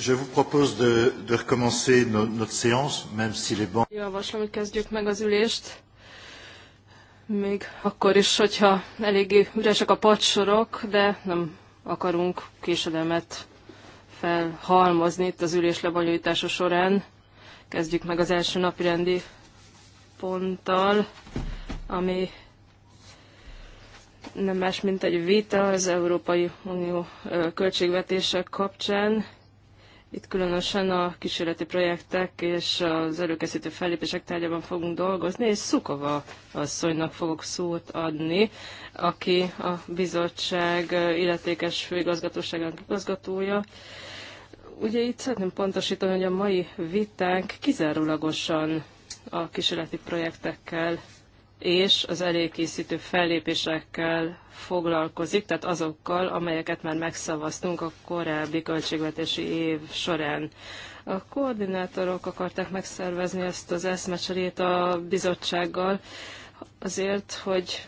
Je vous propose de, de recommencer no, notre séance, même si les bancs... Javaslom, hogy kezdjük meg az ülést, még akkor is, hogyha eléggé üresek a padsorok, de nem akarunk késedelmet felhalmozni itt az ülés lebonyolítása során. Kezdjük meg az első napirendi ponttal, ami nem más, mint egy vita az Európai Unió költségvetések kapcsán. Itt különösen a kísérleti projektek és az előkészítő fellépések tárgyában fogunk dolgozni, és Szukova asszonynak fogok szót adni, aki a bizottság illetékes főigazgatóságának igazgatója. Ugye itt szeretném pontosítani, hogy a mai vitánk kizárólagosan a kísérleti projektekkel és az előkészítő fellépésekkel foglalkozik, tehát azokkal, amelyeket már megszavaztunk a korábbi költségvetési év során. A koordinátorok akarták megszervezni ezt az eszmecserét a bizottsággal azért, hogy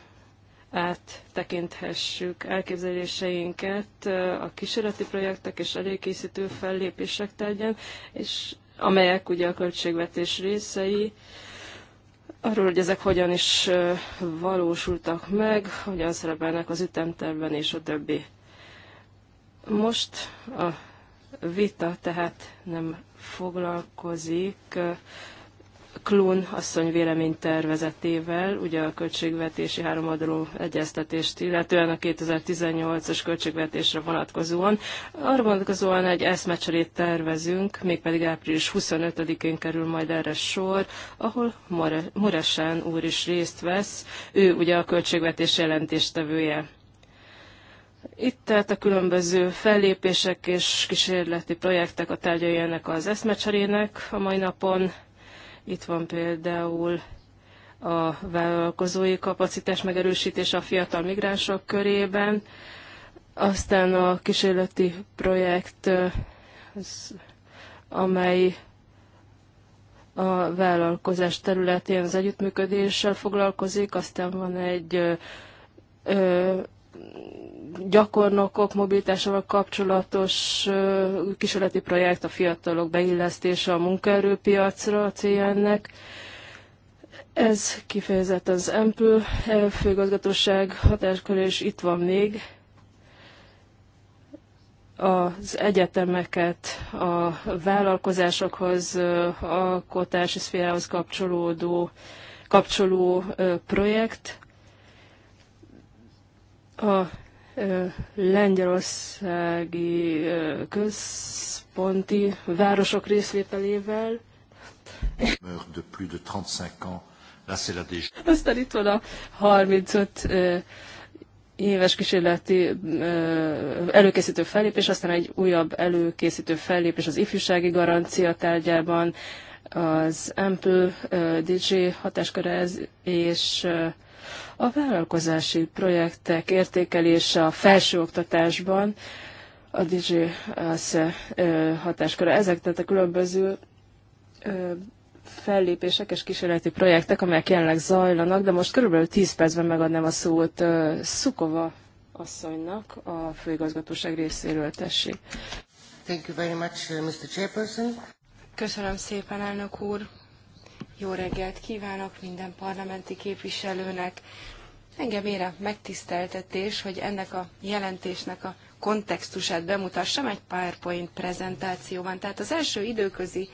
áttekinthessük elképzeléseinket a kísérleti projektek és előkészítő fellépések tárgyán, és amelyek ugye a költségvetés részei, arról, hogy ezek hogyan is valósultak meg, hogyan szerepelnek az ütemterben és a többi. Most a vita tehát nem foglalkozik Klun asszony tervezetével, ugye a költségvetési háromadaló egyeztetést, illetően a 2018-as költségvetésre vonatkozóan. Arra vonatkozóan egy eszmecserét tervezünk, mégpedig április 25-én kerül majd erre sor, ahol Muresán úr is részt vesz, ő ugye a költségvetés jelentéstevője. Itt tehát a különböző fellépések és kísérleti projektek a tárgyai ennek az eszmecserének a mai napon itt van például a vállalkozói kapacitás megerősítése a fiatal migránsok körében, aztán a kísérleti projekt, amely a vállalkozás területén az együttműködéssel foglalkozik, aztán van egy gyakornokok mobilitásával kapcsolatos kísérleti projekt, a fiatalok beillesztése a munkaerőpiacra a célja ennek. Ez kifejezett az EMPL e, főgazgatóság hatáskör, és itt van még az egyetemeket a vállalkozásokhoz, alkotási szférához kapcsolódó kapcsoló projekt. A lengyelországi központi városok részvételével. Aztán itt van a 35 éves kísérleti előkészítő fellépés, aztán egy újabb előkészítő fellépés az ifjúsági garancia tárgyában, az Ample DJ hatásköre ez, és a vállalkozási projektek értékelése a felsőoktatásban, a DJ ASZE hatásköre, ezek tehát a különböző fellépések és kísérleti projektek, amelyek jelenleg zajlanak, de most körülbelül 10 percben megadnám a szót Szukova asszonynak a főigazgatóság részéről, tessék. Thank you very much, uh, Mr. Chairperson. Köszönöm szépen, elnök úr. Jó reggelt kívánok minden parlamenti képviselőnek. Engem ére megtiszteltetés, hogy ennek a jelentésnek a kontextusát bemutassam egy PowerPoint prezentációban. Tehát az első időközi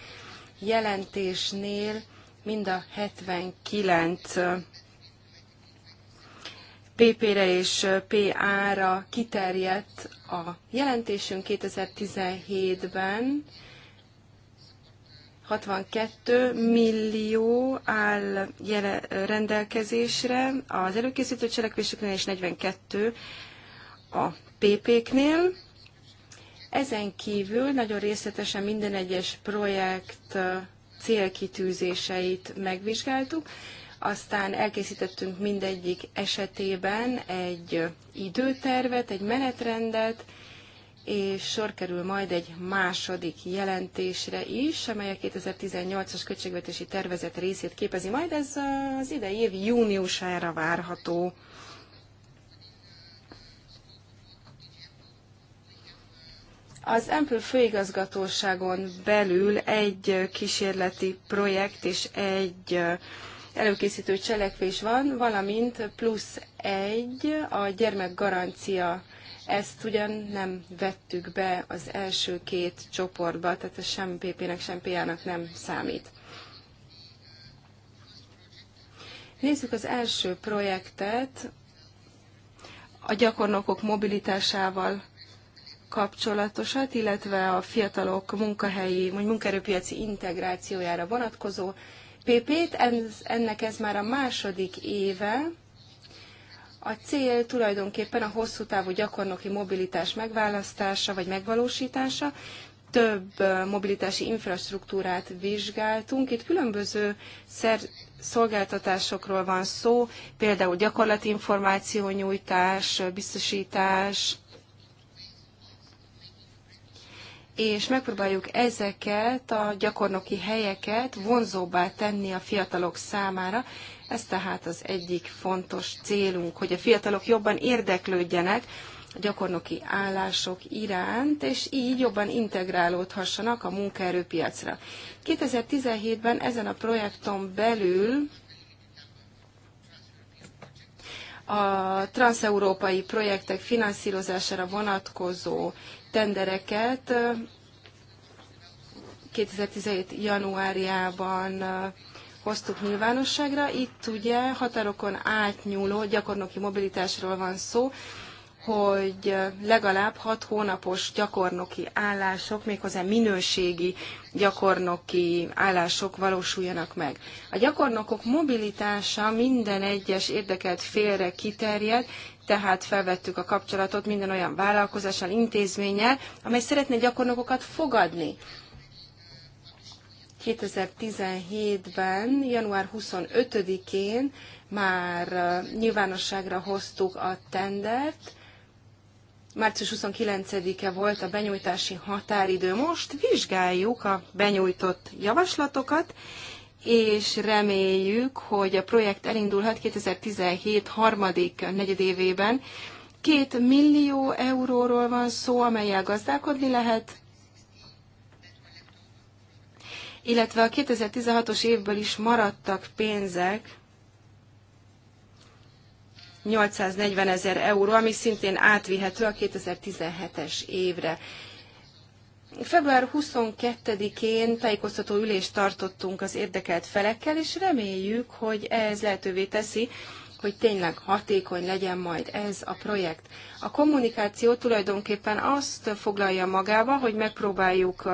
jelentésnél mind a 79 PP-re és PA-ra kiterjedt a jelentésünk 2017-ben, 62 millió áll jele, rendelkezésre az előkészítő cselekvéseknél, és 42 a PP-knél. Ezen kívül nagyon részletesen minden egyes projekt célkitűzéseit megvizsgáltuk, aztán elkészítettünk mindegyik esetében egy időtervet, egy menetrendet, és sor kerül majd egy második jelentésre is, amely a 2018-as költségvetési tervezet részét képezi majd. Ez az idei év júniusára várható. Az Ample főigazgatóságon belül egy kísérleti projekt és egy előkészítő cselekvés van, valamint plusz egy a gyermekgarancia ezt ugyan nem vettük be az első két csoportba, tehát ez sem PP-nek, sem PA-nak nem számít. Nézzük az első projektet, a gyakornokok mobilitásával kapcsolatosat, illetve a fiatalok munkahelyi, vagy munkaerőpiaci integrációjára vonatkozó PP-t. ennek ez már a második éve, a cél tulajdonképpen a hosszú távú gyakornoki mobilitás megválasztása vagy megvalósítása. Több mobilitási infrastruktúrát vizsgáltunk. Itt különböző szer- szolgáltatásokról van szó, például gyakorlati információ nyújtás, biztosítás, és megpróbáljuk ezeket a gyakornoki helyeket vonzóbbá tenni a fiatalok számára. Ez tehát az egyik fontos célunk, hogy a fiatalok jobban érdeklődjenek a gyakornoki állások iránt, és így jobban integrálódhassanak a munkaerőpiacra. 2017-ben ezen a projekton belül a transeurópai projektek finanszírozására vonatkozó tendereket 2017. januárjában hoztuk nyilvánosságra. Itt ugye határokon átnyúló gyakornoki mobilitásról van szó, hogy legalább hat hónapos gyakornoki állások, méghozzá minőségi gyakornoki állások valósuljanak meg. A gyakornokok mobilitása minden egyes érdekelt félre kiterjed, tehát felvettük a kapcsolatot minden olyan vállalkozással, intézménnyel, amely szeretne gyakornokokat fogadni. 2017-ben, január 25-én már nyilvánosságra hoztuk a tendert, március 29-e volt a benyújtási határidő. Most vizsgáljuk a benyújtott javaslatokat, és reméljük, hogy a projekt elindulhat 2017 harmadik negyedévében. Két millió euróról van szó, amelyel gazdálkodni lehet, illetve a 2016-os évből is maradtak pénzek, 840 ezer euró, ami szintén átvihető a 2017-es évre. Február 22-én tájékoztató ülést tartottunk az érdekelt felekkel, és reméljük, hogy ez lehetővé teszi, hogy tényleg hatékony legyen majd ez a projekt. A kommunikáció tulajdonképpen azt foglalja magába, hogy megpróbáljuk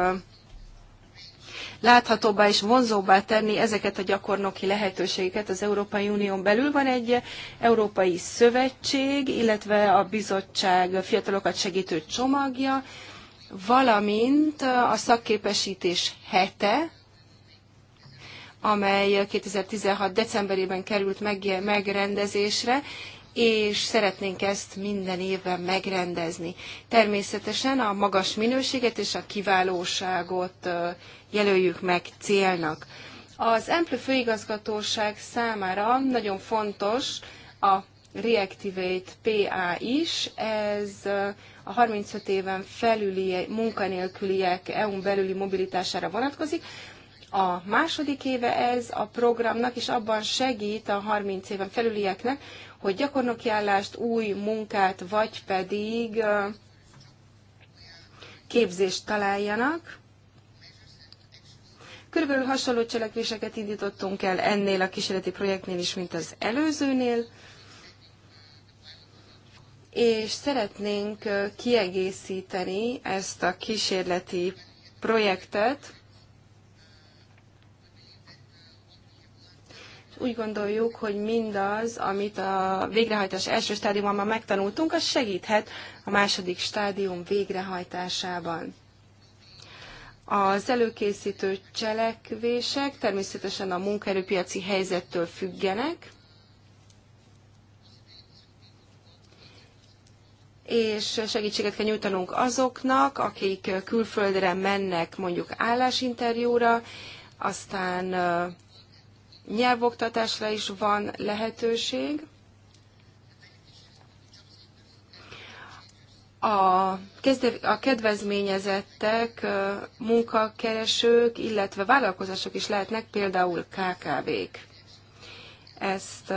láthatóbbá és vonzóbbá tenni ezeket a gyakornoki lehetőségeket az Európai Unión belül. Van egy Európai Szövetség, illetve a bizottság fiatalokat segítő csomagja, valamint a szakképesítés hete, amely 2016. decemberében került meg, megrendezésre, és szeretnénk ezt minden évben megrendezni. Természetesen a magas minőséget és a kiválóságot jelöljük meg célnak. Az Emplő főigazgatóság számára nagyon fontos a Reactivate PA is, ez a 35 éven felüli munkanélküliek EU-n belüli mobilitására vonatkozik. A második éve ez a programnak, és abban segít a 30 éven felülieknek, hogy gyakornoki állást, új munkát, vagy pedig képzést találjanak. Körülbelül hasonló cselekvéseket indítottunk el ennél a kísérleti projektnél is, mint az előzőnél és szeretnénk kiegészíteni ezt a kísérleti projektet. Úgy gondoljuk, hogy mindaz, amit a végrehajtás első stádiumban megtanultunk, az segíthet a második stádium végrehajtásában. Az előkészítő cselekvések természetesen a munkaerőpiaci helyzettől függenek, és segítséget kell nyújtanunk azoknak, akik külföldre mennek mondjuk állásinterjúra, aztán nyelvoktatásra is van lehetőség. a, a kedvezményezettek, munkakeresők, illetve vállalkozások is lehetnek, például KKV-k. Ezt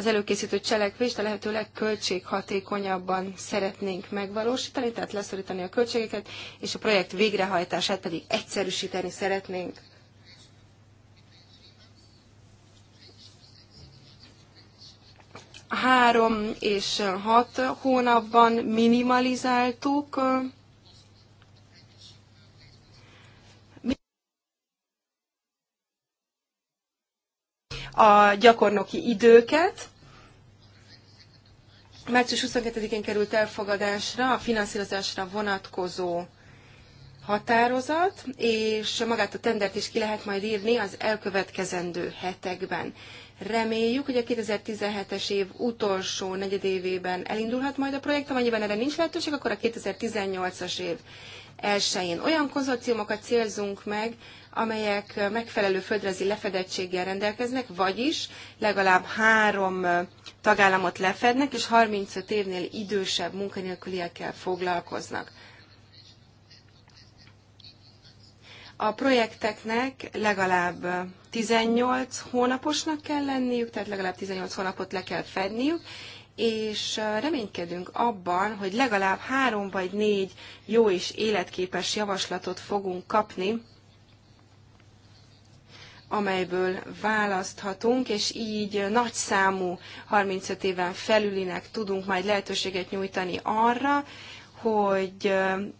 az előkészítő cselekvést a lehető legköltséghatékonyabban szeretnénk megvalósítani, tehát leszorítani a költségeket, és a projekt végrehajtását pedig egyszerűsíteni szeretnénk. Három és hat hónapban minimalizáltuk a gyakornoki időket. Március 22-én került elfogadásra a finanszírozásra vonatkozó határozat, és magát a tendert is ki lehet majd írni az elkövetkezendő hetekben. Reméljük, hogy a 2017-es év utolsó negyedévében elindulhat majd a projekt, amennyiben erre nincs lehetőség, akkor a 2018-as év elsején. Olyan konzorciumokat célzunk meg, amelyek megfelelő földrajzi lefedettséggel rendelkeznek, vagyis legalább három tagállamot lefednek, és 35 évnél idősebb munkanélküliekkel foglalkoznak. A projekteknek legalább 18 hónaposnak kell lenniük, tehát legalább 18 hónapot le kell fedniük, és reménykedünk abban, hogy legalább három vagy négy jó és életképes javaslatot fogunk kapni amelyből választhatunk, és így nagy számú 35 éven felülinek tudunk majd lehetőséget nyújtani arra, hogy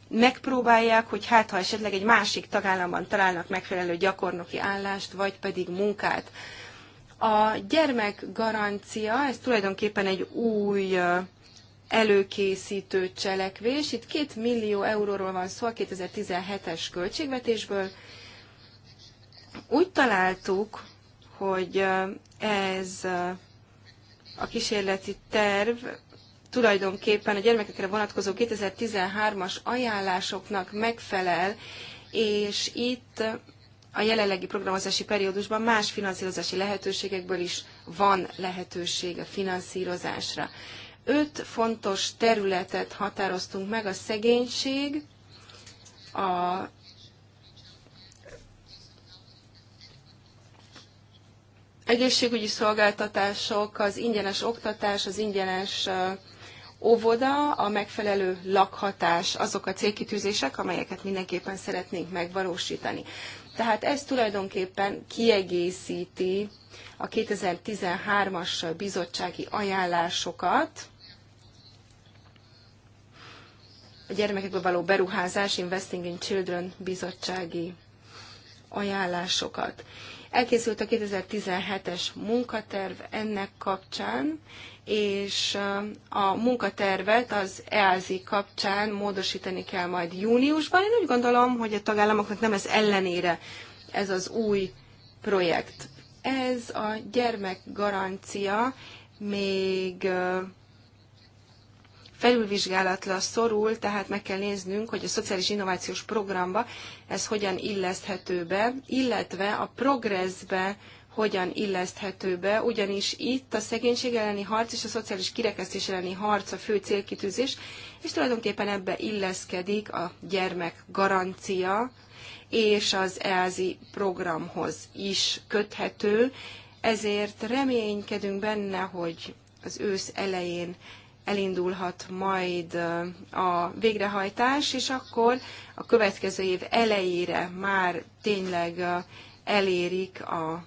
megpróbálják, hogy hát ha esetleg egy másik tagállamban találnak megfelelő gyakornoki állást, vagy pedig munkát. A gyermekgarancia, ez tulajdonképpen egy új előkészítő cselekvés. Itt két millió euróról van szó a 2017-es költségvetésből, úgy találtuk, hogy ez a kísérleti terv tulajdonképpen a gyermekekre vonatkozó 2013-as ajánlásoknak megfelel, és itt a jelenlegi programozási periódusban más finanszírozási lehetőségekből is van lehetőség a finanszírozásra. Öt fontos területet határoztunk meg, a szegénység, a egészségügyi szolgáltatások, az ingyenes oktatás, az ingyenes óvoda, a megfelelő lakhatás, azok a célkitűzések, amelyeket mindenképpen szeretnénk megvalósítani. Tehát ez tulajdonképpen kiegészíti a 2013-as bizottsági ajánlásokat, a gyermekekbe való beruházás, Investing in Children bizottsági ajánlásokat. Elkészült a 2017-es munkaterv ennek kapcsán, és a munkatervet az EASI kapcsán módosítani kell majd júniusban. Én úgy gondolom, hogy a tagállamoknak nem lesz ellenére ez az új projekt. Ez a gyermekgarancia még felülvizsgálatra szorul, tehát meg kell néznünk, hogy a szociális innovációs programba ez hogyan illeszthető be, illetve a progresszbe hogyan illeszthető be, ugyanis itt a szegénység elleni harc és a szociális kirekesztés elleni harc a fő célkitűzés, és tulajdonképpen ebbe illeszkedik a gyermek garancia és az EASI programhoz is köthető, ezért reménykedünk benne, hogy az ősz elején elindulhat majd a végrehajtás, és akkor a következő év elejére már tényleg elérik a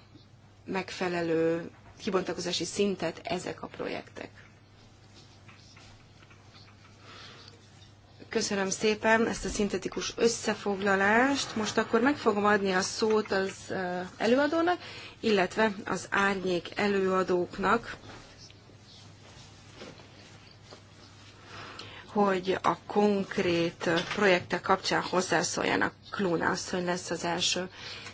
megfelelő kibontakozási szintet ezek a projektek. Köszönöm szépen ezt a szintetikus összefoglalást. Most akkor meg fogom adni a szót az előadónak, illetve az árnyék előadóknak. hogy a konkrét projektek kapcsán hozzászóljanak. Klóna asszony lesz az első.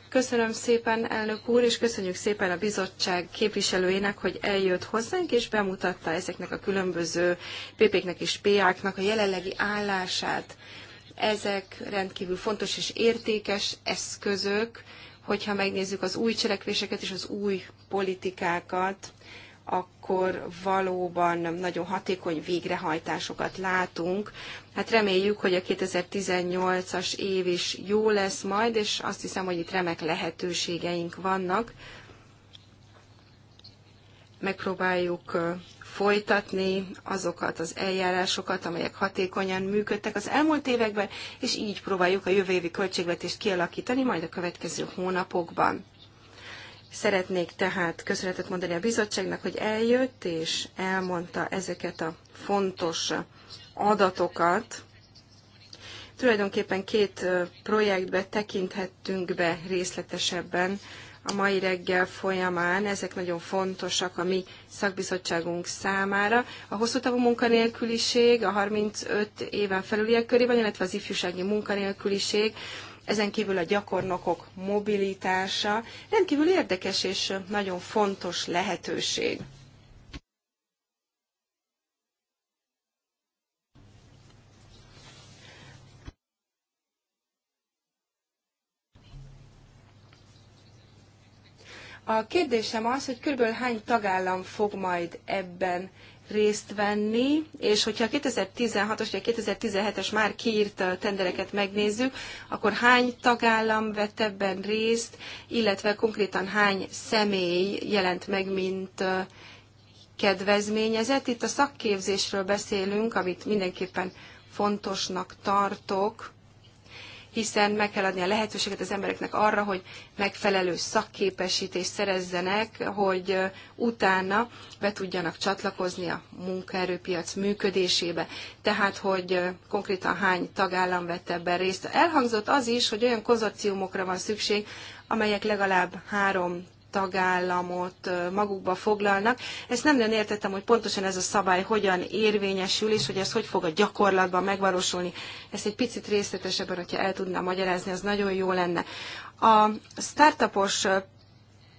Köszönöm szépen, elnök úr, és köszönjük szépen a bizottság képviselőjének, hogy eljött hozzánk, és bemutatta ezeknek a különböző PP-knek és PA-knak a jelenlegi állását. Ezek rendkívül fontos és értékes eszközök, hogyha megnézzük az új cselekvéseket és az új politikákat, akkor valóban nagyon hatékony végrehajtásokat látunk. Hát reméljük, hogy a 2018-as év is jó lesz majd, és azt hiszem, hogy itt remek lehetőségeink vannak. Megpróbáljuk folytatni azokat az eljárásokat, amelyek hatékonyan működtek az elmúlt években, és így próbáljuk a jövő évi költségvetést kialakítani majd a következő hónapokban. Szeretnék tehát köszönetet mondani a bizottságnak, hogy eljött és elmondta ezeket a fontos adatokat. Tulajdonképpen két projektbe tekinthettünk be részletesebben a mai reggel folyamán. Ezek nagyon fontosak a mi szakbizottságunk számára. A hosszú távú munkanélküliség, a 35 éven felüliek körében, illetve az ifjúsági munkanélküliség, ezen kívül a gyakornokok mobilitása rendkívül érdekes és nagyon fontos lehetőség. A kérdésem az, hogy körülbelül hány tagállam fog majd ebben részt venni, és hogyha a 2016-os vagy 2017-es már kiírt tendereket megnézzük, akkor hány tagállam vett ebben részt, illetve konkrétan hány személy jelent meg, mint kedvezményezett. Itt a szakképzésről beszélünk, amit mindenképpen fontosnak tartok, hiszen meg kell adni a lehetőséget az embereknek arra, hogy megfelelő szakképesítést szerezzenek, hogy utána be tudjanak csatlakozni a munkaerőpiac működésébe. Tehát, hogy konkrétan hány tagállam vett ebben részt. Elhangzott az is, hogy olyan konzorciumokra van szükség, amelyek legalább három tagállamot magukba foglalnak. Ezt nem nagyon értettem, hogy pontosan ez a szabály hogyan érvényesül, és hogy ez hogy fog a gyakorlatban megvalósulni. Ezt egy picit részletesebben, hogyha el tudnám magyarázni, az nagyon jó lenne. A startupos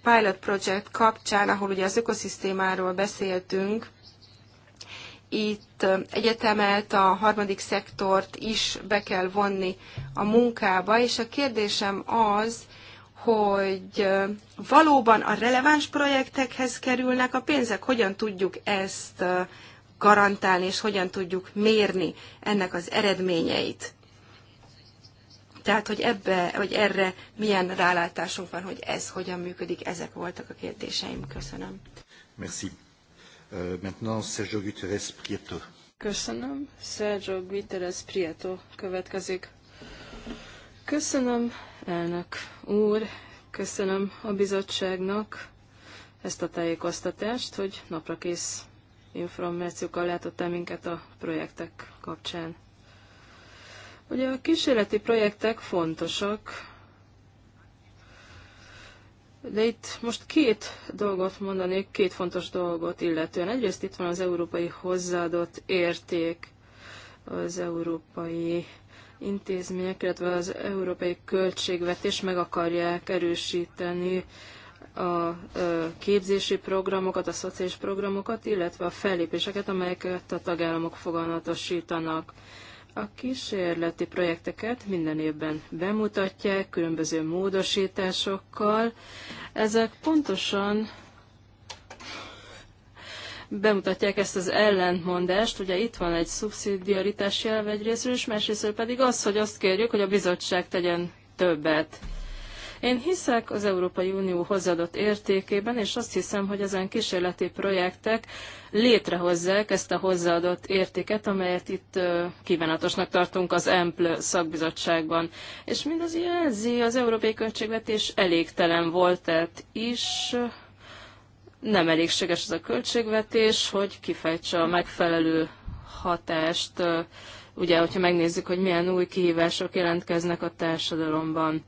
pilot project kapcsán, ahol ugye az ökoszisztémáról beszéltünk, itt egyetemelt a harmadik szektort is be kell vonni a munkába, és a kérdésem az, hogy valóban a releváns projektekhez kerülnek a pénzek, hogyan tudjuk ezt garantálni, és hogyan tudjuk mérni ennek az eredményeit. Tehát, hogy, ebbe, hogy erre milyen rálátásunk van, hogy ez hogyan működik, ezek voltak a kérdéseim. Köszönöm. Merci. Euh, maintenant, Sergio Guterres Prieto. Köszönöm. Sergio Guterres Prieto következik. Köszönöm, elnök úr, köszönöm a bizottságnak ezt a tájékoztatást, hogy naprakész információkkal látott el minket a projektek kapcsán. Ugye a kísérleti projektek fontosak, de itt most két dolgot mondanék, két fontos dolgot illetően. Egyrészt itt van az európai hozzáadott érték, az európai intézmények, illetve az európai költségvetés meg akarják erősíteni a képzési programokat, a szociális programokat, illetve a fellépéseket, amelyeket a tagállamok foganatosítanak. A kísérleti projekteket minden évben bemutatják különböző módosításokkal. Ezek pontosan bemutatják ezt az ellentmondást. Ugye itt van egy szubszidiaritás jelv egyrésztről, és másrésztről pedig az, hogy azt kérjük, hogy a bizottság tegyen többet. Én hiszek az Európai Unió hozzáadott értékében, és azt hiszem, hogy ezen kísérleti projektek létrehozzák ezt a hozzáadott értéket, amelyet itt kívánatosnak tartunk az EMPL szakbizottságban. És mindaz jelzi, az európai költségvetés elégtelen volt, tehát is nem elégséges ez a költségvetés, hogy kifejtse a megfelelő hatást. Ugye, hogyha megnézzük, hogy milyen új kihívások jelentkeznek a társadalomban.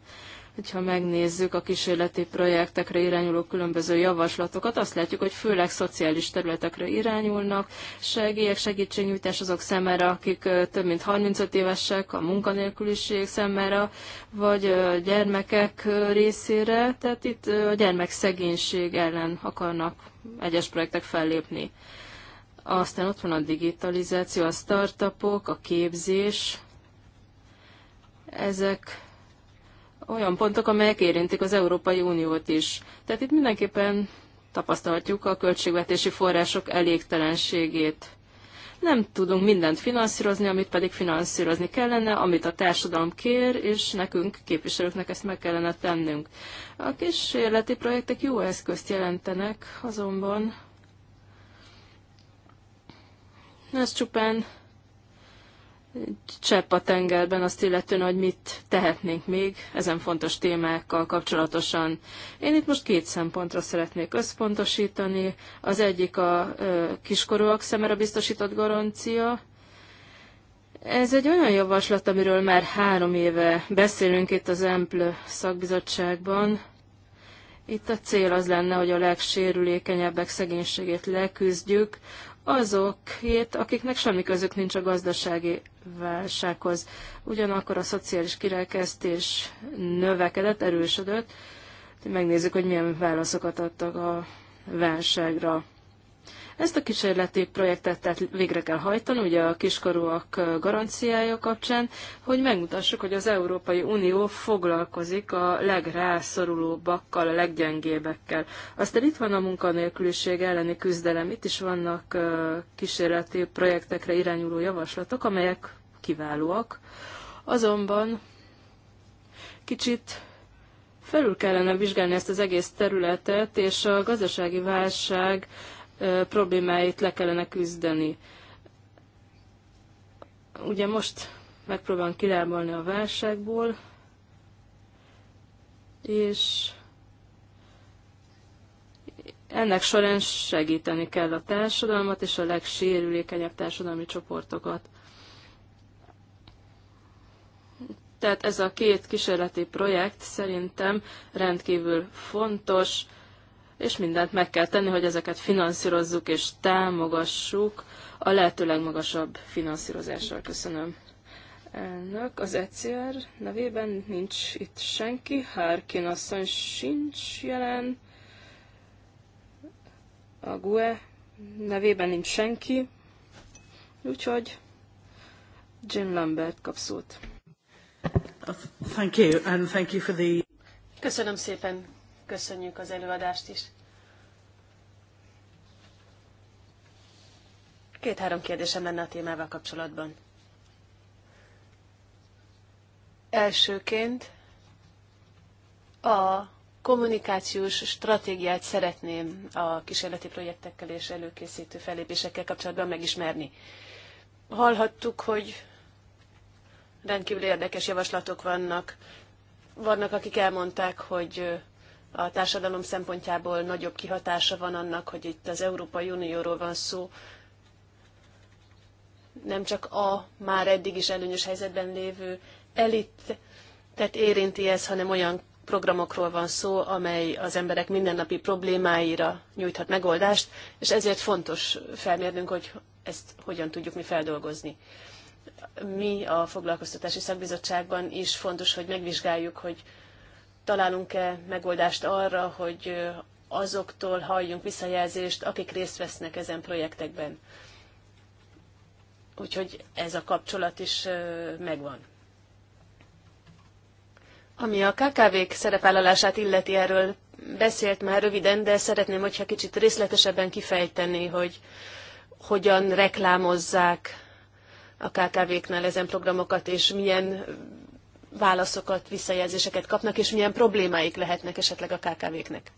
Hogyha megnézzük a kísérleti projektekre irányuló különböző javaslatokat, azt látjuk, hogy főleg szociális területekre irányulnak, segélyek, segítségnyújtás azok szemére, akik több mint 35 évesek, a munkanélküliség szemére, vagy gyermekek részére, tehát itt a gyermek szegénység ellen akarnak egyes projektek fellépni. Aztán ott van a digitalizáció, a startupok, a képzés. Ezek olyan pontok, amelyek érintik az Európai Uniót is. Tehát itt mindenképpen tapasztalhatjuk a költségvetési források elégtelenségét. Nem tudunk mindent finanszírozni, amit pedig finanszírozni kellene, amit a társadalom kér, és nekünk, képviselőknek ezt meg kellene tennünk. A kísérleti projektek jó eszközt jelentenek, azonban ez csupán csepp a tengerben azt illetően, hogy mit tehetnénk még ezen fontos témákkal kapcsolatosan. Én itt most két szempontra szeretnék összpontosítani. Az egyik a kiskorúak szemére biztosított garancia. Ez egy olyan javaslat, amiről már három éve beszélünk itt az EMPL szakbizottságban. Itt a cél az lenne, hogy a legsérülékenyebbek szegénységét leküzdjük, azokét, akiknek semmi közük nincs a gazdasági válsághoz. Ugyanakkor a szociális kirekesztés növekedett, erősödött. Megnézzük, hogy milyen válaszokat adtak a válságra. Ezt a kísérleti projektet tehát végre kell hajtani, ugye a kiskorúak garanciája kapcsán, hogy megmutassuk, hogy az Európai Unió foglalkozik a legrászorulóbbakkal, a leggyengébbekkel. Aztán itt van a munkanélküliség elleni küzdelem, itt is vannak kísérleti projektekre irányuló javaslatok, amelyek kiválóak. Azonban kicsit felül kellene vizsgálni ezt az egész területet, és a gazdasági válság problémáit le kellene küzdeni. Ugye most megpróbálom kilábalni a válságból, és ennek során segíteni kell a társadalmat és a legsérülékenyebb társadalmi csoportokat. Tehát ez a két kísérleti projekt szerintem rendkívül fontos, és mindent meg kell tenni, hogy ezeket finanszírozzuk és támogassuk a lehető legmagasabb finanszírozással. Köszönöm. Elnök, az ECR nevében nincs itt senki, Harkin asszony sincs jelen, a GUE nevében nincs senki, úgyhogy Jim Lambert kap szót. Thank you, and thank you for the... Köszönöm szépen Köszönjük az előadást is. Két-három kérdésem lenne a témával kapcsolatban. Elsőként a kommunikációs stratégiát szeretném a kísérleti projektekkel és előkészítő fellépésekkel kapcsolatban megismerni. Hallhattuk, hogy rendkívül érdekes javaslatok vannak. Vannak, akik elmondták, hogy a társadalom szempontjából nagyobb kihatása van annak, hogy itt az Európai Unióról van szó, nem csak a már eddig is előnyös helyzetben lévő elitet érinti ez, hanem olyan programokról van szó, amely az emberek mindennapi problémáira nyújthat megoldást, és ezért fontos felmérnünk, hogy ezt hogyan tudjuk mi feldolgozni. Mi a foglalkoztatási szakbizottságban is fontos, hogy megvizsgáljuk, hogy találunk-e megoldást arra, hogy azoktól halljunk visszajelzést, akik részt vesznek ezen projektekben. Úgyhogy ez a kapcsolat is megvan. Ami a KKV-k szerepállalását illeti, erről beszélt már röviden, de szeretném, hogyha kicsit részletesebben kifejteni, hogy hogyan reklámozzák a KKV-knál ezen programokat, és milyen válaszokat, visszajelzéseket kapnak, és milyen problémáik lehetnek esetleg a KKV-knek.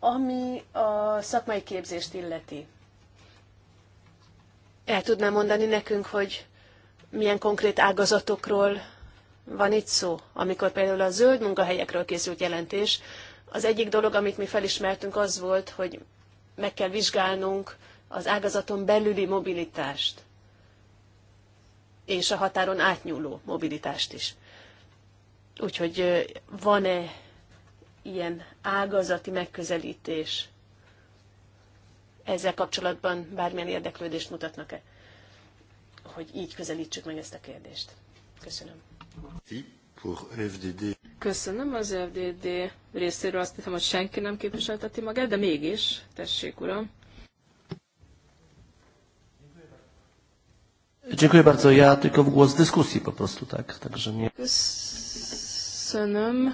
Ami a szakmai képzést illeti, el tudná mondani nekünk, hogy milyen konkrét ágazatokról van itt szó, amikor például a zöld munkahelyekről készült jelentés. Az egyik dolog, amit mi felismertünk, az volt, hogy meg kell vizsgálnunk az ágazaton belüli mobilitást és a határon átnyúló mobilitást is. Úgyhogy van-e ilyen ágazati megközelítés? Ezzel kapcsolatban bármilyen érdeklődést mutatnak-e, hogy így közelítsük meg ezt a kérdést? Köszönöm. Köszönöm az FDD részéről. Azt hiszem, hogy senki nem képviselteti magát, de mégis, tessék uram. Dziękuję bardzo. Ja tylko w głos dyskusji po prostu, tak? Także nie... Köszönöm.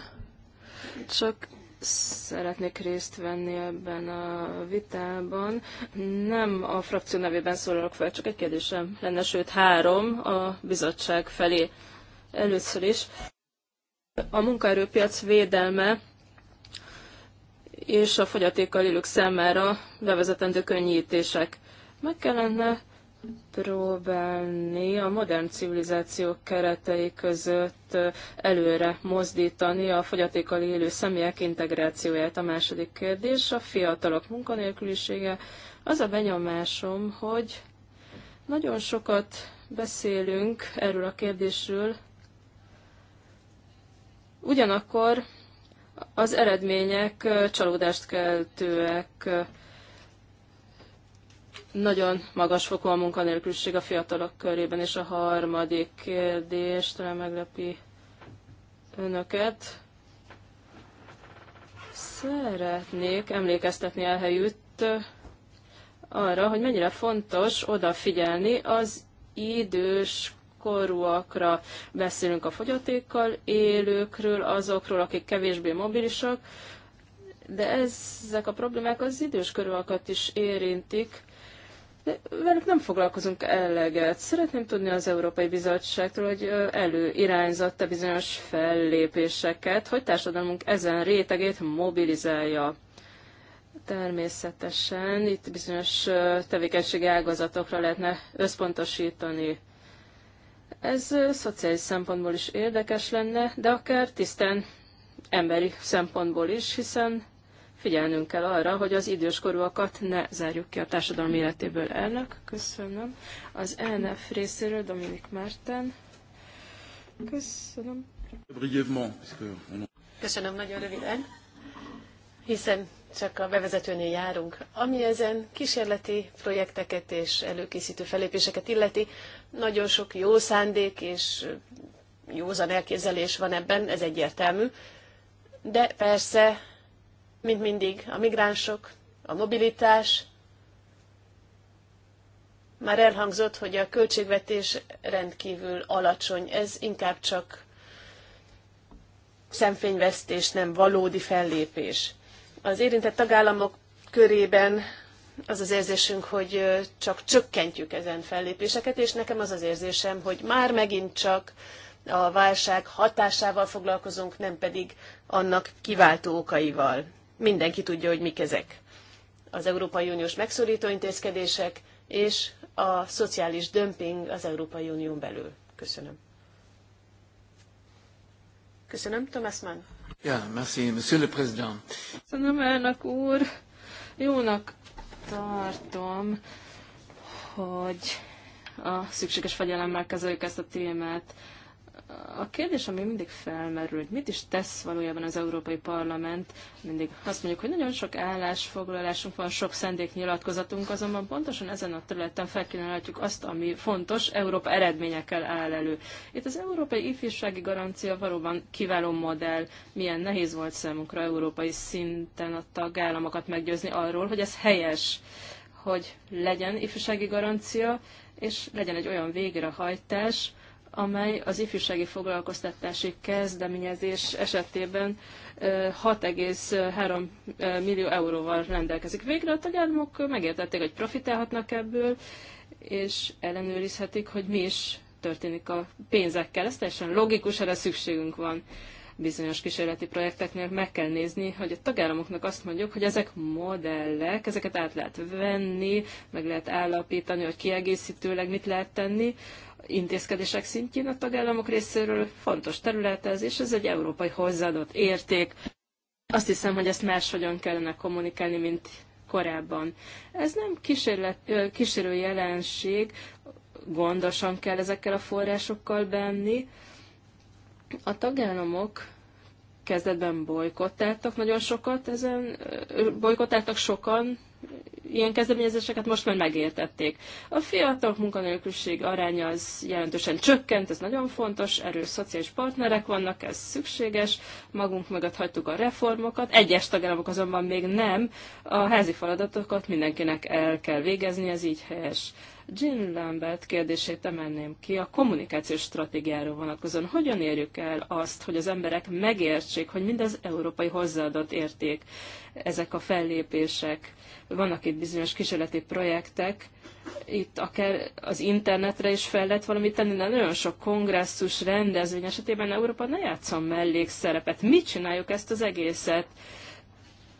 Csak szeretnék részt venni ebben a vitában. Nem a frakció nevében szólalok fel, csak egy kérdésem lenne, sőt három a bizottság felé először is. A munkaerőpiac védelme és a fogyatékkal élők számára bevezetendő könnyítések. Meg kellene próbálni a modern civilizációk keretei között előre mozdítani a fogyatékkal élő személyek integrációját. A második kérdés, a fiatalok munkanélkülisége. Az a benyomásom, hogy nagyon sokat beszélünk erről a kérdésről, ugyanakkor az eredmények csalódást keltőek nagyon magas fokú a munkanélküliség a fiatalok körében, és a harmadik kérdés talán meglepi önöket. Szeretnék emlékeztetni elhelyütt arra, hogy mennyire fontos odafigyelni az idős korúakra, beszélünk a fogyatékkal élőkről, azokról, akik kevésbé mobilisak, de ezek a problémák az idős is érintik, de velük nem foglalkozunk eleget. Szeretném tudni az Európai Bizottságtól, hogy előirányzott-e bizonyos fellépéseket, hogy társadalmunk ezen rétegét mobilizálja. Természetesen itt bizonyos tevékenységi ágazatokra lehetne összpontosítani. Ez szociális szempontból is érdekes lenne, de akár tisztán emberi szempontból is, hiszen figyelnünk kell arra, hogy az időskorúakat ne zárjuk ki a társadalom életéből. Elnök, köszönöm. Az ENF részéről Dominik Márten. Köszönöm. Köszönöm nagyon röviden, hiszen csak a bevezetőnél járunk. Ami ezen kísérleti projekteket és előkészítő felépéseket illeti, nagyon sok jó szándék és józan elképzelés van ebben, ez egyértelmű. De persze mint mindig, a migránsok, a mobilitás. Már elhangzott, hogy a költségvetés rendkívül alacsony. Ez inkább csak szemfényvesztés, nem valódi fellépés. Az érintett tagállamok körében az az érzésünk, hogy csak csökkentjük ezen fellépéseket, és nekem az az érzésem, hogy már megint csak a válság hatásával foglalkozunk, nem pedig annak kiváltó okaival mindenki tudja, hogy mik ezek. Az Európai Uniós megszorító intézkedések és a szociális dömping az Európai Unión belül. Köszönöm. Köszönöm, Thomas Mann. Ja, merci, monsieur le président. Köszönöm, elnök úr. Jónak tartom, hogy a szükséges fegyelemmel kezeljük ezt a témát a kérdés, ami mindig felmerül, hogy mit is tesz valójában az Európai Parlament, mindig azt mondjuk, hogy nagyon sok állásfoglalásunk van, sok szendéknyilatkozatunk, azonban pontosan ezen a területen felkínálhatjuk azt, ami fontos, Európa eredményekkel áll elő. Itt az Európai Ifjúsági Garancia valóban kiváló modell, milyen nehéz volt számunkra európai szinten a tagállamokat meggyőzni arról, hogy ez helyes, hogy legyen ifjúsági garancia, és legyen egy olyan végrehajtás, amely az ifjúsági foglalkoztatási kezdeményezés esetében 6,3 millió euróval rendelkezik. Végre a tagállamok megértették, hogy profitálhatnak ebből, és ellenőrizhetik, hogy mi is történik a pénzekkel. Ez teljesen logikus, erre szükségünk van bizonyos kísérleti projekteknél meg kell nézni, hogy a tagállamoknak azt mondjuk, hogy ezek modellek, ezeket át lehet venni, meg lehet állapítani, hogy kiegészítőleg mit lehet tenni intézkedések szintjén a tagállamok részéről fontos terület ez, és ez egy európai hozzáadott érték. Azt hiszem, hogy ezt máshogyan kellene kommunikálni, mint korábban. Ez nem kísérlet, kísérő jelenség, gondosan kell ezekkel a forrásokkal benni. A tagállamok kezdetben bolykottáltak nagyon sokat, ezen bolykottáltak sokan ilyen kezdeményezéseket most már megértették. A fiatalok munkanélküliség aránya az jelentősen csökkent, ez nagyon fontos, erős szociális partnerek vannak, ez szükséges, magunk mögött hagytuk a reformokat, egyes tagállamok azonban még nem, a házi feladatokat mindenkinek el kell végezni, ez így helyes. Jean Lambert kérdését emelném ki a kommunikációs stratégiáról vonatkozóan. Hogyan érjük el azt, hogy az emberek megértsék, hogy az európai hozzáadott érték ezek a fellépések? Vannak itt bizonyos kísérleti projektek, itt akár az internetre is fel lehet valamit tenni, de nagyon sok kongresszus, rendezvény esetében Európa ne játszom mellékszerepet. Mit csináljuk ezt az egészet?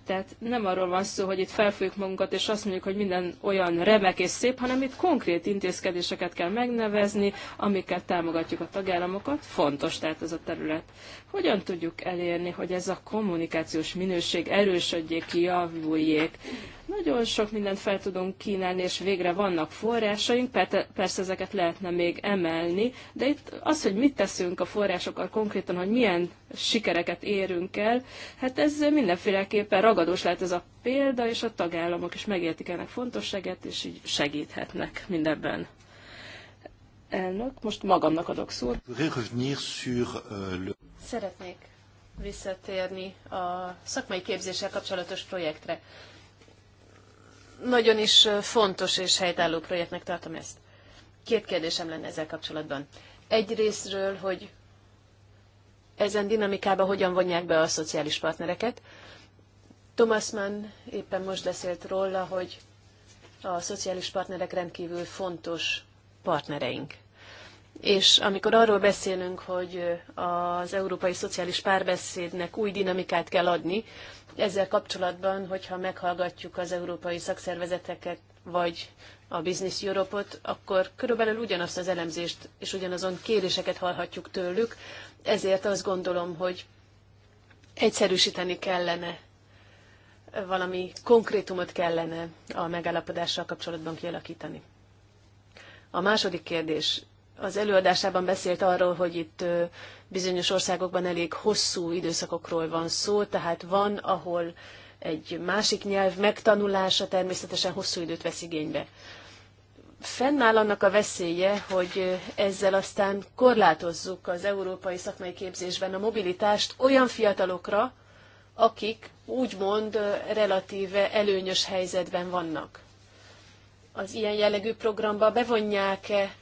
Tehát nem arról van szó, hogy itt felfőjük magunkat, és azt mondjuk, hogy minden olyan remek és szép, hanem itt konkrét intézkedéseket kell megnevezni, amikkel támogatjuk a tagállamokat. Fontos tehát ez a terület. Hogyan tudjuk elérni, hogy ez a kommunikációs minőség erősödjék, javuljék? Nagyon sok mindent fel tudunk kínálni, és végre vannak forrásaink, persze ezeket lehetne még emelni, de itt az, hogy mit teszünk a forrásokkal konkrétan, hogy milyen sikereket érünk el, hát ez mindenféleképpen ragadós lehet ez a példa, és a tagállamok is megértik ennek fontosságát, és így segíthetnek mindebben. Elnök, most magamnak adok szót. Euh, Szeretnék visszatérni a szakmai képzéssel kapcsolatos projektre nagyon is fontos és helytálló projektnek tartom ezt. Két kérdésem lenne ezzel kapcsolatban. részről, hogy ezen dinamikába hogyan vonják be a szociális partnereket. Thomas Mann éppen most beszélt róla, hogy a szociális partnerek rendkívül fontos partnereink. És amikor arról beszélünk, hogy az európai szociális párbeszédnek új dinamikát kell adni, ezzel kapcsolatban, hogyha meghallgatjuk az európai szakszervezeteket, vagy a Business Europe-ot, akkor körülbelül ugyanazt az elemzést és ugyanazon kéréseket hallhatjuk tőlük. Ezért azt gondolom, hogy egyszerűsíteni kellene, valami konkrétumot kellene a megállapodással kapcsolatban kialakítani. A második kérdés az előadásában beszélt arról, hogy itt bizonyos országokban elég hosszú időszakokról van szó, tehát van, ahol egy másik nyelv megtanulása természetesen hosszú időt vesz igénybe. Fennáll annak a veszélye, hogy ezzel aztán korlátozzuk az európai szakmai képzésben a mobilitást olyan fiatalokra, akik úgymond relatíve előnyös helyzetben vannak. Az ilyen jellegű programba bevonják-e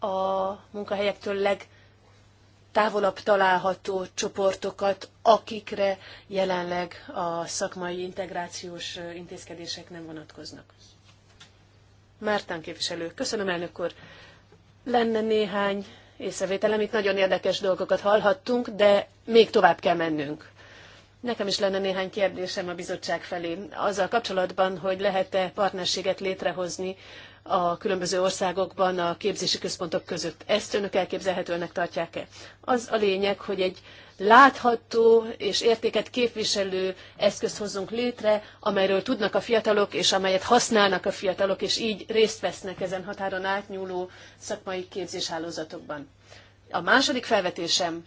a munkahelyektől legtávolabb található csoportokat, akikre jelenleg a szakmai integrációs intézkedések nem vonatkoznak. Mártán képviselő, köszönöm elnök úr. Lenne néhány észrevételem, itt nagyon érdekes dolgokat hallhattunk, de még tovább kell mennünk. Nekem is lenne néhány kérdésem a bizottság felé. Azzal kapcsolatban, hogy lehet-e partnerséget létrehozni a különböző országokban a képzési központok között. Ezt önök elképzelhetőnek tartják-e? Az a lényeg, hogy egy látható és értéket képviselő eszközt hozzunk létre, amelyről tudnak a fiatalok, és amelyet használnak a fiatalok, és így részt vesznek ezen határon átnyúló szakmai képzéshálózatokban. A második felvetésem,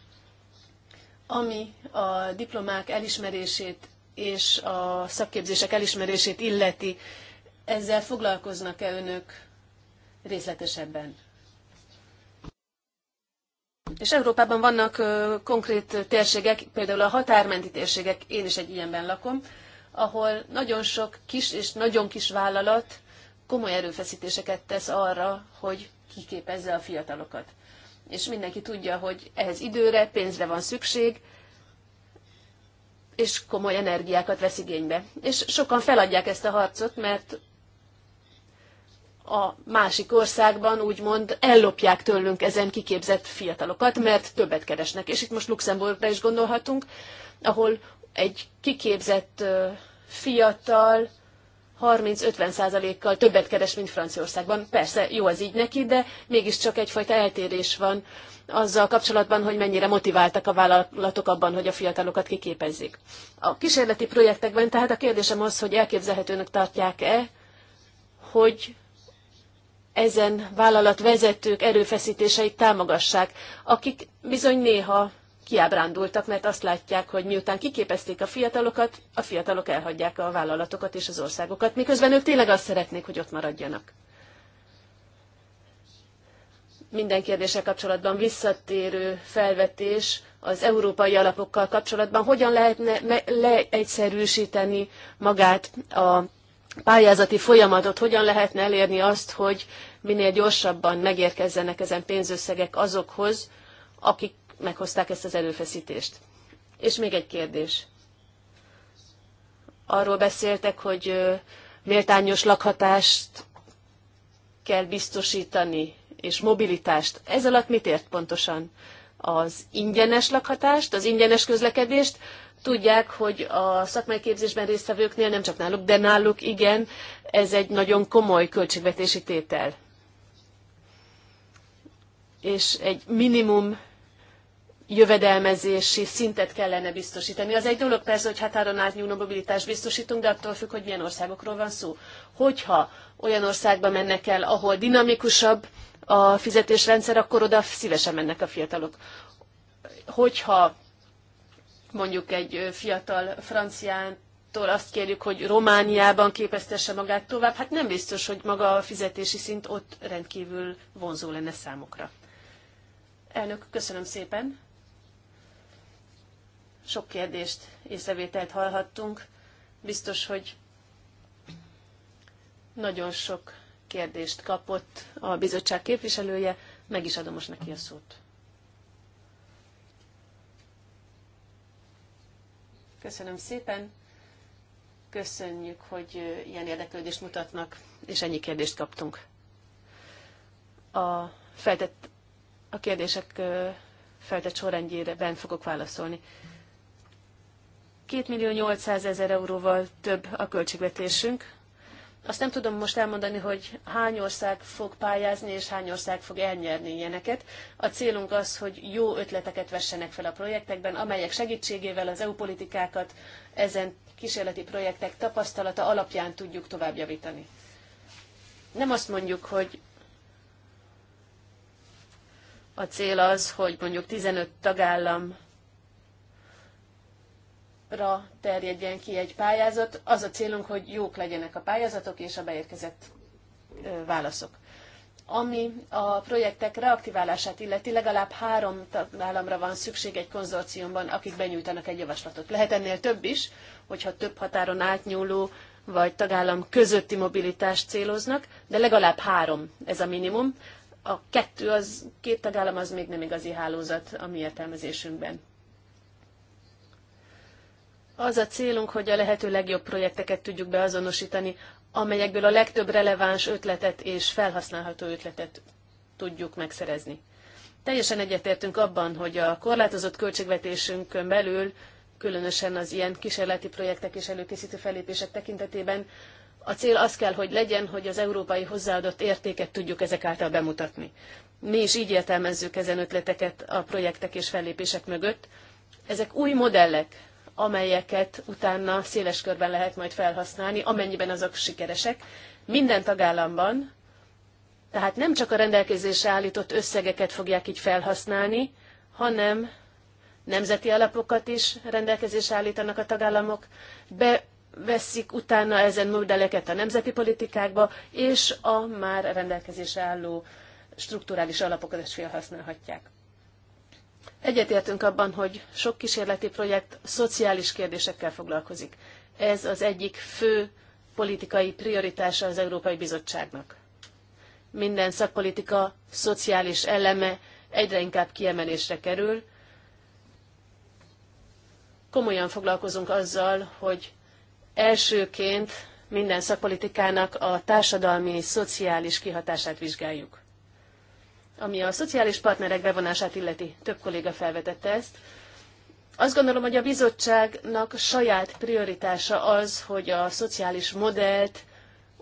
ami a diplomák elismerését és a szakképzések elismerését illeti, ezzel foglalkoznak-e önök részletesebben? És Európában vannak konkrét térségek, például a határmenti térségek, én is egy ilyenben lakom, ahol nagyon sok kis és nagyon kis vállalat komoly erőfeszítéseket tesz arra, hogy kiképezze a fiatalokat. És mindenki tudja, hogy ehhez időre, pénzre van szükség, és komoly energiákat vesz igénybe. És sokan feladják ezt a harcot, mert a másik országban úgymond ellopják tőlünk ezen kiképzett fiatalokat, mert többet keresnek. És itt most Luxemburgra is gondolhatunk, ahol egy kiképzett fiatal 30-50%-kal többet keres, mint Franciaországban. Persze, jó az így neki, de mégiscsak egyfajta eltérés van azzal kapcsolatban, hogy mennyire motiváltak a vállalatok abban, hogy a fiatalokat kiképezzék. A kísérleti projektekben tehát a kérdésem az, hogy elképzelhetőnek tartják-e, hogy ezen vállalatvezetők erőfeszítéseit támogassák, akik bizony néha kiábrándultak, mert azt látják, hogy miután kiképezték a fiatalokat, a fiatalok elhagyják a vállalatokat és az országokat, miközben ők tényleg azt szeretnék, hogy ott maradjanak. Minden kérdése kapcsolatban visszatérő felvetés az európai alapokkal kapcsolatban, hogyan lehetne leegyszerűsíteni magát a pályázati folyamatot, hogyan lehetne elérni azt, hogy minél gyorsabban megérkezzenek ezen pénzösszegek azokhoz, akik meghozták ezt az előfeszítést. És még egy kérdés. Arról beszéltek, hogy méltányos lakhatást kell biztosítani, és mobilitást. Ez alatt mit ért pontosan? az ingyenes lakhatást, az ingyenes közlekedést, tudják, hogy a szakmai képzésben résztvevőknél nem csak náluk, de náluk igen, ez egy nagyon komoly költségvetési tétel. És egy minimum jövedelmezési szintet kellene biztosítani. Az egy dolog persze, hogy határon átnyúló mobilitást biztosítunk, de attól függ, hogy milyen országokról van szó. Hogyha olyan országba mennek el, ahol dinamikusabb a fizetésrendszer, akkor oda szívesen mennek a fiatalok. Hogyha mondjuk egy fiatal francián azt kérjük, hogy Romániában képeztesse magát tovább, hát nem biztos, hogy maga a fizetési szint ott rendkívül vonzó lenne számukra. Elnök, köszönöm szépen! Sok kérdést, észrevételt hallhattunk. Biztos, hogy nagyon sok kérdést kapott a bizottság képviselője. Meg is adom most neki a szót. Köszönöm szépen. Köszönjük, hogy ilyen érdeklődést mutatnak, és ennyi kérdést kaptunk. A, feltett, a kérdések feltett sorrendjére ben fogok válaszolni. 2 millió 800 ezer euróval több a költségvetésünk. Azt nem tudom most elmondani, hogy hány ország fog pályázni, és hány ország fog elnyerni ilyeneket. A célunk az, hogy jó ötleteket vessenek fel a projektekben, amelyek segítségével az EU politikákat ezen kísérleti projektek tapasztalata alapján tudjuk továbbjavítani. Nem azt mondjuk, hogy a cél az, hogy mondjuk 15 tagállam ra terjedjen ki egy pályázat. Az a célunk, hogy jók legyenek a pályázatok és a beérkezett válaszok. Ami a projektek reaktiválását illeti, legalább három államra van szükség egy konzorciumban, akik benyújtanak egy javaslatot. Lehet ennél több is, hogyha több határon átnyúló vagy tagállam közötti mobilitást céloznak, de legalább három ez a minimum. A kettő, az két tagállam az még nem igazi hálózat a mi értelmezésünkben az a célunk, hogy a lehető legjobb projekteket tudjuk beazonosítani, amelyekből a legtöbb releváns ötletet és felhasználható ötletet tudjuk megszerezni. Teljesen egyetértünk abban, hogy a korlátozott költségvetésünkön belül, különösen az ilyen kísérleti projektek és előkészítő felépések tekintetében a cél az kell, hogy legyen, hogy az európai hozzáadott értéket tudjuk ezek által bemutatni. Mi is így értelmezzük ezen ötleteket a projektek és fellépések mögött. Ezek új modellek, amelyeket utána széles körben lehet majd felhasználni, amennyiben azok sikeresek, minden tagállamban, tehát nem csak a rendelkezésre állított összegeket fogják így felhasználni, hanem nemzeti alapokat is rendelkezésre állítanak a tagállamok, beveszik utána ezen modelleket a nemzeti politikákba, és a már rendelkezésre álló strukturális alapokat is felhasználhatják. Egyetértünk abban, hogy sok kísérleti projekt szociális kérdésekkel foglalkozik. Ez az egyik fő politikai prioritása az Európai Bizottságnak. Minden szakpolitika szociális eleme egyre inkább kiemelésre kerül. Komolyan foglalkozunk azzal, hogy elsőként minden szakpolitikának a társadalmi, szociális kihatását vizsgáljuk. Ami a szociális partnerek bevonását illeti, több kolléga felvetette ezt. Azt gondolom, hogy a bizottságnak saját prioritása az, hogy a szociális modellt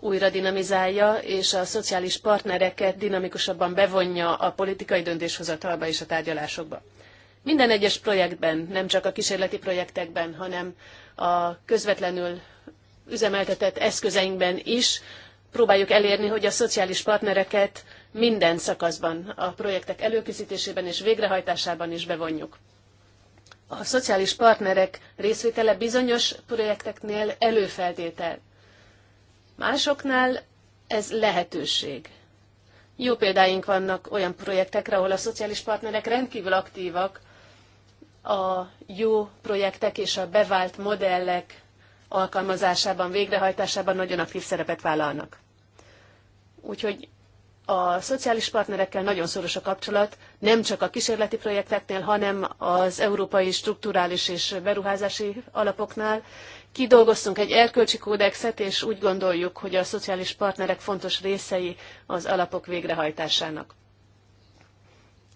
újra dinamizálja, és a szociális partnereket dinamikusabban bevonja a politikai döntéshozatalba és a tárgyalásokba. Minden egyes projektben, nem csak a kísérleti projektekben, hanem a közvetlenül üzemeltetett eszközeinkben is próbáljuk elérni, hogy a szociális partnereket minden szakaszban, a projektek előkészítésében és végrehajtásában is bevonjuk. A szociális partnerek részvétele bizonyos projekteknél előfeltétel. Másoknál ez lehetőség. Jó példáink vannak olyan projektekre, ahol a szociális partnerek rendkívül aktívak a jó projektek és a bevált modellek alkalmazásában, végrehajtásában nagyon aktív szerepet vállalnak. Úgyhogy a szociális partnerekkel nagyon szoros a kapcsolat, nem csak a kísérleti projekteknél, hanem az európai strukturális és beruházási alapoknál. Kidolgoztunk egy erkölcsi kódexet, és úgy gondoljuk, hogy a szociális partnerek fontos részei az alapok végrehajtásának.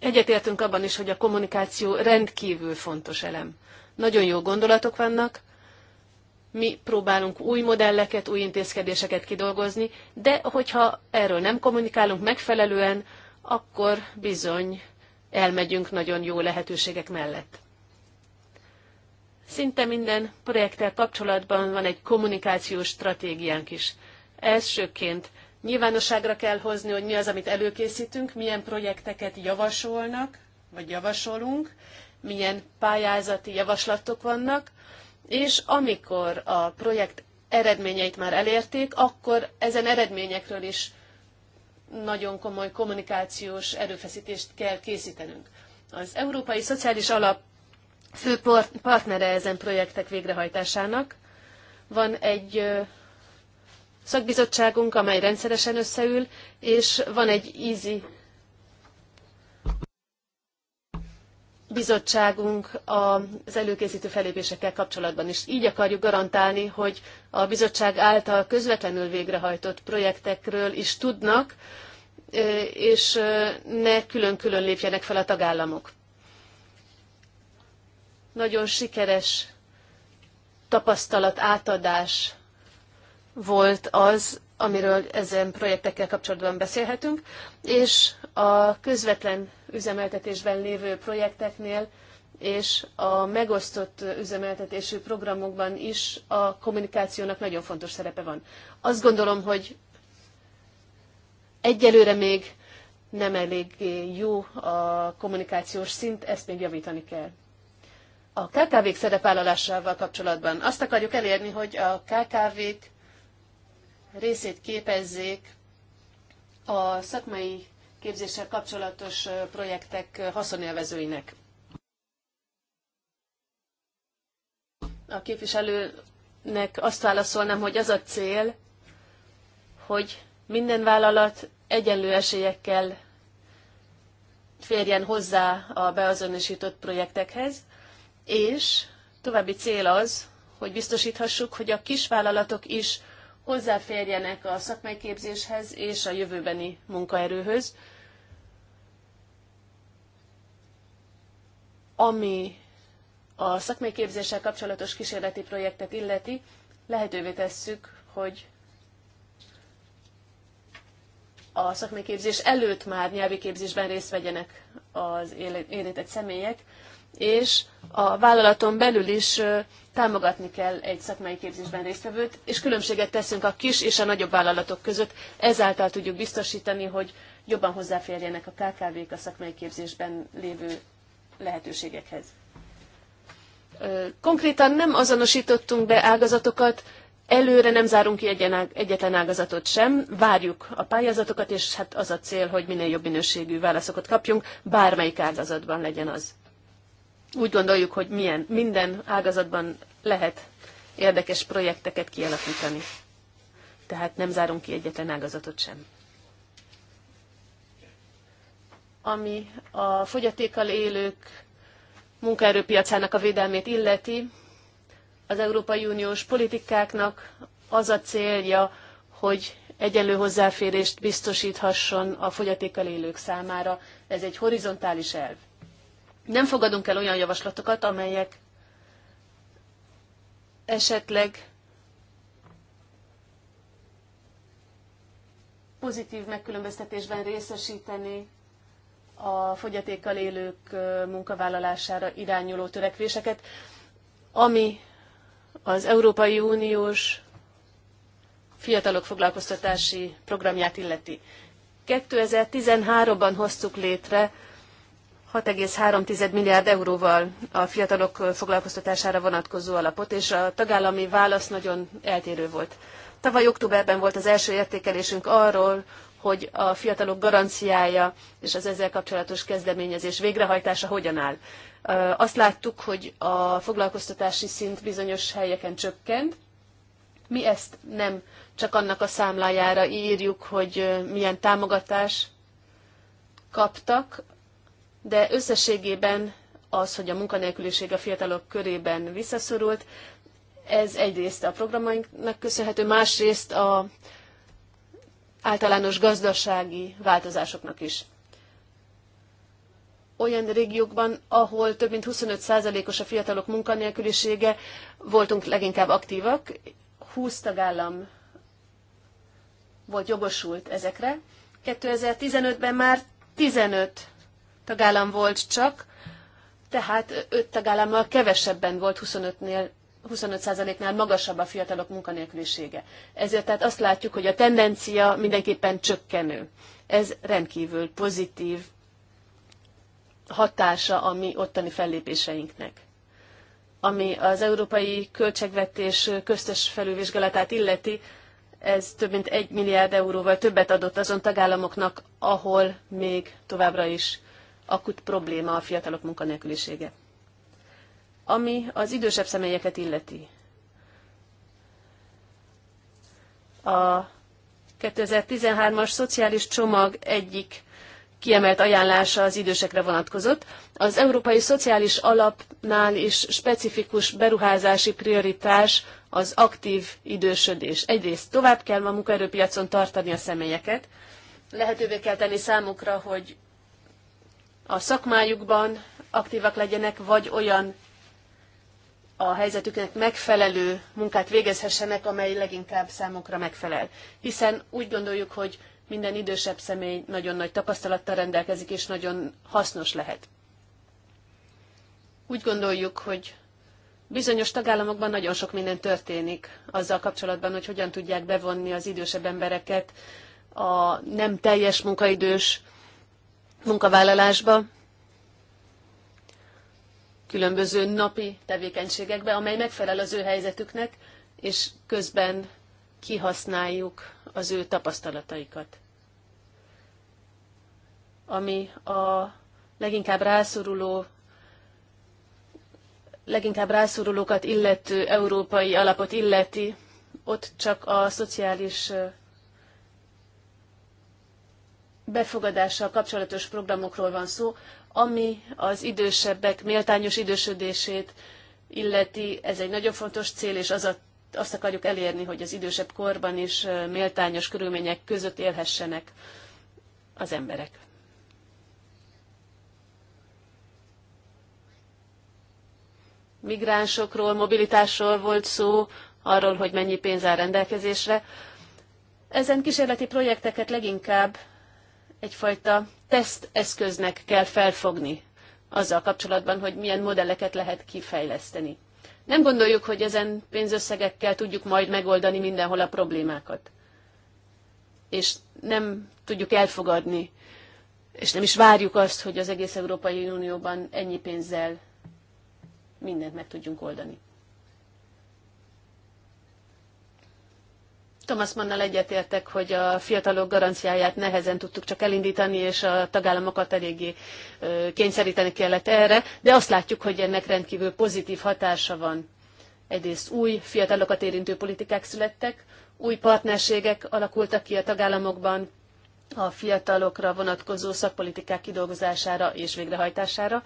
Egyetértünk abban is, hogy a kommunikáció rendkívül fontos elem. Nagyon jó gondolatok vannak, mi próbálunk új modelleket, új intézkedéseket kidolgozni, de hogyha erről nem kommunikálunk megfelelően, akkor bizony elmegyünk nagyon jó lehetőségek mellett. Szinte minden projekttel kapcsolatban van egy kommunikációs stratégiánk is. Elsőként nyilvánosságra kell hozni, hogy mi az, amit előkészítünk, milyen projekteket javasolnak, vagy javasolunk, milyen pályázati javaslatok vannak, és amikor a projekt eredményeit már elérték, akkor ezen eredményekről is nagyon komoly kommunikációs erőfeszítést kell készítenünk. Az Európai Szociális Alap fő partnere ezen projektek végrehajtásának. Van egy szakbizottságunk, amely rendszeresen összeül, és van egy Easy bizottságunk az előkészítő felépésekkel kapcsolatban is. Így akarjuk garantálni, hogy a bizottság által közvetlenül végrehajtott projektekről is tudnak, és ne külön-külön lépjenek fel a tagállamok. Nagyon sikeres tapasztalat átadás volt az, amiről ezen projektekkel kapcsolatban beszélhetünk, és a közvetlen üzemeltetésben lévő projekteknél, és a megosztott üzemeltetésű programokban is a kommunikációnak nagyon fontos szerepe van. Azt gondolom, hogy egyelőre még nem elég jó a kommunikációs szint, ezt még javítani kell. A KKV-k szerepállalásával kapcsolatban azt akarjuk elérni, hogy a KKV-k részét képezzék a szakmai képzéssel kapcsolatos projektek haszonélvezőinek. A képviselőnek azt válaszolnám, hogy az a cél, hogy minden vállalat egyenlő esélyekkel férjen hozzá a beazonosított projektekhez, és további cél az, hogy biztosíthassuk, hogy a kisvállalatok is hozzáférjenek a szakmai képzéshez és a jövőbeni munkaerőhöz, Ami a szakmai képzéssel kapcsolatos kísérleti projektet illeti, lehetővé tesszük, hogy a szakmai képzés előtt már nyelvi képzésben részt vegyenek az érintett személyek, és a vállalaton belül is támogatni kell egy szakmai képzésben résztvevőt, és különbséget teszünk a kis és a nagyobb vállalatok között. Ezáltal tudjuk biztosítani, hogy jobban hozzáférjenek a KKV-k a szakmai képzésben lévő lehetőségekhez. Konkrétan nem azonosítottunk be ágazatokat, előre nem zárunk ki egyetlen ágazatot sem, várjuk a pályázatokat, és hát az a cél, hogy minél jobb minőségű válaszokat kapjunk, bármelyik ágazatban legyen az. Úgy gondoljuk, hogy milyen, minden ágazatban lehet érdekes projekteket kialakítani. Tehát nem zárunk ki egyetlen ágazatot sem. ami a fogyatékkal élők munkaerőpiacának a védelmét illeti. Az Európai Uniós politikáknak az a célja, hogy egyenlő hozzáférést biztosíthasson a fogyatékkal élők számára. Ez egy horizontális elv. Nem fogadunk el olyan javaslatokat, amelyek esetleg pozitív megkülönböztetésben részesíteni a fogyatékkal élők munkavállalására irányuló törekvéseket, ami az Európai Uniós fiatalok foglalkoztatási programját illeti. 2013-ban hoztuk létre 6,3 milliárd euróval a fiatalok foglalkoztatására vonatkozó alapot, és a tagállami válasz nagyon eltérő volt. Tavaly októberben volt az első értékelésünk arról, hogy a fiatalok garanciája és az ezzel kapcsolatos kezdeményezés végrehajtása hogyan áll. Azt láttuk, hogy a foglalkoztatási szint bizonyos helyeken csökkent. Mi ezt nem csak annak a számlájára írjuk, hogy milyen támogatás kaptak, de összességében az, hogy a munkanélküliség a fiatalok körében visszaszorult, ez egyrészt a programainknak köszönhető, másrészt a általános gazdasági változásoknak is. Olyan régiókban, ahol több mint 25%-os a fiatalok munkanélkülisége, voltunk leginkább aktívak. 20 tagállam volt jogosult ezekre. 2015-ben már 15 tagállam volt csak, tehát 5 tagállammal kevesebben volt 25-nél 25%-nál magasabb a fiatalok munkanélkülisége. Ezért tehát azt látjuk, hogy a tendencia mindenképpen csökkenő. Ez rendkívül pozitív hatása a mi ottani fellépéseinknek. Ami az európai költségvetés köztes felülvizsgálatát illeti, ez több mint 1 milliárd euróval többet adott azon tagállamoknak, ahol még továbbra is akut probléma a fiatalok munkanélkülisége. Ami az idősebb személyeket illeti. A 2013-as szociális csomag egyik kiemelt ajánlása az idősekre vonatkozott. Az Európai Szociális Alapnál is specifikus beruházási prioritás az aktív idősödés. Egyrészt tovább kell a munkaerőpiacon tartani a személyeket, lehetővé kell tenni számukra, hogy a szakmájukban aktívak legyenek, vagy olyan a helyzetüknek megfelelő munkát végezhessenek, amely leginkább számukra megfelel. Hiszen úgy gondoljuk, hogy minden idősebb személy nagyon nagy tapasztalattal rendelkezik, és nagyon hasznos lehet. Úgy gondoljuk, hogy bizonyos tagállamokban nagyon sok minden történik azzal kapcsolatban, hogy hogyan tudják bevonni az idősebb embereket a nem teljes munkaidős munkavállalásba, különböző napi tevékenységekbe, amely megfelel az ő helyzetüknek, és közben kihasználjuk az ő tapasztalataikat. Ami a leginkább rászoruló leginkább rászorulókat illető európai alapot illeti, ott csak a szociális befogadással kapcsolatos programokról van szó, ami az idősebbek méltányos idősödését illeti, ez egy nagyon fontos cél, és az a, azt akarjuk elérni, hogy az idősebb korban is méltányos körülmények között élhessenek az emberek. Migránsokról, mobilitásról volt szó, arról, hogy mennyi pénz áll rendelkezésre. Ezen kísérleti projekteket leginkább egyfajta teszteszköznek kell felfogni azzal kapcsolatban, hogy milyen modelleket lehet kifejleszteni. Nem gondoljuk, hogy ezen pénzösszegekkel tudjuk majd megoldani mindenhol a problémákat. És nem tudjuk elfogadni, és nem is várjuk azt, hogy az egész Európai Unióban ennyi pénzzel mindent meg tudjunk oldani. Thomas Mannal egyetértek, hogy a fiatalok garanciáját nehezen tudtuk csak elindítani, és a tagállamokat eléggé kényszeríteni kellett erre, de azt látjuk, hogy ennek rendkívül pozitív hatása van. Egyrészt új fiatalokat érintő politikák születtek, új partnerségek alakultak ki a tagállamokban a fiatalokra vonatkozó szakpolitikák kidolgozására és végrehajtására,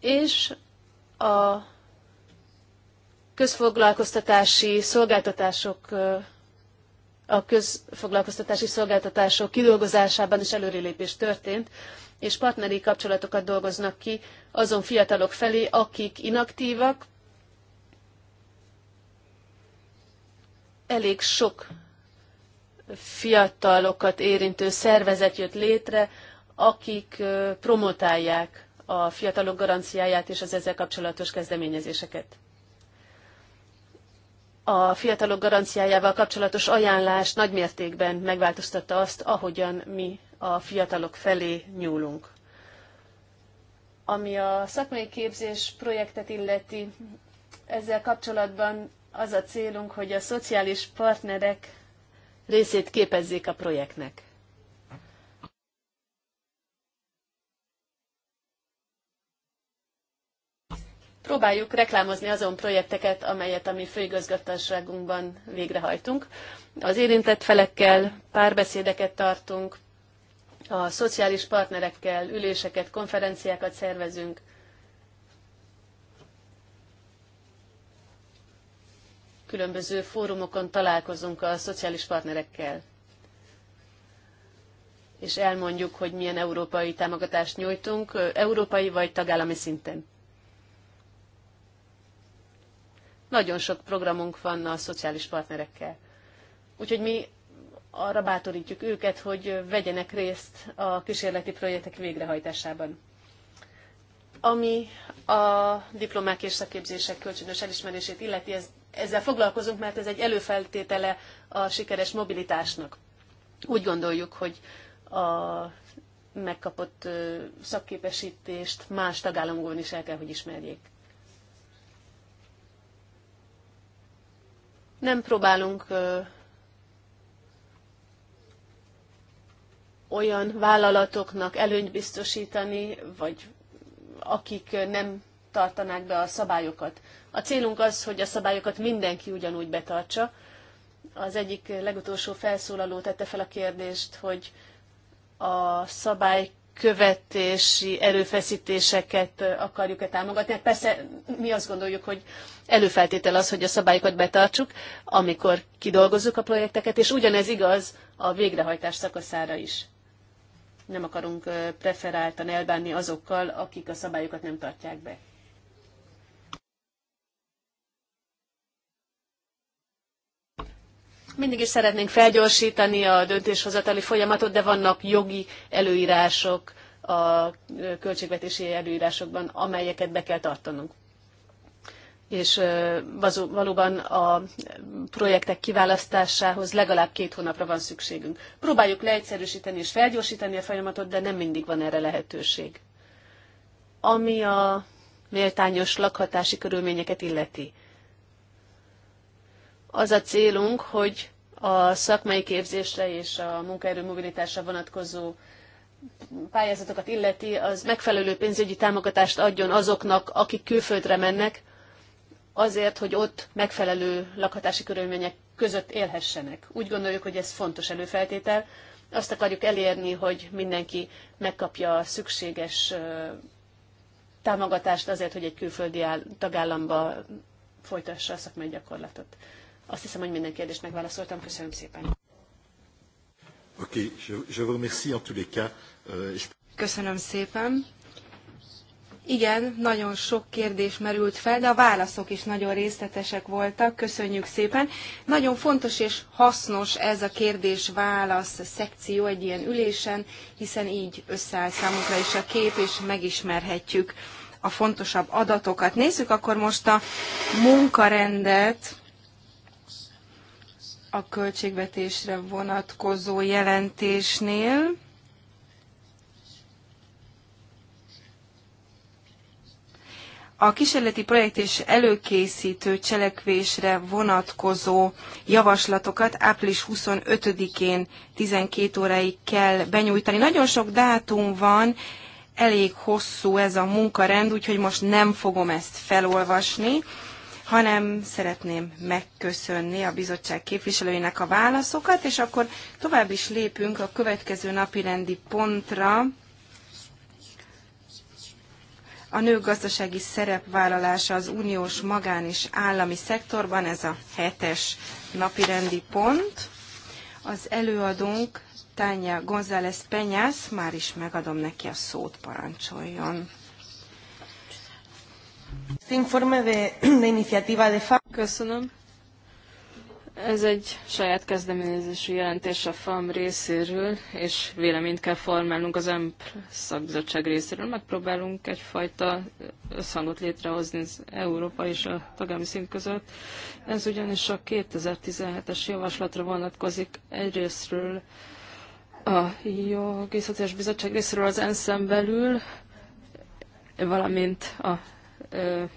és a közfoglalkoztatási szolgáltatások a közfoglalkoztatási szolgáltatások kidolgozásában is előrelépés történt, és partneri kapcsolatokat dolgoznak ki azon fiatalok felé, akik inaktívak. Elég sok fiatalokat érintő szervezet jött létre, akik promotálják a fiatalok garanciáját és az ezzel kapcsolatos kezdeményezéseket a fiatalok garanciájával kapcsolatos ajánlás nagymértékben megváltoztatta azt, ahogyan mi a fiatalok felé nyúlunk. Ami a szakmai képzés projektet illeti, ezzel kapcsolatban az a célunk, hogy a szociális partnerek részét képezzék a projektnek. próbáljuk reklámozni azon projekteket, amelyet a mi főigazgatásságunkban végrehajtunk. Az érintett felekkel párbeszédeket tartunk, a szociális partnerekkel üléseket, konferenciákat szervezünk. Különböző fórumokon találkozunk a szociális partnerekkel és elmondjuk, hogy milyen európai támogatást nyújtunk, európai vagy tagállami szinten. Nagyon sok programunk van a szociális partnerekkel. Úgyhogy mi arra bátorítjuk őket, hogy vegyenek részt a kísérleti projektek végrehajtásában. Ami a diplomák és szakképzések kölcsönös elismerését illeti, ez, ezzel foglalkozunk, mert ez egy előfeltétele a sikeres mobilitásnak. Úgy gondoljuk, hogy a megkapott szakképesítést más tagállamokon is el kell, hogy ismerjék. nem próbálunk olyan vállalatoknak előnyt biztosítani, vagy akik nem tartanák be a szabályokat. A célunk az, hogy a szabályokat mindenki ugyanúgy betartsa. Az egyik legutolsó felszólaló tette fel a kérdést, hogy a szabály követési erőfeszítéseket akarjuk-e támogatni. Hát persze mi azt gondoljuk, hogy előfeltétel az, hogy a szabályokat betartsuk, amikor kidolgozzuk a projekteket, és ugyanez igaz a végrehajtás szakaszára is. Nem akarunk preferáltan elbánni azokkal, akik a szabályokat nem tartják be. Mindig is szeretnénk felgyorsítani a döntéshozatali folyamatot, de vannak jogi előírások a költségvetési előírásokban, amelyeket be kell tartanunk és valóban a projektek kiválasztásához legalább két hónapra van szükségünk. Próbáljuk leegyszerűsíteni és felgyorsítani a folyamatot, de nem mindig van erre lehetőség. Ami a méltányos lakhatási körülményeket illeti. Az a célunk, hogy a szakmai képzésre és a munkaerő mobilitásra vonatkozó pályázatokat illeti, az megfelelő pénzügyi támogatást adjon azoknak, akik külföldre mennek, azért, hogy ott megfelelő lakhatási körülmények között élhessenek. Úgy gondoljuk, hogy ez fontos előfeltétel. Azt akarjuk elérni, hogy mindenki megkapja a szükséges támogatást azért, hogy egy külföldi áll, tagállamba folytassa a szakmai gyakorlatot. Azt hiszem, hogy minden kérdést megválaszoltam. Köszönöm szépen. Euh, Köszönöm szépen. Igen, nagyon sok kérdés merült fel, de a válaszok is nagyon részletesek voltak. Köszönjük szépen. Nagyon fontos és hasznos ez a kérdés-válasz szekció egy ilyen ülésen, hiszen így összeáll számunkra is a kép, és megismerhetjük a fontosabb adatokat. Nézzük akkor most a munkarendet a költségvetésre vonatkozó jelentésnél. A kísérleti projekt és előkészítő cselekvésre vonatkozó javaslatokat április 25-én 12 óráig kell benyújtani. Nagyon sok dátum van, elég hosszú ez a munkarend, úgyhogy most nem fogom ezt felolvasni hanem szeretném megköszönni a bizottság képviselőinek a válaszokat, és akkor tovább is lépünk a következő napi rendi pontra, a nők gazdasági szerepvállalása az uniós magán és állami szektorban, ez a hetes napirendi pont. Az előadónk Tanya González Penyász, már is megadom neki a szót, parancsoljon. Köszönöm. Ez egy saját kezdeményezési jelentés a FAM részéről, és véleményt kell formálnunk az EMP szakbizottság részéről. Megpróbálunk egyfajta összhangot létrehozni az Európa és a tagállami szint között. Ez ugyanis a 2017-es javaslatra vonatkozik egyrésztről a Jogi Szociális Bizottság részéről az ENSZ-en belül, valamint a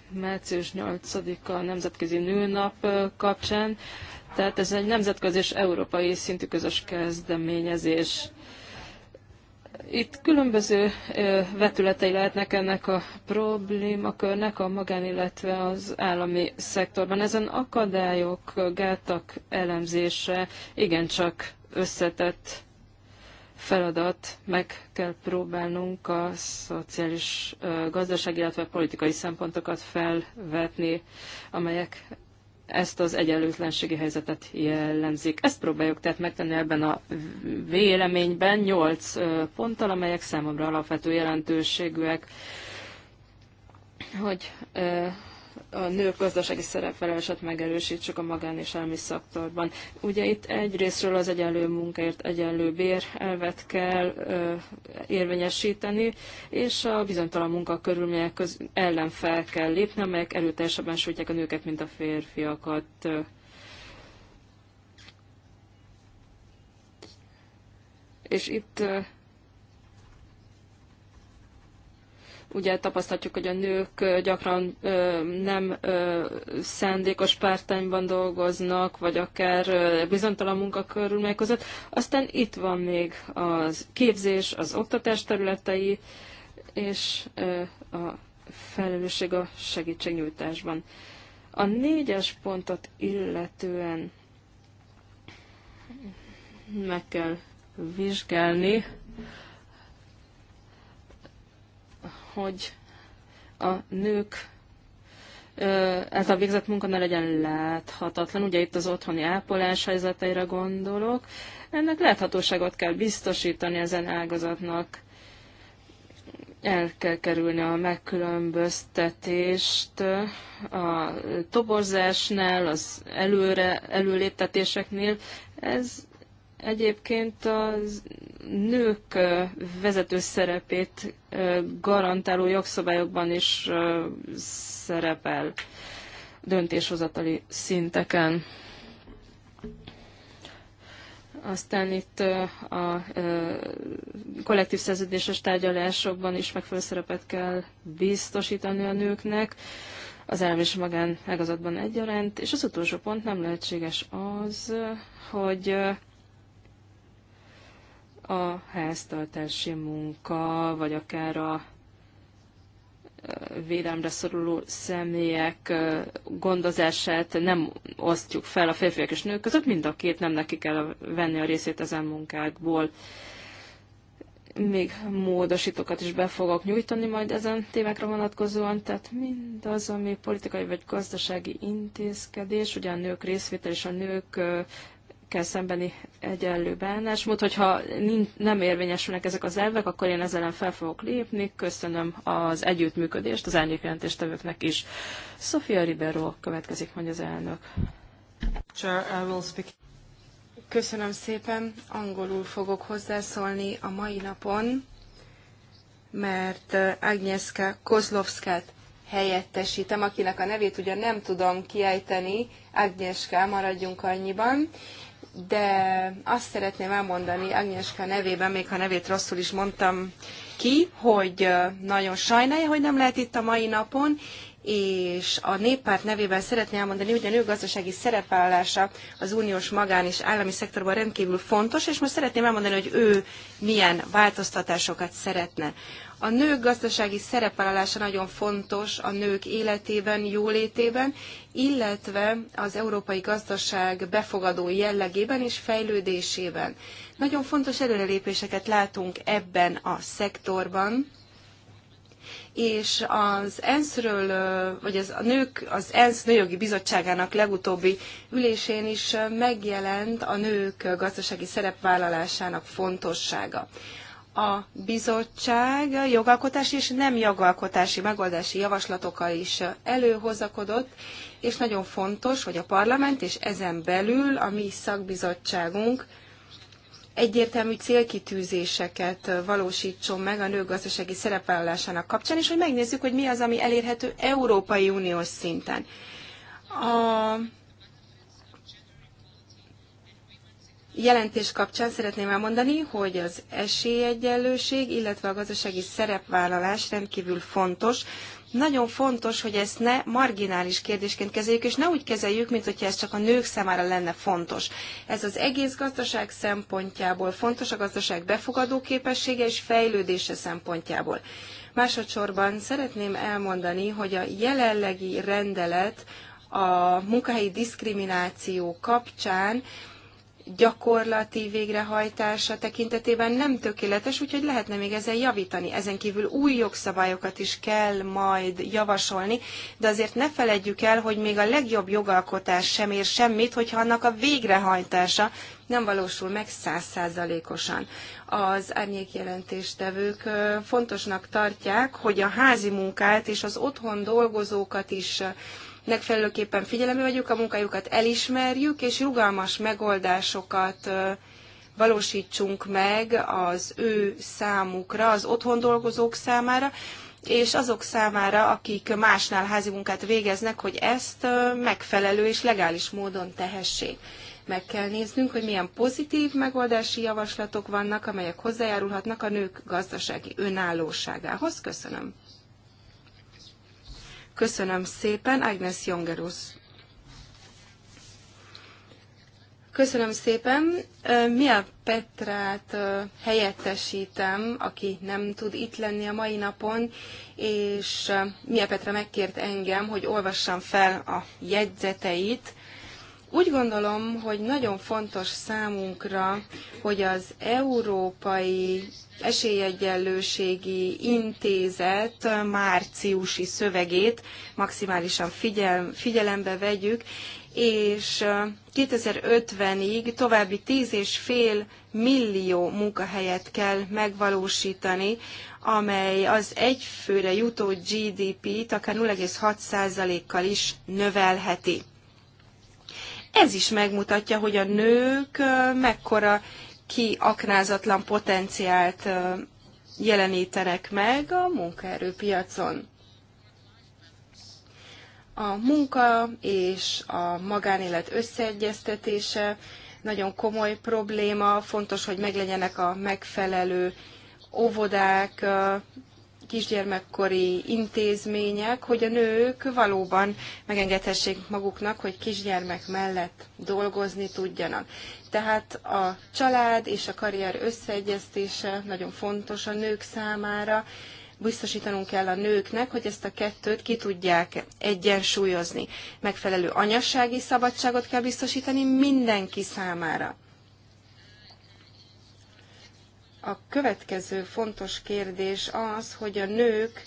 március 8-a Nemzetközi Nőnap kapcsán. Tehát ez egy nemzetközi és európai szintű közös kezdeményezés. Itt különböző vetületei lehetnek ennek a problémakörnek a magán, illetve az állami szektorban. Ezen akadályok, gátak elemzése igencsak összetett feladat, meg kell próbálnunk a szociális, gazdasági, illetve politikai szempontokat felvetni, amelyek ezt az egyenlőtlenségi helyzetet jellemzik. Ezt próbáljuk tehát megtenni ebben a véleményben, nyolc ponttal, amelyek számomra alapvető jelentőségűek, hogy a nők gazdasági szerepfelelését megerősítsük a magán és elmi szektorban. Ugye itt egyrésztről az egyenlő munkáért egyenlő bér elvet kell ö, érvényesíteni, és a bizonytalan munkakörülmények köz, ellen fel kell lépni, amelyek erőteljesebben sújtják a nőket, mint a férfiakat. És itt Ugye tapasztaljuk, hogy a nők gyakran nem szándékos pártányban dolgoznak, vagy akár bizonytalan munkakörülmények között. Aztán itt van még a képzés, az oktatás területei, és a felelősség a segítségnyújtásban. A négyes pontot illetően meg kell vizsgálni, hogy a nők ez a végzett munka ne legyen láthatatlan. Ugye itt az otthoni ápolás helyzeteire gondolok. Ennek láthatóságot kell biztosítani ezen ágazatnak. El kell kerülni a megkülönböztetést a toborzásnál, az előre, előléptetéseknél. Ez Egyébként a nők vezető szerepét garantáló jogszabályokban is szerepel döntéshozatali szinteken. Aztán itt a kollektív szerződéses tárgyalásokban is megfelelő szerepet kell biztosítani a nőknek, az állam és magán ágazatban egyaránt, és az utolsó pont nem lehetséges az, hogy a háztartási munka, vagy akár a védelemre szoruló személyek gondozását nem osztjuk fel a férfiak és nők között, mind a két nem neki kell venni a részét ezen munkákból. Még módosítókat is be fogok nyújtani majd ezen témákra vonatkozóan, tehát mindaz, ami politikai vagy gazdasági intézkedés, ugye a nők részvétel és a nők nőkkel szembeni egyenlő bánásmód. Hogyha nem érvényesülnek ezek az elvek, akkor én ezzel fel fogok lépni. Köszönöm az együttműködést az elnökjelentéstevőknek is. Sofia Ribeiro következik, mondja az elnök. Köszönöm szépen, angolul fogok hozzászólni a mai napon, mert eh, Agnieszka Kozlovszkát helyettesítem, akinek a nevét ugye nem tudom kiejteni, Agnieszka, maradjunk annyiban de azt szeretném elmondani Agnieszka nevében, még ha nevét rosszul is mondtam ki, hogy nagyon sajnálja, hogy nem lehet itt a mai napon, és a néppárt nevében szeretné elmondani, hogy a nő gazdasági az uniós magán és állami szektorban rendkívül fontos, és most szeretném elmondani, hogy ő milyen változtatásokat szeretne. A nők gazdasági szerepvállalása nagyon fontos a nők életében, jólétében, illetve az európai gazdaság befogadó jellegében és fejlődésében. Nagyon fontos előrelépéseket látunk ebben a szektorban, és az ENSZ-ről, vagy az, a nők, az ENSZ Nőjogi Bizottságának legutóbbi ülésén is megjelent a nők gazdasági szerepvállalásának fontossága a bizottság jogalkotási és nem jogalkotási megoldási javaslatokkal is előhozakodott, és nagyon fontos, hogy a parlament és ezen belül a mi szakbizottságunk egyértelmű célkitűzéseket valósítson meg a nőgazdasági szerepvállalásának kapcsán, és hogy megnézzük, hogy mi az, ami elérhető Európai Uniós szinten. A jelentés kapcsán szeretném elmondani, hogy az esélyegyenlőség, illetve a gazdasági szerepvállalás rendkívül fontos. Nagyon fontos, hogy ezt ne marginális kérdésként kezeljük, és ne úgy kezeljük, mint hogyha ez csak a nők számára lenne fontos. Ez az egész gazdaság szempontjából fontos, a gazdaság befogadó képessége és fejlődése szempontjából. Másodszorban szeretném elmondani, hogy a jelenlegi rendelet a munkahelyi diszkrimináció kapcsán gyakorlati végrehajtása tekintetében nem tökéletes, úgyhogy lehetne még ezen javítani. Ezen kívül új jogszabályokat is kell majd javasolni, de azért ne feledjük el, hogy még a legjobb jogalkotás sem ér semmit, hogyha annak a végrehajtása nem valósul meg százszázalékosan. Az árnyékjelentéstevők fontosnak tartják, hogy a házi munkát és az otthon dolgozókat is megfelelőképpen figyelembe vegyük, a munkájukat elismerjük, és rugalmas megoldásokat valósítsunk meg az ő számukra, az otthon dolgozók számára, és azok számára, akik másnál házi munkát végeznek, hogy ezt megfelelő és legális módon tehessék. Meg kell néznünk, hogy milyen pozitív megoldási javaslatok vannak, amelyek hozzájárulhatnak a nők gazdasági önállóságához. Köszönöm. Köszönöm szépen, Agnes Jongerus. Köszönöm szépen. Mia Petrát helyettesítem, aki nem tud itt lenni a mai napon, és Mia Petra megkért engem, hogy olvassam fel a jegyzeteit úgy gondolom, hogy nagyon fontos számunkra, hogy az Európai Esélyegyenlőségi Intézet márciusi szövegét maximálisan figyel, figyelembe vegyük, és 2050-ig további 10,5 millió munkahelyet kell megvalósítani, amely az egyfőre jutó GDP-t akár 0,6%-kal is növelheti. Ez is megmutatja, hogy a nők mekkora kiaknázatlan potenciált jelenítenek meg a munkaerőpiacon. A munka és a magánélet összeegyeztetése nagyon komoly probléma, fontos, hogy meglegyenek a megfelelő óvodák, kisgyermekkori intézmények, hogy a nők valóban megengedhessék maguknak, hogy kisgyermek mellett dolgozni tudjanak. Tehát a család és a karrier összeegyeztése nagyon fontos a nők számára, biztosítanunk kell a nőknek, hogy ezt a kettőt ki tudják egyensúlyozni. Megfelelő anyassági szabadságot kell biztosítani mindenki számára. A következő fontos kérdés az, hogy a nők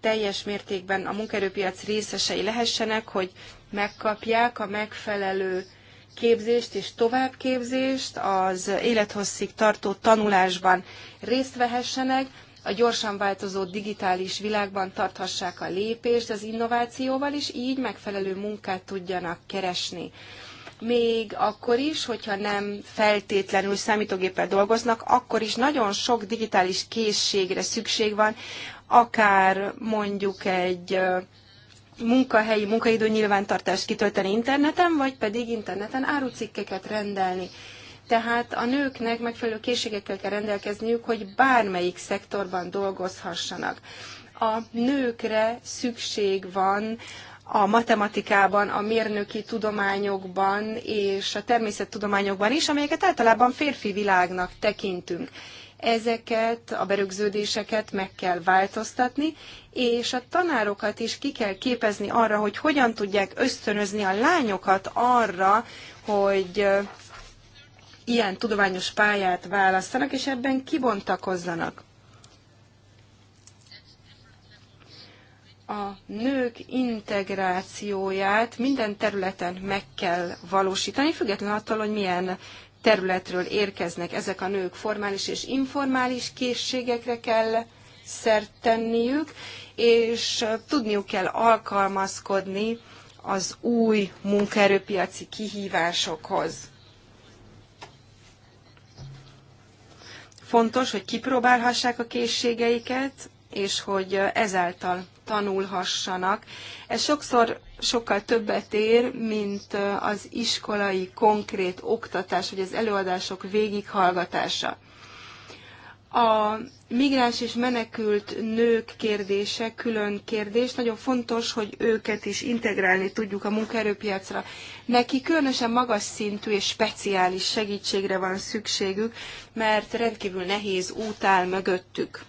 teljes mértékben a munkaerőpiac részesei lehessenek, hogy megkapják a megfelelő képzést és továbbképzést, az élethosszig tartó tanulásban részt vehessenek, a gyorsan változó digitális világban tarthassák a lépést az innovációval, és így megfelelő munkát tudjanak keresni még akkor is, hogyha nem feltétlenül számítógéppel dolgoznak, akkor is nagyon sok digitális készségre szükség van, akár mondjuk egy munkahelyi munkaidő nyilvántartást kitölteni interneten, vagy pedig interneten árucikkeket rendelni. Tehát a nőknek megfelelő készségekkel kell rendelkezniük, hogy bármelyik szektorban dolgozhassanak. A nőkre szükség van a matematikában, a mérnöki tudományokban és a természettudományokban is, amelyeket általában férfi világnak tekintünk. Ezeket a berögződéseket meg kell változtatni, és a tanárokat is ki kell képezni arra, hogy hogyan tudják ösztönözni a lányokat arra, hogy ilyen tudományos pályát választanak, és ebben kibontakozzanak. a nők integrációját minden területen meg kell valósítani, függetlenül attól, hogy milyen területről érkeznek ezek a nők, formális és informális készségekre kell szert tenniük, és tudniuk kell alkalmazkodni az új munkaerőpiaci kihívásokhoz. Fontos, hogy kipróbálhassák a készségeiket, és hogy ezáltal tanulhassanak. Ez sokszor sokkal többet ér, mint az iskolai konkrét oktatás, vagy az előadások végighallgatása. A migráns és menekült nők kérdése külön kérdés. Nagyon fontos, hogy őket is integrálni tudjuk a munkaerőpiacra. Neki különösen magas szintű és speciális segítségre van szükségük, mert rendkívül nehéz út áll mögöttük.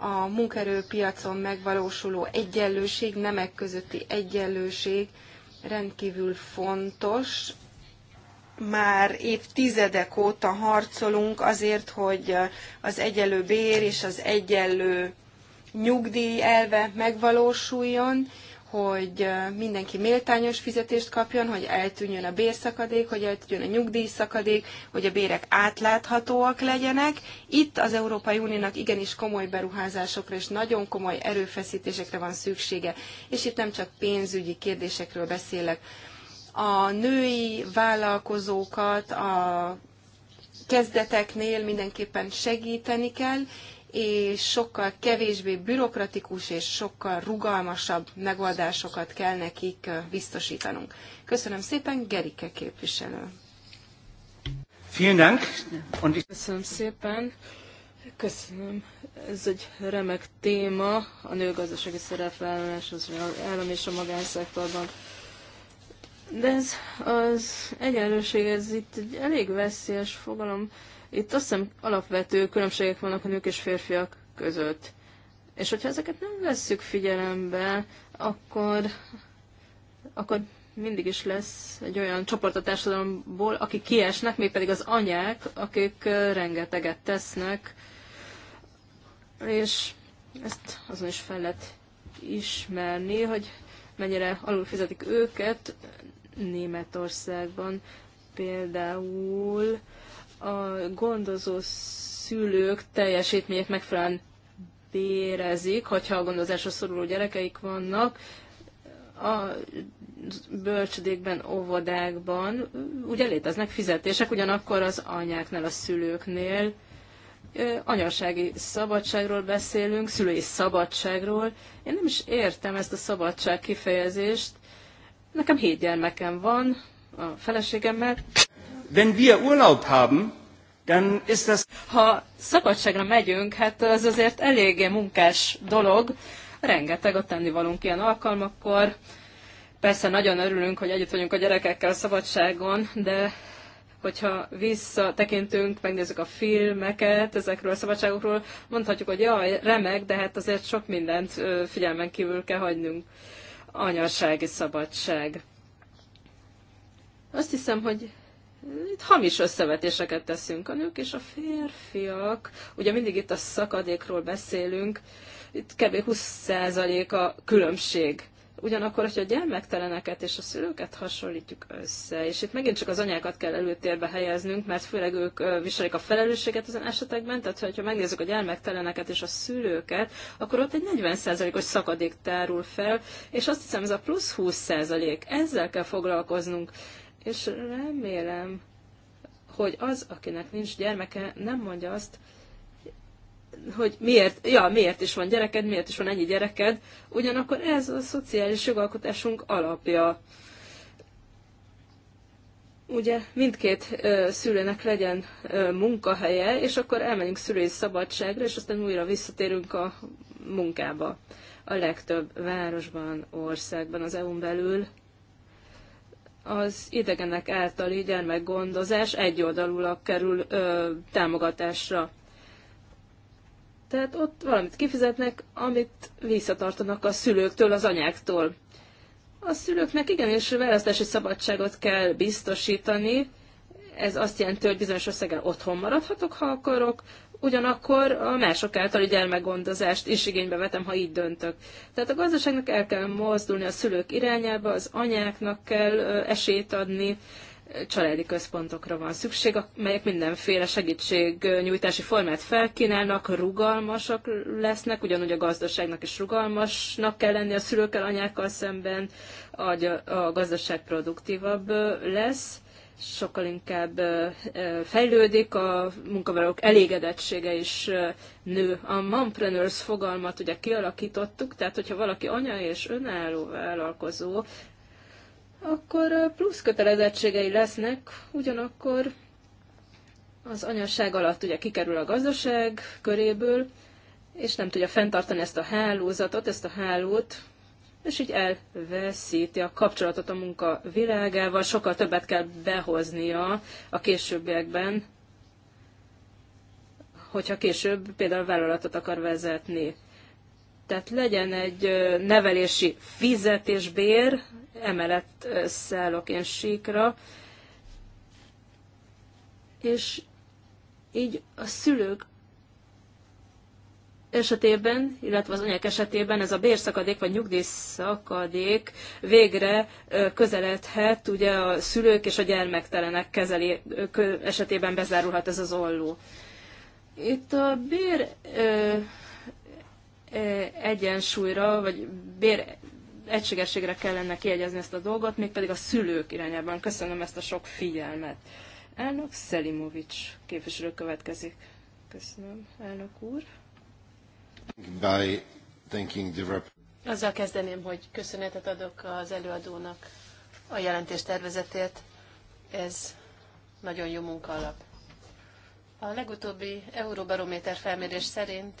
a munkaerőpiacon megvalósuló egyenlőség, nemek közötti egyenlőség rendkívül fontos. Már évtizedek óta harcolunk azért, hogy az egyenlő bér és az egyenlő nyugdíj elve megvalósuljon, hogy mindenki méltányos fizetést kapjon, hogy eltűnjön a bérszakadék, hogy eltűnjön a nyugdíjszakadék, hogy a bérek átláthatóak legyenek. Itt az Európai Uniónak igenis komoly beruházásokra és nagyon komoly erőfeszítésekre van szüksége, és itt nem csak pénzügyi kérdésekről beszélek. A női vállalkozókat a kezdeteknél mindenképpen segíteni kell, és sokkal kevésbé bürokratikus és sokkal rugalmasabb megoldásokat kell nekik biztosítanunk. Köszönöm szépen, Gerike képviselő. Köszönöm szépen. Köszönöm. Ez egy remek téma, a nőgazdasági szerepvállalás az állam és a magánszektorban. De ez az egyenlőség, ez itt egy elég veszélyes fogalom itt azt hiszem alapvető különbségek vannak a nők és férfiak között. És hogyha ezeket nem vesszük figyelembe, akkor, akkor mindig is lesz egy olyan csoport a társadalomból, akik kiesnek, mégpedig az anyák, akik rengeteget tesznek, és ezt azon is fel lehet ismerni, hogy mennyire alul fizetik őket Németországban például a gondozó szülők teljesítményét megfelelően bérezik, hogyha a gondozásra szoruló gyerekeik vannak, a bölcsödékben, óvodákban ugye léteznek fizetések, ugyanakkor az anyáknál, a szülőknél anyasági szabadságról beszélünk, szülői szabadságról. Én nem is értem ezt a szabadság kifejezést. Nekem hét gyermekem van a feleségemmel. Wenn wir Urlaub haben, dann ist das... Ha szabadságra megyünk, hát az azért eléggé munkás dolog. Rengeteg a tennivalunk ilyen alkalmakkor. Persze nagyon örülünk, hogy együtt vagyunk a gyerekekkel a szabadságon, de hogyha visszatekintünk, megnézzük a filmeket ezekről a szabadságokról, mondhatjuk, hogy jaj, remek, de hát azért sok mindent figyelmen kívül kell hagynunk. Anyasági szabadság. Azt hiszem, hogy itt hamis összevetéseket teszünk a nők és a férfiak. Ugye mindig itt a szakadékról beszélünk, itt kb. 20% a különbség. Ugyanakkor, hogyha a gyermekteleneket és a szülőket hasonlítjuk össze, és itt megint csak az anyákat kell előtérbe helyeznünk, mert főleg ők viselik a felelősséget ezen esetekben, tehát hogyha megnézzük a gyermekteleneket és a szülőket, akkor ott egy 40%-os szakadék tárul fel, és azt hiszem ez a plusz 20%, ezzel kell foglalkoznunk és remélem, hogy az, akinek nincs gyermeke, nem mondja azt, hogy miért, ja, miért is van gyereked, miért is van ennyi gyereked, ugyanakkor ez a szociális jogalkotásunk alapja. Ugye mindkét ö, szülőnek legyen ö, munkahelye, és akkor elmenjünk szülői szabadságra, és aztán újra visszatérünk a munkába. A legtöbb városban, országban, az EU-n belül az idegenek általi gyermekgondozás egyoldalúlag kerül ö, támogatásra. Tehát ott valamit kifizetnek, amit visszatartanak a szülőktől, az anyáktól. A szülőknek igenis választási szabadságot kell biztosítani, ez azt jelenti, hogy bizonyos összegen otthon maradhatok, ha akarok, ugyanakkor a mások általi gyermekgondozást is igénybe vetem, ha így döntök. Tehát a gazdaságnak el kell mozdulni a szülők irányába, az anyáknak kell esélyt adni, családi központokra van szükség, amelyek mindenféle segítségnyújtási formát felkínálnak, rugalmasak lesznek, ugyanúgy a gazdaságnak is rugalmasnak kell lenni a szülőkkel, anyákkal szemben, a, a gazdaság produktívabb lesz sokkal inkább fejlődik, a munkavállalók elégedettsége is nő. A mompreneurs fogalmat ugye kialakítottuk, tehát hogyha valaki anya és önálló vállalkozó, akkor plusz kötelezettségei lesznek, ugyanakkor az anyaság alatt ugye kikerül a gazdaság köréből, és nem tudja fenntartani ezt a hálózatot, ezt a hálót, és így elveszíti a kapcsolatot a munka világával, sokkal többet kell behoznia a későbbiekben, hogyha később például vállalatot akar vezetni. Tehát legyen egy nevelési fizetésbér, emellett szállok én síkra, és így a szülők esetében, illetve az anyák esetében ez a bérszakadék vagy nyugdíjszakadék végre közeledhet, ugye a szülők és a gyermektelenek kezeli, esetében bezárulhat ez az olló. Itt a bér ö, egyensúlyra, vagy bér egységességre kellene kiegyezni ezt a dolgot, mégpedig a szülők irányában. Köszönöm ezt a sok figyelmet. Elnök Szelimovics képviselő következik. Köszönöm, elnök úr. Azzal kezdeném, hogy köszönetet adok az előadónak a jelentés tervezetét. Ez nagyon jó munka alap. A legutóbbi Euróbarométer felmérés szerint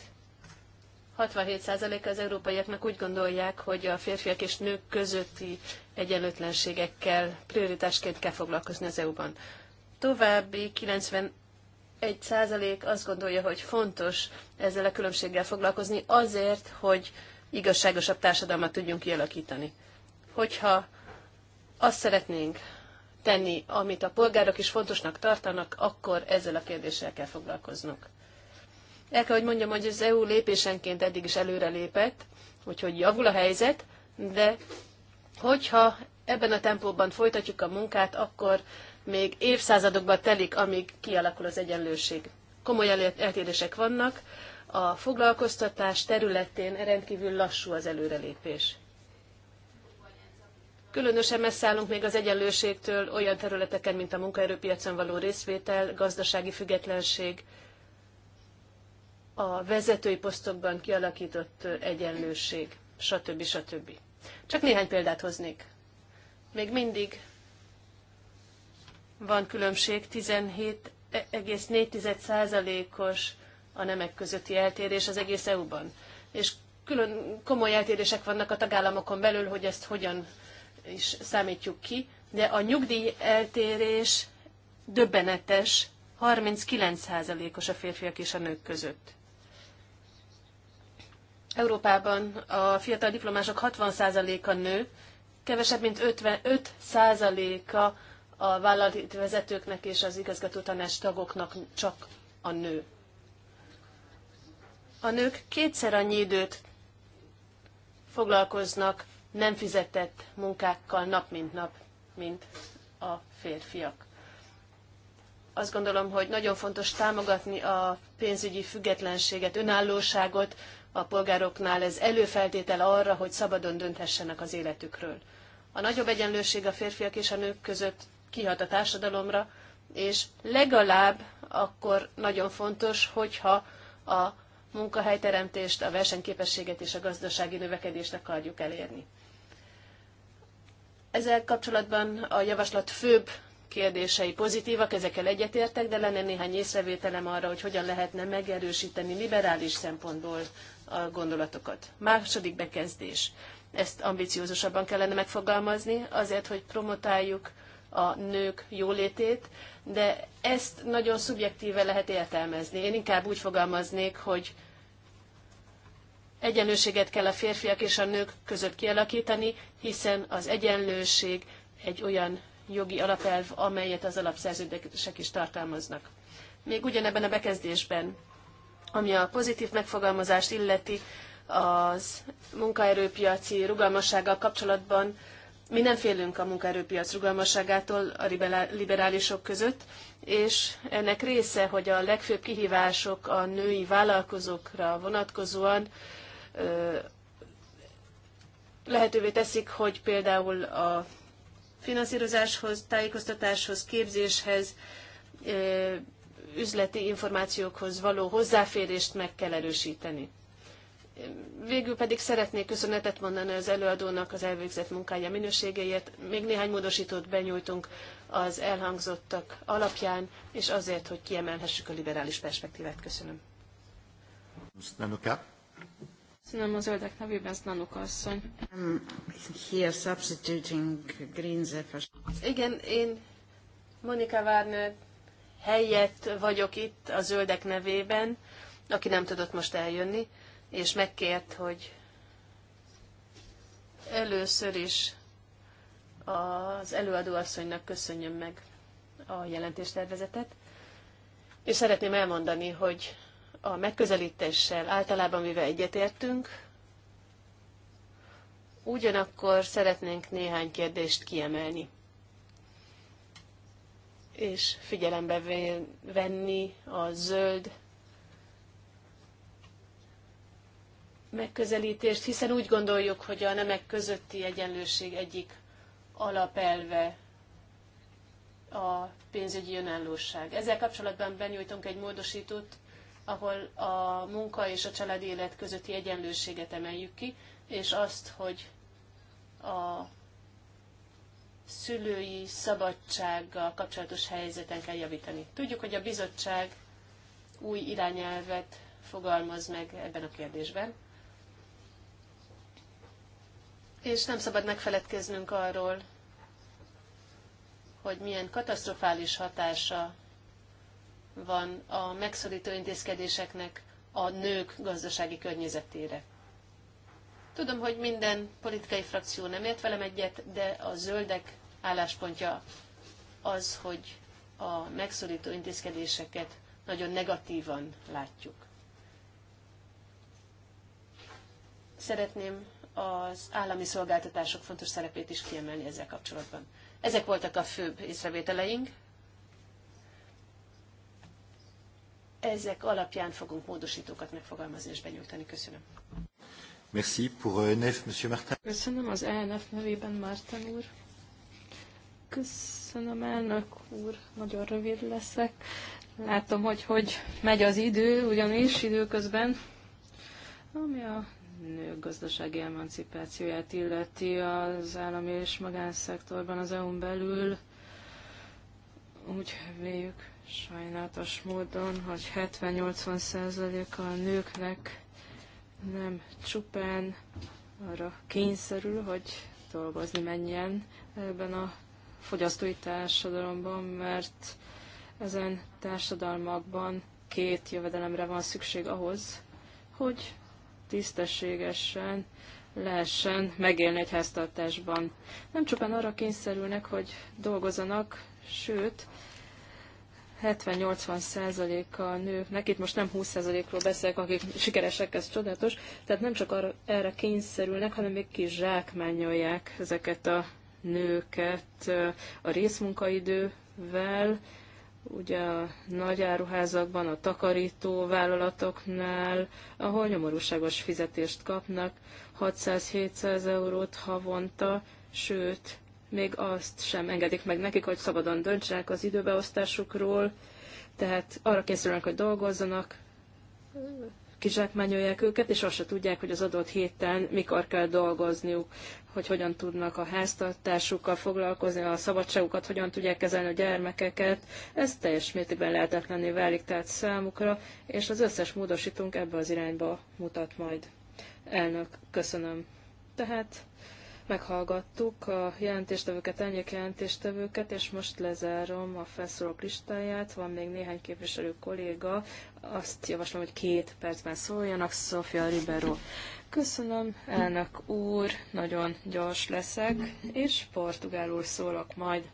67% az európaiaknak úgy gondolják, hogy a férfiak és nők közötti egyenlőtlenségekkel prioritásként kell foglalkozni az EU-ban. További egy százalék azt gondolja, hogy fontos ezzel a különbséggel foglalkozni azért, hogy igazságosabb társadalmat tudjunk kialakítani. Hogyha azt szeretnénk tenni, amit a polgárok is fontosnak tartanak, akkor ezzel a kérdéssel kell foglalkoznunk. El kell, hogy mondjam, hogy az EU lépésenként eddig is előrelépett, úgyhogy javul a helyzet, de hogyha ebben a tempóban folytatjuk a munkát, akkor még évszázadokba telik, amíg kialakul az egyenlőség. Komoly eltérések vannak, a foglalkoztatás területén rendkívül lassú az előrelépés. Különösen messze állunk még az egyenlőségtől olyan területeken, mint a munkaerőpiacon való részvétel, gazdasági függetlenség, a vezetői posztokban kialakított egyenlőség, stb. stb. Csak néhány példát hoznék. Még mindig van különbség 17,4%-os a nemek közötti eltérés az egész EU-ban. És külön komoly eltérések vannak a tagállamokon belül, hogy ezt hogyan is számítjuk ki, de a nyugdíj eltérés döbbenetes, 39%-os a férfiak és a nők között. Európában a fiatal diplomások 60%-a nő, kevesebb mint 55%-a a vállalati vezetőknek és az igazgató tanács tagoknak csak a nő. A nők kétszer annyi időt foglalkoznak nem fizetett munkákkal nap mint nap, mint a férfiak. Azt gondolom, hogy nagyon fontos támogatni a pénzügyi függetlenséget, önállóságot a polgároknál. Ez előfeltétel arra, hogy szabadon dönthessenek az életükről. A nagyobb egyenlőség a férfiak és a nők között kihat a társadalomra, és legalább akkor nagyon fontos, hogyha a munkahelyteremtést, a versenyképességet és a gazdasági növekedést akarjuk elérni. Ezzel kapcsolatban a javaslat főbb kérdései pozitívak, ezekkel egyetértek, de lenne néhány észrevételem arra, hogy hogyan lehetne megerősíteni liberális szempontból a gondolatokat. Második bekezdés. Ezt ambiciózusabban kellene megfogalmazni, azért, hogy promotáljuk a nők jólétét, de ezt nagyon szubjektíve lehet értelmezni. Én inkább úgy fogalmaznék, hogy egyenlőséget kell a férfiak és a nők között kialakítani, hiszen az egyenlőség egy olyan jogi alapelv, amelyet az alapszerződések is tartalmaznak. Még ugyanebben a bekezdésben, ami a pozitív megfogalmazást illeti, az munkaerőpiaci rugalmassággal kapcsolatban mi nem félünk a munkaerőpiac rugalmasságától a liberálisok között, és ennek része, hogy a legfőbb kihívások a női vállalkozókra vonatkozóan lehetővé teszik, hogy például a finanszírozáshoz, tájékoztatáshoz, képzéshez, üzleti információkhoz való hozzáférést meg kell erősíteni. Végül pedig szeretnék köszönetet mondani az előadónak az elvégzett munkája minőségéért. Még néhány módosítót benyújtunk az elhangzottak alapján, és azért, hogy kiemelhessük a liberális perspektívát. Köszönöm. Nanuka. Köszönöm a zöldek nevében, Nanuka asszony. here substituting Igen, én Monika Warner helyett vagyok itt a zöldek nevében, aki nem tudott most eljönni és megkért, hogy először is az előadóasszonynak köszönjön meg a jelentéstervezetet, és szeretném elmondani, hogy a megközelítéssel általában mivel egyetértünk, ugyanakkor szeretnénk néhány kérdést kiemelni és figyelembe venni a zöld megközelítést, hiszen úgy gondoljuk, hogy a nemek közötti egyenlőség egyik alapelve a pénzügyi önállóság. Ezzel kapcsolatban benyújtunk egy módosítót, ahol a munka és a családi élet közötti egyenlőséget emeljük ki, és azt, hogy a szülői szabadsággal kapcsolatos helyzeten kell javítani. Tudjuk, hogy a bizottság új irányelvet fogalmaz meg ebben a kérdésben és nem szabad megfeledkeznünk arról, hogy milyen katasztrofális hatása van a megszorító intézkedéseknek a nők gazdasági környezetére. Tudom, hogy minden politikai frakció nem ért velem egyet, de a zöldek álláspontja az, hogy a megszorító intézkedéseket nagyon negatívan látjuk. Szeretném az állami szolgáltatások fontos szerepét is kiemelni ezzel kapcsolatban. Ezek voltak a főbb észrevételeink. Ezek alapján fogunk módosítókat megfogalmazni és benyújtani. Köszönöm. Merci pour ENF, euh, Monsieur Martin. Köszönöm az ENF nevében, Márten úr. Köszönöm, elnök úr, nagyon rövid leszek. Látom, hogy hogy megy az idő, ugyanis időközben, ami a nők gazdasági emancipációját illeti az állami és magánszektorban az EU-n belül. Úgy véljük sajnálatos módon, hogy 70-80%-a a nőknek nem csupán arra kényszerül, hogy dolgozni menjen ebben a fogyasztói társadalomban, mert ezen társadalmakban két jövedelemre van szükség ahhoz, hogy tisztességesen lehessen megélni egy háztartásban. Nem csupán arra kényszerülnek, hogy dolgozanak, sőt, 70-80 a nőknek, itt most nem 20 ról beszélek, akik sikeresek, ez csodálatos, tehát nem csak arra, erre kényszerülnek, hanem még kis zsákmányolják ezeket a nőket a részmunkaidővel, ugye a nagy áruházakban, a takarító vállalatoknál, ahol nyomorúságos fizetést kapnak, 600-700 eurót havonta, sőt, még azt sem engedik meg nekik, hogy szabadon döntsenek az időbeosztásukról, tehát arra készülnek, hogy dolgozzanak, kizsákmányolják őket, és azt se tudják, hogy az adott héten mikor kell dolgozniuk, hogy hogyan tudnak a háztartásukkal foglalkozni, a szabadságukat, hogyan tudják kezelni a gyermekeket. Ez teljes mértékben lehetetlenné válik tehát számukra, és az összes módosítunk ebbe az irányba mutat majd. Elnök, köszönöm. Tehát Meghallgattuk a jelentéstevőket, ennyiak jelentéstevőket, és most lezárom a felszólók listáját. Van még néhány képviselő kolléga. Azt javaslom, hogy két percben szóljanak. Sofia Ribero. Köszönöm, elnök úr, nagyon gyors leszek, és portugálul szólok majd.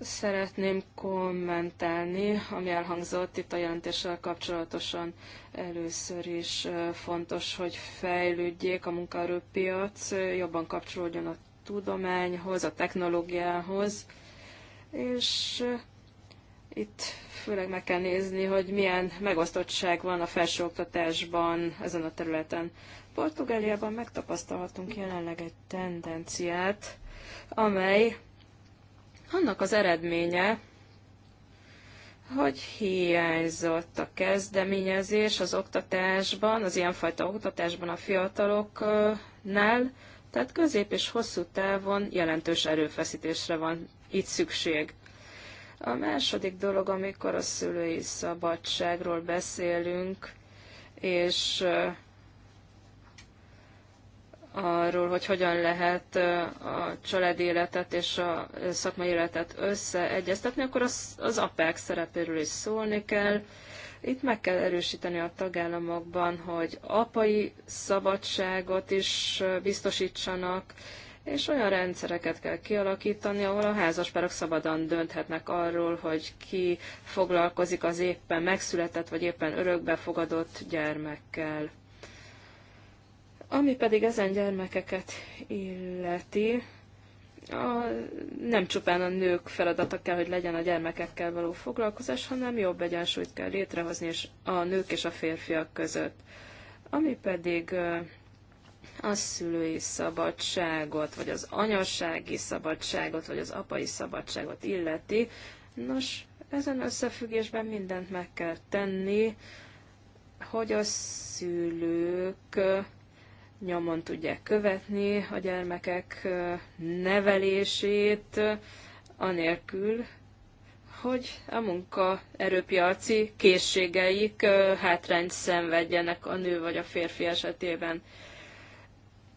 Szeretném kommentálni, ami elhangzott itt a jelentéssel kapcsolatosan. Először is fontos, hogy fejlődjék a munkaerőpiac, jobban kapcsolódjon a tudományhoz, a technológiához, és itt főleg meg kell nézni, hogy milyen megosztottság van a felsőoktatásban ezen a területen. Portugáliában megtapasztalhatunk jelenleg egy tendenciát, amely annak az eredménye, hogy hiányzott a kezdeményezés az oktatásban, az ilyenfajta oktatásban a fiataloknál, tehát közép és hosszú távon jelentős erőfeszítésre van itt szükség. A második dolog, amikor a szülői szabadságról beszélünk, és arról, hogy hogyan lehet a családi életet és a szakmai életet összeegyeztetni, akkor az, az APEC szerepéről is szólni kell. Itt meg kell erősíteni a tagállamokban, hogy apai szabadságot is biztosítsanak, és olyan rendszereket kell kialakítani, ahol a házaspárok szabadon dönthetnek arról, hogy ki foglalkozik az éppen megszületett vagy éppen örökbefogadott gyermekkel. Ami pedig ezen gyermekeket illeti, a, nem csupán a nők feladata kell, hogy legyen a gyermekekkel való foglalkozás, hanem jobb egyensúlyt kell létrehozni és a nők és a férfiak között. Ami pedig a szülői szabadságot, vagy az anyasági szabadságot, vagy az apai szabadságot illeti. Nos, ezen összefüggésben mindent meg kell tenni, hogy a szülők nyomon tudják követni a gyermekek nevelését, anélkül, hogy a munka erőpiaci készségeik hátrányt szenvedjenek a nő vagy a férfi esetében.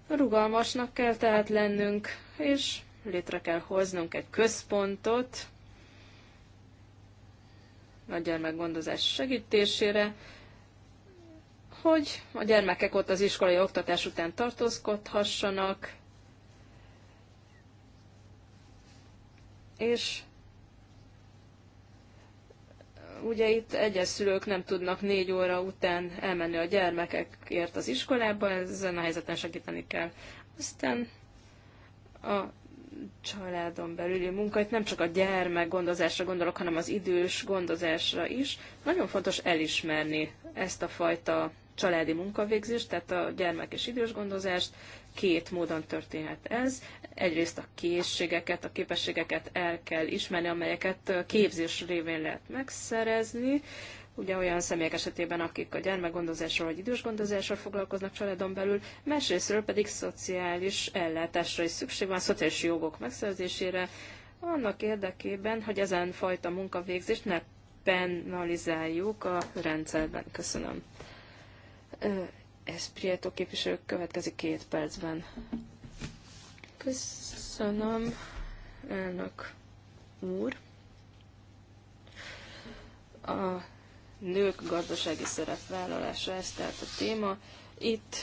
Rugalmasnak kell tehát lennünk, és létre kell hoznunk egy központot a gyermekgondozás segítésére, hogy a gyermekek ott az iskolai oktatás után tartózkodhassanak, és ugye itt egyes szülők nem tudnak négy óra után elmenni a gyermekekért az iskolába, ezen a helyzeten segíteni kell. Aztán a családon belüli munka, itt nem csak a gyermek gondozásra gondolok, hanem az idős gondozásra is. Nagyon fontos elismerni ezt a fajta családi munkavégzést, tehát a gyermek és idős gondozást. Két módon történhet ez. Egyrészt a készségeket, a képességeket el kell ismerni, amelyeket képzés révén lehet megszerezni. Ugye olyan személyek esetében, akik a gyermekgondozásról vagy idősgondozással foglalkoznak családon belül, másrésztről pedig szociális ellátásra is szükség van, szociális jogok megszerzésére, annak érdekében, hogy ezen fajta munkavégzést ne penalizáljuk a rendszerben. Köszönöm. Ez képviselő következik két percben. Köszönöm, elnök úr. A nők gazdasági szerepvállalása, ez tehát a téma. Itt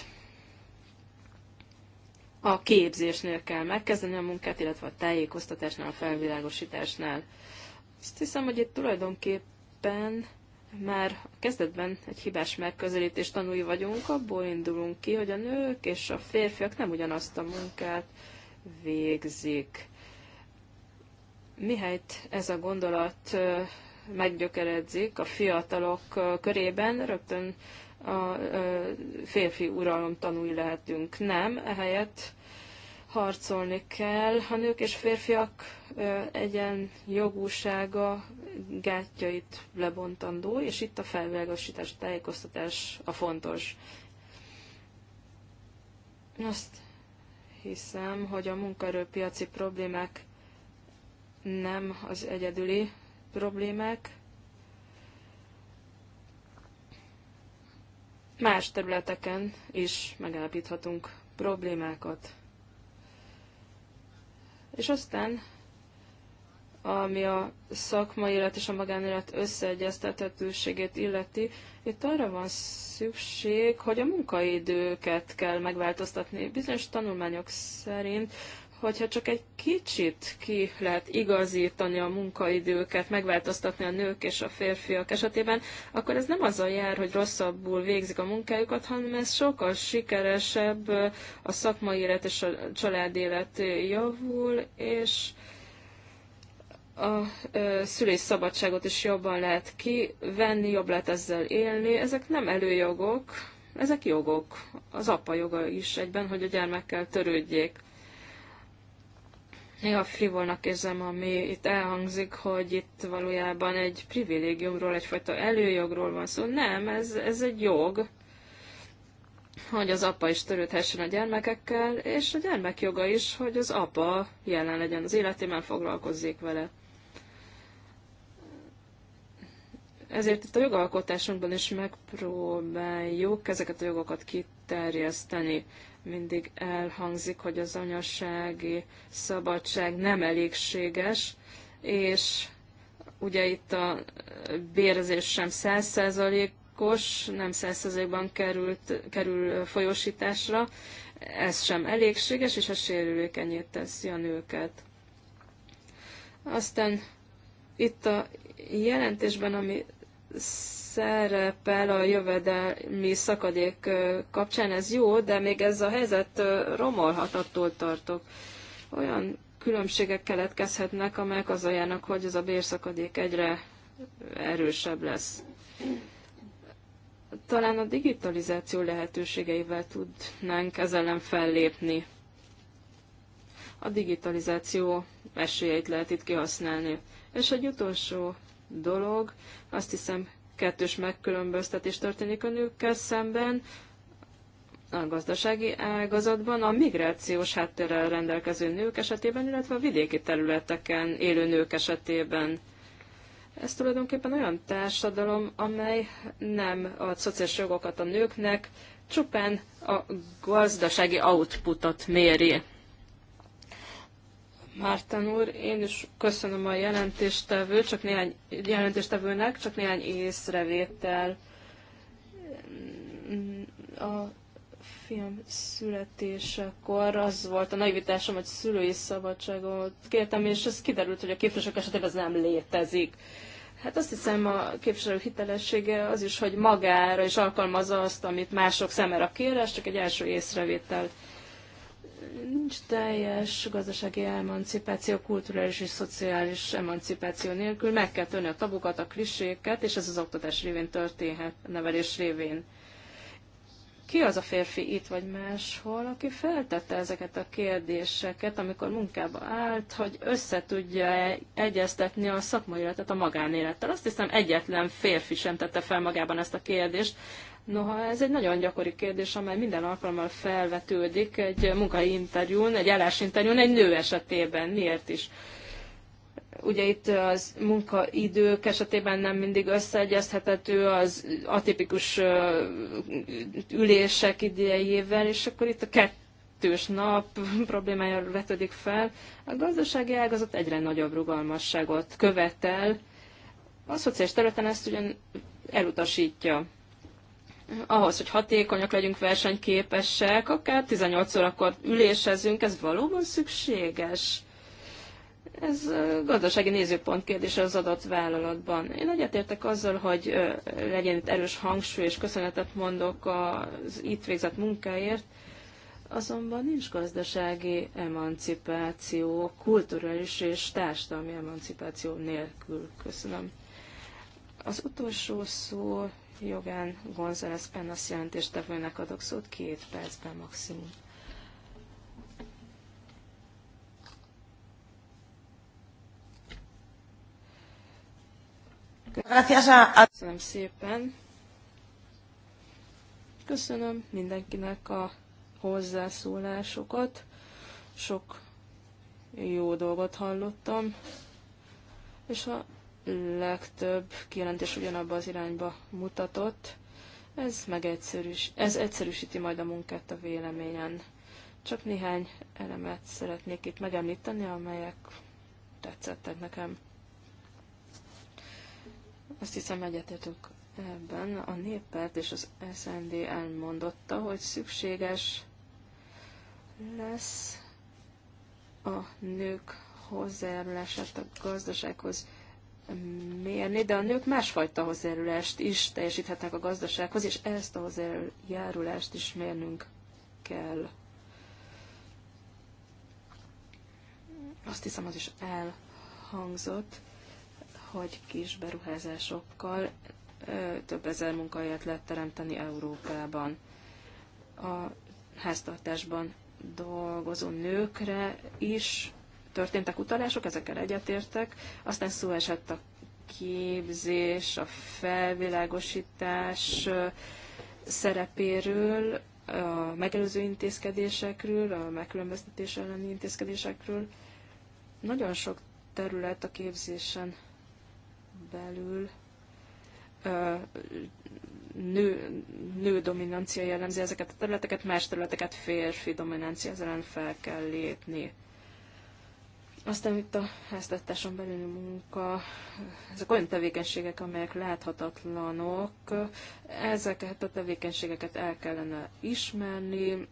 a képzésnél kell megkezdeni a munkát, illetve a tájékoztatásnál, a felvilágosításnál. Azt hiszem, hogy itt tulajdonképpen már a kezdetben egy hibás megközelítés tanulj vagyunk, abból indulunk ki, hogy a nők és a férfiak nem ugyanazt a munkát végzik. Mihelyt ez a gondolat meggyökeredzik a fiatalok körében, rögtön a férfi uralom tanúi lehetünk. Nem, ehelyett harcolni kell. A nők és férfiak egyen jogúsága gátjait lebontandó, és itt a felvilágosítás, a tájékoztatás a fontos. Azt hiszem, hogy a munkaerőpiaci problémák nem az egyedüli problémák. Más területeken is megállapíthatunk problémákat. És aztán ami a szakmai élet és a magánélet összeegyeztethetőségét illeti. Itt arra van szükség, hogy a munkaidőket kell megváltoztatni. Bizonyos tanulmányok szerint hogyha csak egy kicsit ki lehet igazítani a munkaidőket, megváltoztatni a nők és a férfiak esetében, akkor ez nem az a jár, hogy rosszabbul végzik a munkájukat, hanem ez sokkal sikeresebb, a szakmai élet és a család élet javul, és a szülés szabadságot is jobban lehet kivenni, jobb lehet ezzel élni. Ezek nem előjogok, ezek jogok. Az apa joga is egyben, hogy a gyermekkel törődjék. Néha frivolnak érzem, ami itt elhangzik, hogy itt valójában egy privilégiumról, egyfajta előjogról van szó. Nem, ez, ez egy jog, hogy az apa is törődhessen a gyermekekkel, és a gyermek joga is, hogy az apa jelen legyen az életében, foglalkozzék vele. Ezért itt a jogalkotásunkban is megpróbáljuk ezeket a jogokat kiterjeszteni. Mindig elhangzik, hogy az anyasági szabadság nem elégséges, és ugye itt a bérezés sem százszerzalékos, nem százszerzalékban került, kerül folyósításra, ez sem elégséges, és a sérülékenyé teszi a nőket. Aztán itt a jelentésben, ami szerepel a jövedelmi szakadék kapcsán, ez jó, de még ez a helyzet romolhat, attól tartok. Olyan különbségek keletkezhetnek, amelyek az ajánlnak, hogy ez a bérszakadék egyre erősebb lesz. Talán a digitalizáció lehetőségeivel tudnánk ezzel nem fellépni. A digitalizáció esélyeit lehet itt kihasználni. És egy utolsó dolog. Azt hiszem, kettős megkülönböztetés történik a nőkkel szemben a gazdasági ágazatban, a migrációs háttérrel rendelkező nők esetében, illetve a vidéki területeken élő nők esetében. Ez tulajdonképpen olyan társadalom, amely nem ad szociális jogokat a nőknek, csupán a gazdasági outputot méri. Márten úr, én is köszönöm a jelentéstevő, csak néhány, jelentéstevőnek, csak néhány észrevétel. A film születésekor az volt a naivitásom, hogy szülői szabadságot kértem, és ez kiderült, hogy a képviselők esetében ez nem létezik. Hát azt hiszem a képviselő hitelessége az is, hogy magára is alkalmazza azt, amit mások szemére kér, ez csak egy első észrevételt nincs teljes gazdasági emancipáció, kulturális és szociális emancipáció nélkül. Meg kell törni a tabukat, a kliséket, és ez az oktatás révén történhet, a nevelés révén. Ki az a férfi itt vagy máshol, aki feltette ezeket a kérdéseket, amikor munkába állt, hogy összetudja -e egyeztetni a szakmai életet a magánélettel? Azt hiszem egyetlen férfi sem tette fel magában ezt a kérdést, Noha ez egy nagyon gyakori kérdés, amely minden alkalommal felvetődik egy munkai interjún, egy állásinterjún, egy nő esetében. Miért is? Ugye itt az munkaidők esetében nem mindig összeegyezhetető az atipikus ülések idejével, és akkor itt a kettős nap problémája vetődik fel. A gazdasági ágazat egyre nagyobb rugalmasságot követel. A szociális területen ezt ugyan elutasítja ahhoz, hogy hatékonyak legyünk, versenyképesek, akár 18 órakor ülésezünk, ez valóban szükséges? Ez gazdasági nézőpont kérdése az adott vállalatban. Én egyetértek azzal, hogy legyen itt erős hangsúly, és köszönetet mondok az itt végzett munkáért, azonban nincs gazdasági emancipáció, kulturális és társadalmi emancipáció nélkül. Köszönöm. Az utolsó szó jogán González Pennas jelentéstevőnek adok szót két percben maximum. Köszönöm szépen. Köszönöm mindenkinek a hozzászólásokat. Sok jó dolgot hallottam. És a legtöbb kijelentés ugyanabba az irányba mutatott. Ez, megegyszerűs, ez egyszerűsíti majd a munkát a véleményen. Csak néhány elemet szeretnék itt megemlíteni, amelyek tetszettek nekem. Azt hiszem egyetértünk ebben. A néppárt és az SND elmondotta, hogy szükséges lesz a nők hozzájárulását a gazdasághoz mérni, de a nők másfajta hozzájárulást is teljesíthetnek a gazdasághoz, és ezt a hozzájárulást is mérnünk kell. Azt hiszem, az is elhangzott, hogy kis beruházásokkal több ezer munkahelyet lehet teremteni Európában. A háztartásban dolgozó nőkre is történtek utalások, ezekkel egyetértek. Aztán szó esett a képzés, a felvilágosítás szerepéről, a megelőző intézkedésekről, a megkülönböztetés elleni intézkedésekről. Nagyon sok terület a képzésen belül nő, nő dominancia jellemzi ezeket a területeket, más területeket férfi dominancia ellen fel kell lépni. Aztán itt a háztartáson belüli munka, ezek olyan tevékenységek, amelyek láthatatlanok. Ezeket a tevékenységeket el kellene ismerni,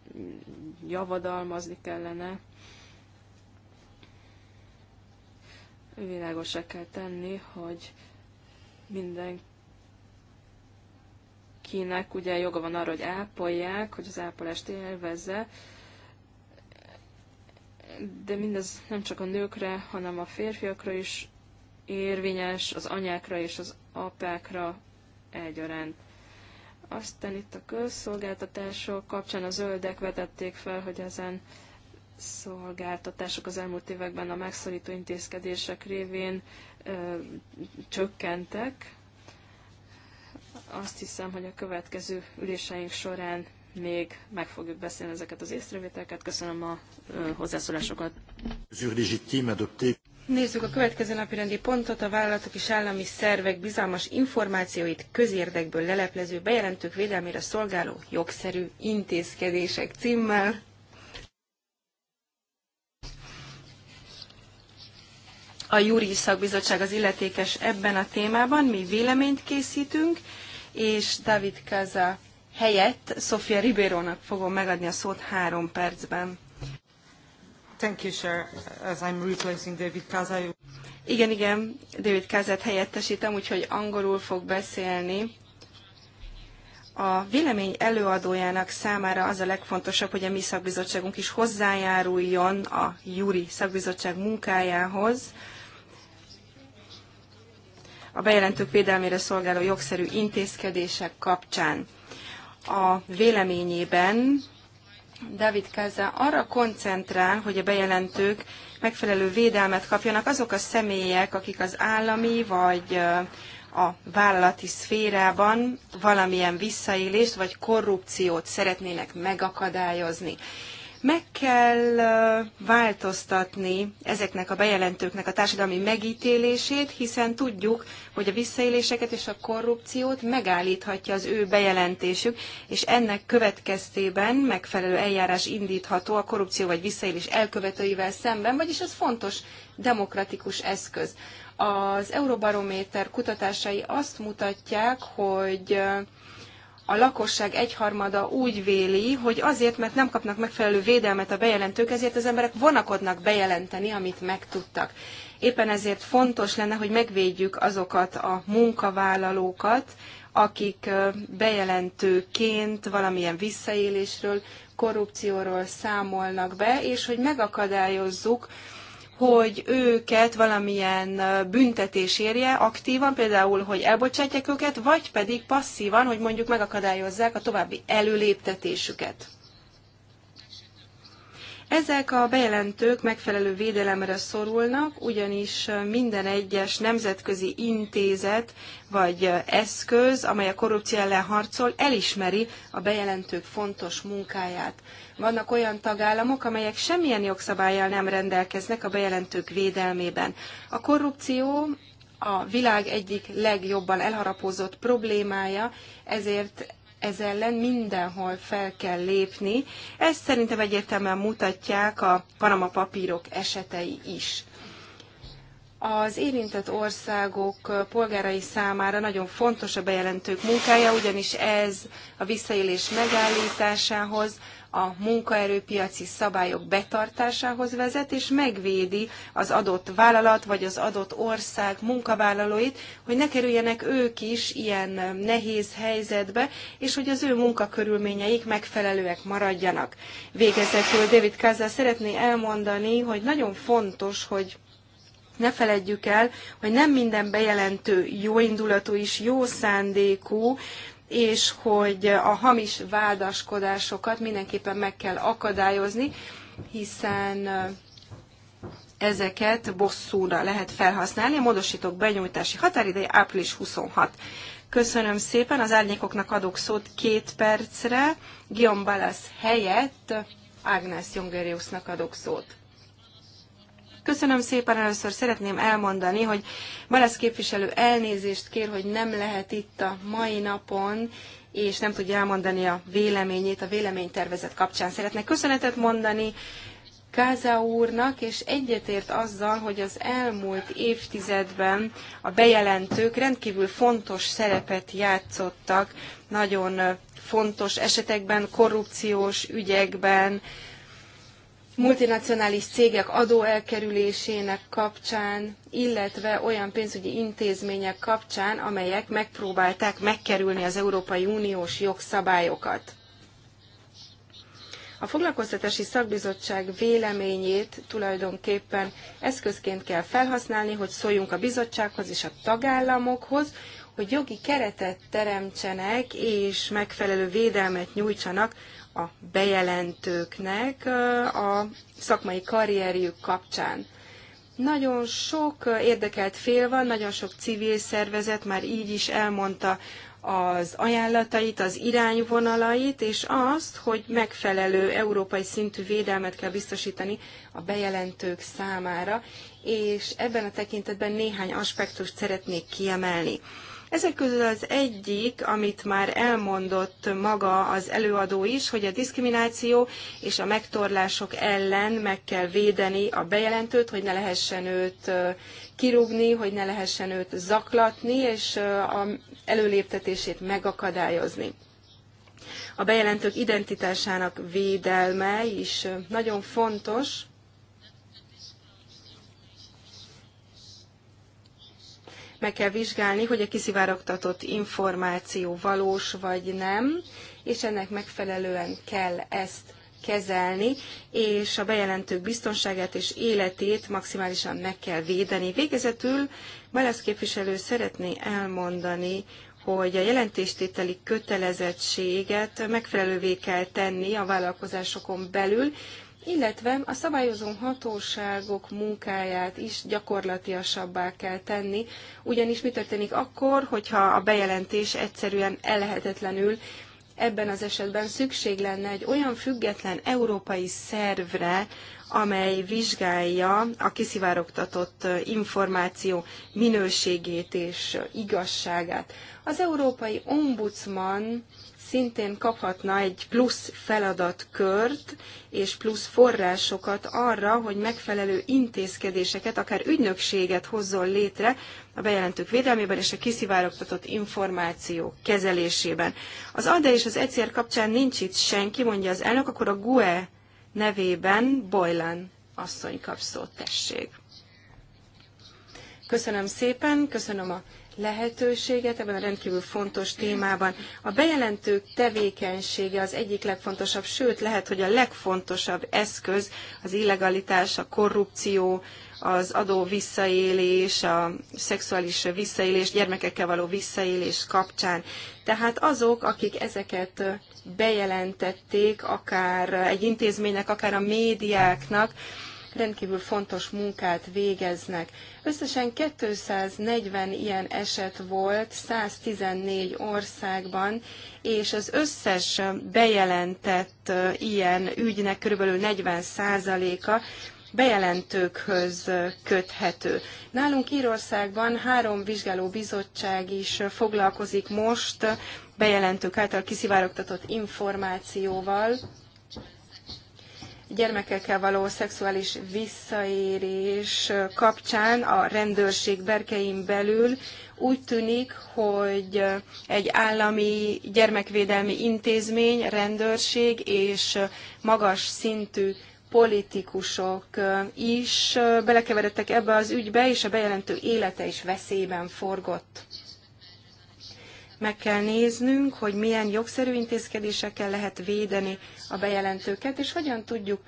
javadalmazni kellene. Világosá kell tenni, hogy kinek ugye joga van arra, hogy ápolják, hogy az ápolást élvezze, de mindez nem csak a nőkre, hanem a férfiakra is érvényes, az anyákra és az apákra egyaránt. Aztán itt a közszolgáltatások kapcsán a zöldek vetették fel, hogy ezen szolgáltatások az elmúlt években a megszorító intézkedések révén ö, csökkentek. Azt hiszem, hogy a következő üléseink során még meg fogjuk beszélni ezeket az észrevételeket. Köszönöm a hozzászólásokat. Nézzük a következő napi rendi pontot. A vállalatok és állami szervek bizalmas információit közérdekből leleplező bejelentők védelmére szolgáló jogszerű intézkedések címmel. A Júri Szakbizottság az illetékes ebben a témában. Mi véleményt készítünk, és David Kaza helyett Sofia Ribérónak fogom megadni a szót három percben. Thank you, sir, as I'm replacing David Kazai. Igen, igen, David Kazet helyettesítem, úgyhogy angolul fog beszélni. A vélemény előadójának számára az a legfontosabb, hogy a mi szakbizottságunk is hozzájáruljon a Júri szakbizottság munkájához, a bejelentők védelmére szolgáló jogszerű intézkedések kapcsán a véleményében David Keza arra koncentrál, hogy a bejelentők megfelelő védelmet kapjanak azok a személyek, akik az állami vagy a vállalati szférában valamilyen visszaélést vagy korrupciót szeretnének megakadályozni. Meg kell változtatni ezeknek a bejelentőknek a társadalmi megítélését, hiszen tudjuk, hogy a visszaéléseket és a korrupciót megállíthatja az ő bejelentésük, és ennek következtében megfelelő eljárás indítható a korrupció vagy visszaélés elkövetőivel szemben, vagyis ez fontos demokratikus eszköz. Az Euróbarométer kutatásai azt mutatják, hogy a lakosság egyharmada úgy véli, hogy azért, mert nem kapnak megfelelő védelmet a bejelentők, ezért az emberek vonakodnak bejelenteni, amit megtudtak. Éppen ezért fontos lenne, hogy megvédjük azokat a munkavállalókat, akik bejelentőként valamilyen visszaélésről, korrupcióról számolnak be, és hogy megakadályozzuk hogy őket valamilyen büntetés érje aktívan, például, hogy elbocsátják őket, vagy pedig passzívan, hogy mondjuk megakadályozzák a további előléptetésüket. Ezek a bejelentők megfelelő védelemre szorulnak, ugyanis minden egyes nemzetközi intézet vagy eszköz, amely a korrupció ellen harcol, elismeri a bejelentők fontos munkáját. Vannak olyan tagállamok, amelyek semmilyen jogszabályjal nem rendelkeznek a bejelentők védelmében. A korrupció a világ egyik legjobban elharapózott problémája, ezért ez ellen mindenhol fel kell lépni. Ezt szerintem egyértelműen mutatják a Panama papírok esetei is. Az érintett országok polgárai számára nagyon fontos a bejelentők munkája, ugyanis ez a visszaélés megállításához, a munkaerőpiaci szabályok betartásához vezet, és megvédi az adott vállalat vagy az adott ország munkavállalóit, hogy ne kerüljenek ők is ilyen nehéz helyzetbe, és hogy az ő munkakörülményeik megfelelőek maradjanak. Végezetül David Kaza szeretné elmondani, hogy nagyon fontos, hogy ne feledjük el, hogy nem minden bejelentő jóindulatú és jó szándékú, és hogy a hamis vádaskodásokat mindenképpen meg kell akadályozni, hiszen ezeket bosszúra lehet felhasználni. A módosítók benyújtási határideje április 26. Köszönöm szépen, az árnyékoknak adok szót két percre. Guillaume Balasz helyett Agnes Jongeriusnak adok szót. Köszönöm szépen, először szeretném elmondani, hogy Balesz képviselő elnézést kér, hogy nem lehet itt a mai napon, és nem tudja elmondani a véleményét, a véleménytervezet kapcsán szeretne köszönetet mondani, Káza úrnak, és egyetért azzal, hogy az elmúlt évtizedben a bejelentők rendkívül fontos szerepet játszottak, nagyon fontos esetekben, korrupciós ügyekben, multinacionális cégek adóelkerülésének kapcsán, illetve olyan pénzügyi intézmények kapcsán, amelyek megpróbálták megkerülni az Európai Uniós jogszabályokat. A foglalkoztatási szakbizottság véleményét tulajdonképpen eszközként kell felhasználni, hogy szóljunk a bizottsághoz és a tagállamokhoz, hogy jogi keretet teremtsenek és megfelelő védelmet nyújtsanak a bejelentőknek a szakmai karrierjük kapcsán. Nagyon sok érdekelt fél van, nagyon sok civil szervezet már így is elmondta az ajánlatait, az irányvonalait, és azt, hogy megfelelő európai szintű védelmet kell biztosítani a bejelentők számára, és ebben a tekintetben néhány aspektust szeretnék kiemelni. Ezek közül az egyik, amit már elmondott maga az előadó is, hogy a diszkrimináció és a megtorlások ellen meg kell védeni a bejelentőt, hogy ne lehessen őt kirúgni, hogy ne lehessen őt zaklatni, és a előléptetését megakadályozni. A bejelentők identitásának védelme is nagyon fontos, meg kell vizsgálni, hogy a kiszivárogtatott információ valós vagy nem, és ennek megfelelően kell ezt kezelni, és a bejelentők biztonságát és életét maximálisan meg kell védeni. Végezetül Balázs képviselő szeretné elmondani, hogy a jelentéstételi kötelezettséget megfelelővé kell tenni a vállalkozásokon belül, illetve a szabályozó hatóságok munkáját is gyakorlatiasabbá kell tenni, ugyanis mi történik akkor, hogyha a bejelentés egyszerűen ellehetetlenül ebben az esetben szükség lenne egy olyan független európai szervre, amely vizsgálja a kiszivárogtatott információ minőségét és igazságát. Az Európai Ombudsman szintén kaphatna egy plusz feladatkört és plusz forrásokat arra, hogy megfelelő intézkedéseket, akár ügynökséget hozzon létre a bejelentők védelmében és a kiszivárogtatott információ kezelésében. Az ADE és az ECR kapcsán nincs itt senki, mondja az elnök, akkor a GUE nevében Bojlan asszony kap szót, tessék. Köszönöm szépen, köszönöm a lehetőséget ebben a rendkívül fontos témában. A bejelentők tevékenysége az egyik legfontosabb, sőt lehet, hogy a legfontosabb eszköz az illegalitás, a korrupció, az adó visszaélés, a szexuális visszaélés, gyermekekkel való visszaélés kapcsán. Tehát azok, akik ezeket bejelentették, akár egy intézménynek, akár a médiáknak, rendkívül fontos munkát végeznek. Összesen 240 ilyen eset volt 114 országban, és az összes bejelentett ilyen ügynek körülbelül 40%-a bejelentőkhöz köthető. Nálunk Írországban három vizsgáló bizottság is foglalkozik most bejelentők által kiszivárogtatott információval, gyermekekkel való szexuális visszaérés kapcsán a rendőrség berkein belül úgy tűnik, hogy egy állami gyermekvédelmi intézmény, rendőrség és magas szintű politikusok is belekeveredtek ebbe az ügybe, és a bejelentő élete is veszélyben forgott meg kell néznünk, hogy milyen jogszerű intézkedésekkel lehet védeni a bejelentőket, és hogyan tudjuk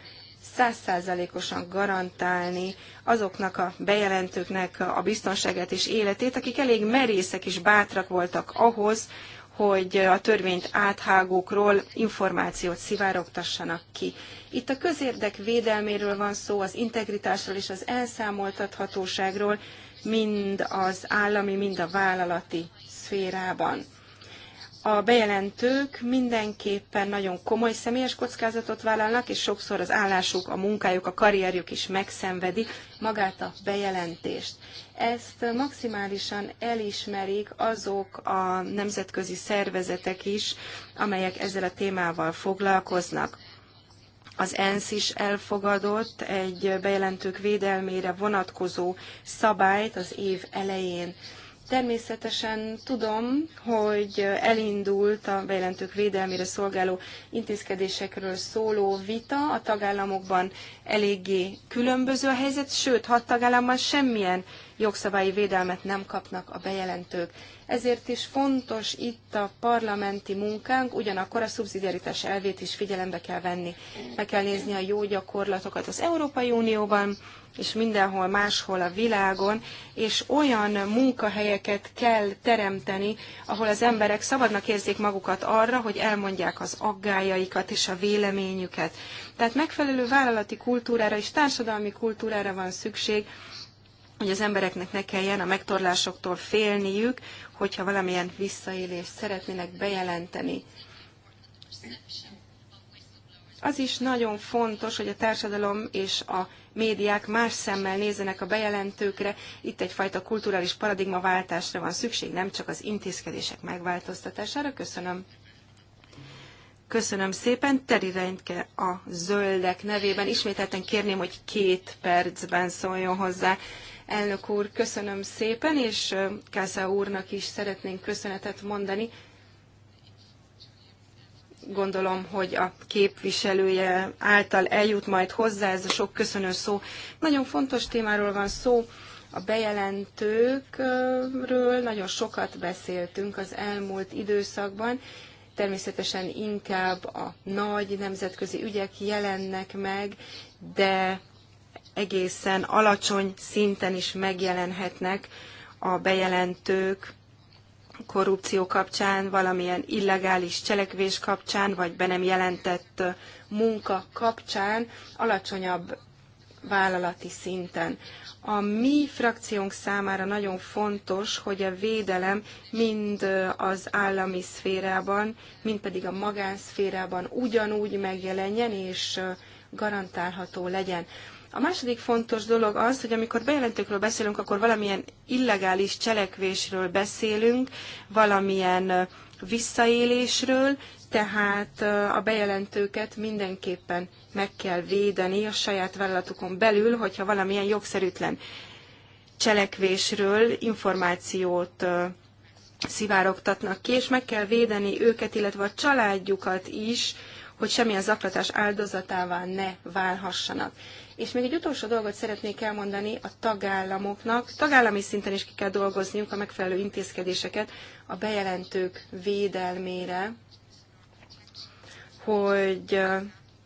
százszázalékosan garantálni azoknak a bejelentőknek a biztonságát és életét, akik elég merészek és bátrak voltak ahhoz, hogy a törvényt áthágókról információt szivárogtassanak ki. Itt a közérdek védelméről van szó, az integritásról és az elszámoltathatóságról, mind az állami, mind a vállalati szférában. A bejelentők mindenképpen nagyon komoly személyes kockázatot vállalnak, és sokszor az állásuk, a munkájuk, a karrierjük is megszenvedi magát a bejelentést. Ezt maximálisan elismerik azok a nemzetközi szervezetek is, amelyek ezzel a témával foglalkoznak. Az ENSZ is elfogadott egy bejelentők védelmére vonatkozó szabályt az év elején. Természetesen tudom, hogy elindult a bejelentők védelmére szolgáló intézkedésekről szóló vita. A tagállamokban eléggé különböző a helyzet, sőt, hat tagállamban semmilyen jogszabályi védelmet nem kapnak a bejelentők. Ezért is fontos itt a parlamenti munkánk, ugyanakkor a szubszidiaritás elvét is figyelembe kell venni. Meg kell nézni a jó gyakorlatokat az Európai Unióban, és mindenhol máshol a világon, és olyan munkahelyeket kell teremteni, ahol az emberek szabadnak érzik magukat arra, hogy elmondják az aggájaikat és a véleményüket. Tehát megfelelő vállalati kultúrára és társadalmi kultúrára van szükség, hogy az embereknek ne kelljen a megtorlásoktól félniük, hogyha valamilyen visszaélést szeretnének bejelenteni. Az is nagyon fontos, hogy a társadalom és a médiák más szemmel nézzenek a bejelentőkre. Itt egyfajta kulturális paradigmaváltásra van szükség, nem csak az intézkedések megváltoztatására. Köszönöm. Köszönöm szépen. Teri Reintke a zöldek nevében. Ismételten kérném, hogy két percben szóljon hozzá. Elnök úr, köszönöm szépen, és Kászá úrnak is szeretnénk köszönetet mondani. Gondolom, hogy a képviselője által eljut majd hozzá ez a sok köszönő szó. Nagyon fontos témáról van szó. A bejelentőkről nagyon sokat beszéltünk az elmúlt időszakban, természetesen inkább a nagy nemzetközi ügyek jelennek meg, de egészen alacsony szinten is megjelenhetnek a bejelentők korrupció kapcsán, valamilyen illegális cselekvés kapcsán, vagy be nem jelentett munka kapcsán, alacsonyabb vállalati szinten. A mi frakciónk számára nagyon fontos, hogy a védelem mind az állami szférában, mind pedig a magánszférában ugyanúgy megjelenjen és garantálható legyen. A második fontos dolog az, hogy amikor bejelentőkről beszélünk, akkor valamilyen illegális cselekvésről beszélünk, valamilyen visszaélésről, tehát a bejelentőket mindenképpen meg kell védeni a saját vállalatukon belül, hogyha valamilyen jogszerűtlen cselekvésről információt szivárogtatnak ki, és meg kell védeni őket, illetve a családjukat is, hogy semmilyen zaklatás áldozatává ne válhassanak. És még egy utolsó dolgot szeretnék elmondani a tagállamoknak. Tagállami szinten is ki kell dolgozniuk a megfelelő intézkedéseket a bejelentők védelmére, hogy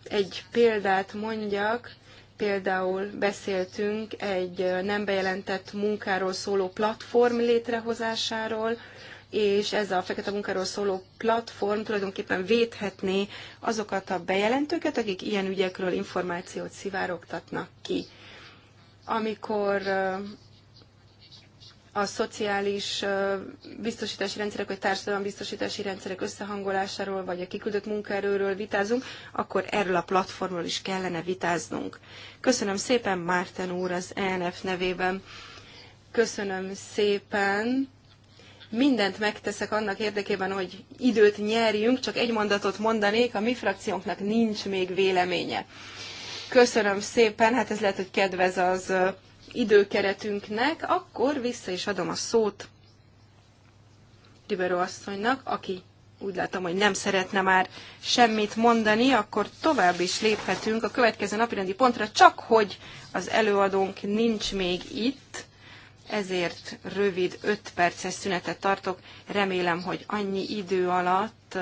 egy példát mondjak, például beszéltünk egy nem bejelentett munkáról szóló platform létrehozásáról, és ez a fekete munkáról szóló platform tulajdonképpen védhetné azokat a bejelentőket, akik ilyen ügyekről információt szivárogtatnak ki. Amikor a szociális biztosítási rendszerek vagy társadalmi biztosítási rendszerek összehangolásáról vagy a kiküldött munkaerőről vitázunk, akkor erről a platformról is kellene vitáznunk. Köszönöm szépen Márten úr az ENF nevében. Köszönöm szépen mindent megteszek annak érdekében, hogy időt nyerjünk, csak egy mondatot mondanék, a mi frakciónknak nincs még véleménye. Köszönöm szépen, hát ez lehet, hogy kedvez az időkeretünknek, akkor vissza is adom a szót Libero asszonynak, aki úgy látom, hogy nem szeretne már semmit mondani, akkor tovább is léphetünk a következő napirendi pontra, csak hogy az előadónk nincs még itt ezért rövid 5 perces szünetet tartok. Remélem, hogy annyi idő alatt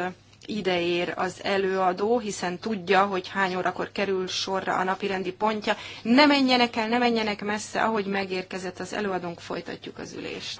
ide ér az előadó, hiszen tudja, hogy hány órakor kerül sorra a napirendi pontja. Ne menjenek el, ne menjenek messze, ahogy megérkezett az előadónk, folytatjuk az ülést.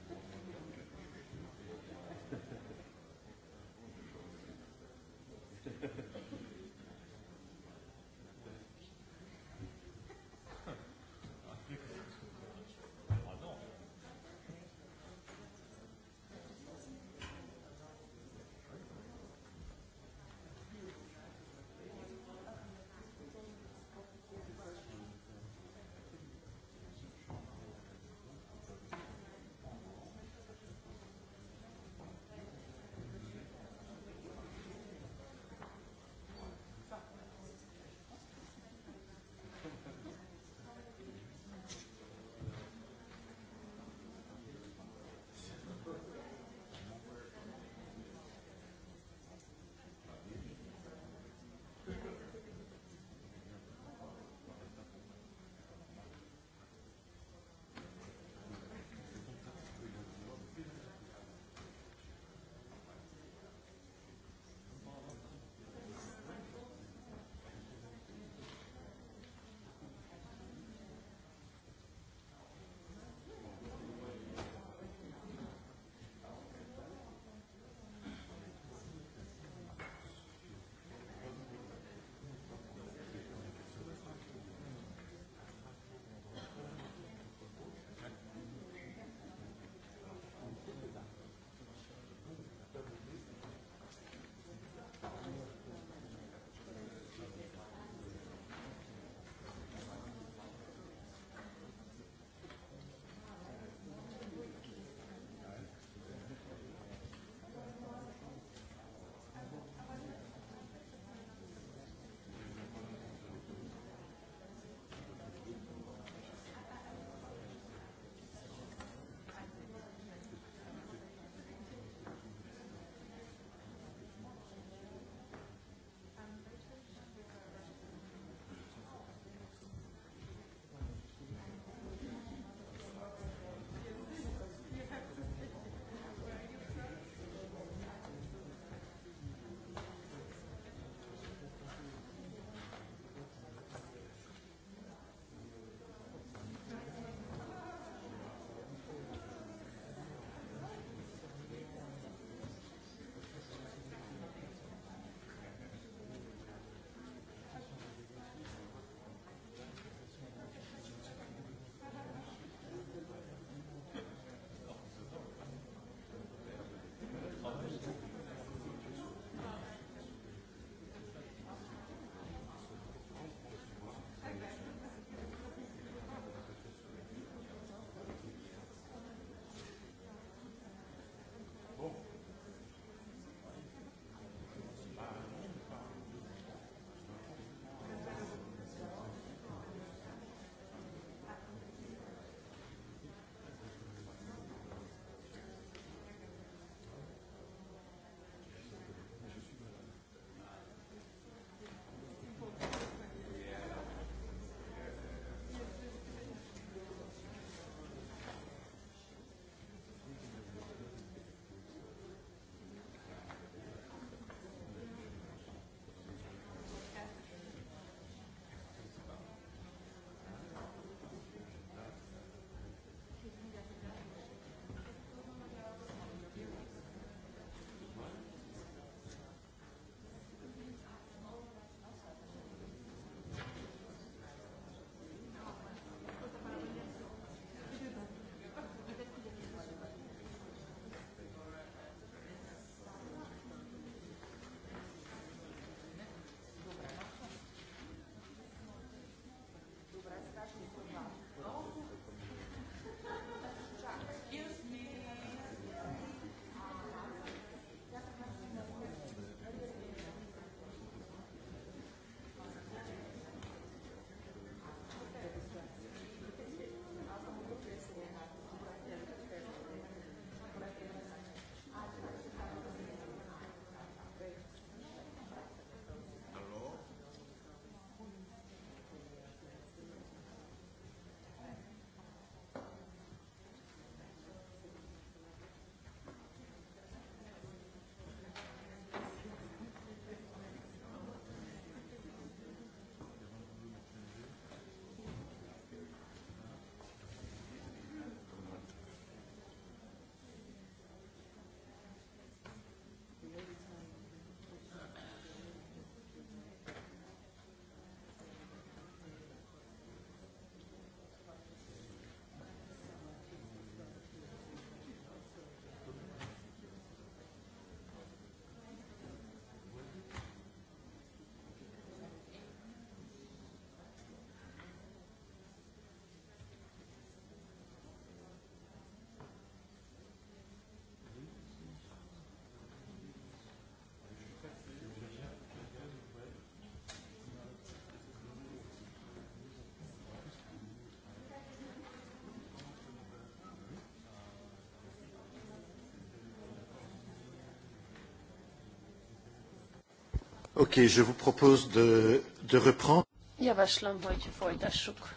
je vous propose de, de reprendre. Javaslom, hogy folytassuk.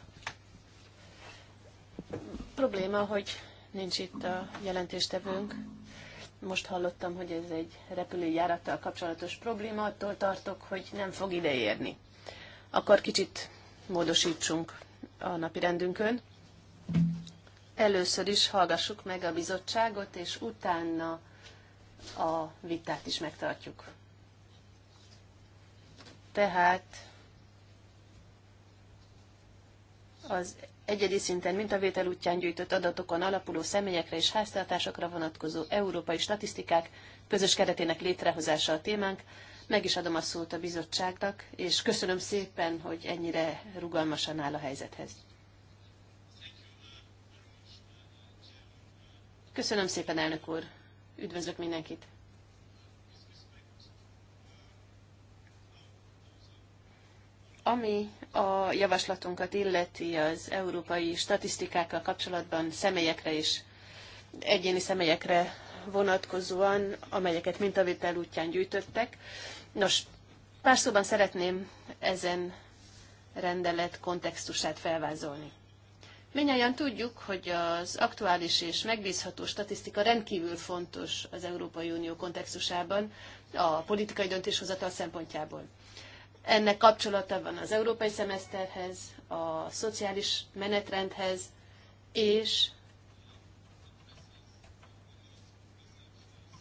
Probléma, hogy nincs itt a jelentéstevőnk. Most hallottam, hogy ez egy repülőjárattal kapcsolatos probléma, attól tartok, hogy nem fog ideérni. Akkor kicsit módosítsunk a napi rendünkön. Először is hallgassuk meg a bizottságot, és utána a vitát is megtartjuk. Tehát az egyedi szinten mintavétel útján gyűjtött adatokon alapuló személyekre és háztartásokra vonatkozó európai statisztikák közös keretének létrehozása a témánk. Meg is adom a szót a bizottságnak, és köszönöm szépen, hogy ennyire rugalmasan áll a helyzethez. Köszönöm szépen, elnök úr! Üdvözlök mindenkit! Ami a javaslatunkat illeti az európai statisztikákkal kapcsolatban személyekre és egyéni személyekre vonatkozóan, amelyeket mintavétel útján gyűjtöttek. Nos, pár szóban szeretném ezen rendelet kontextusát felvázolni. Minnyáján tudjuk, hogy az aktuális és megbízható statisztika rendkívül fontos az Európai Unió kontextusában, a politikai döntéshozatal szempontjából. Ennek kapcsolata van az európai szemeszterhez, a szociális menetrendhez, és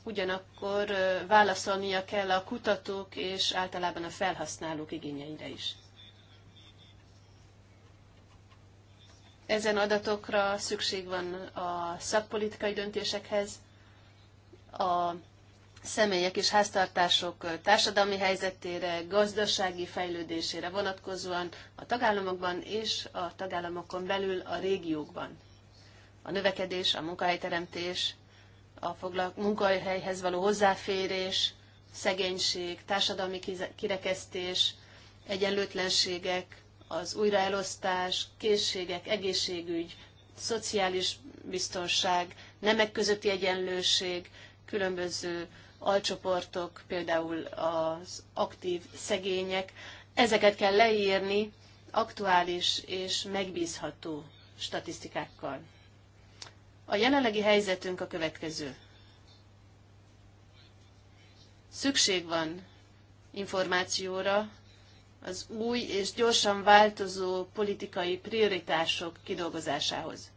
ugyanakkor válaszolnia kell a kutatók és általában a felhasználók igényeire is. Ezen adatokra szükség van a szakpolitikai döntésekhez, a személyek és háztartások társadalmi helyzetére, gazdasági fejlődésére vonatkozóan a tagállamokban és a tagállamokon belül a régiókban. A növekedés, a munkahelyteremtés, a munkahelyhez való hozzáférés, szegénység, társadalmi kirekesztés, egyenlőtlenségek, az újraelosztás, készségek, egészségügy, szociális biztonság, nemek közötti egyenlőség, különböző alcsoportok, például az aktív szegények, ezeket kell leírni aktuális és megbízható statisztikákkal. A jelenlegi helyzetünk a következő. Szükség van információra az új és gyorsan változó politikai prioritások kidolgozásához.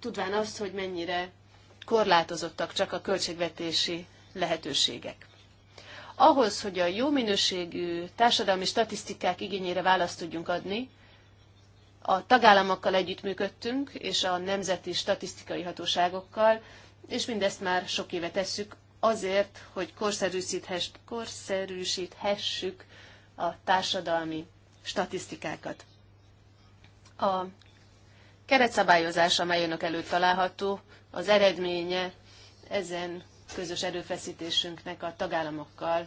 Tudván azt, hogy mennyire korlátozottak csak a költségvetési lehetőségek. Ahhoz, hogy a jó minőségű társadalmi statisztikák igényére választ tudjunk adni, a tagállamokkal együttműködtünk, és a nemzeti statisztikai hatóságokkal, és mindezt már sok éve tesszük azért, hogy korszerűsíthessük a társadalmi statisztikákat. A keretszabályozás, amely önök előtt található, az eredménye ezen közös erőfeszítésünknek a tagállamokkal,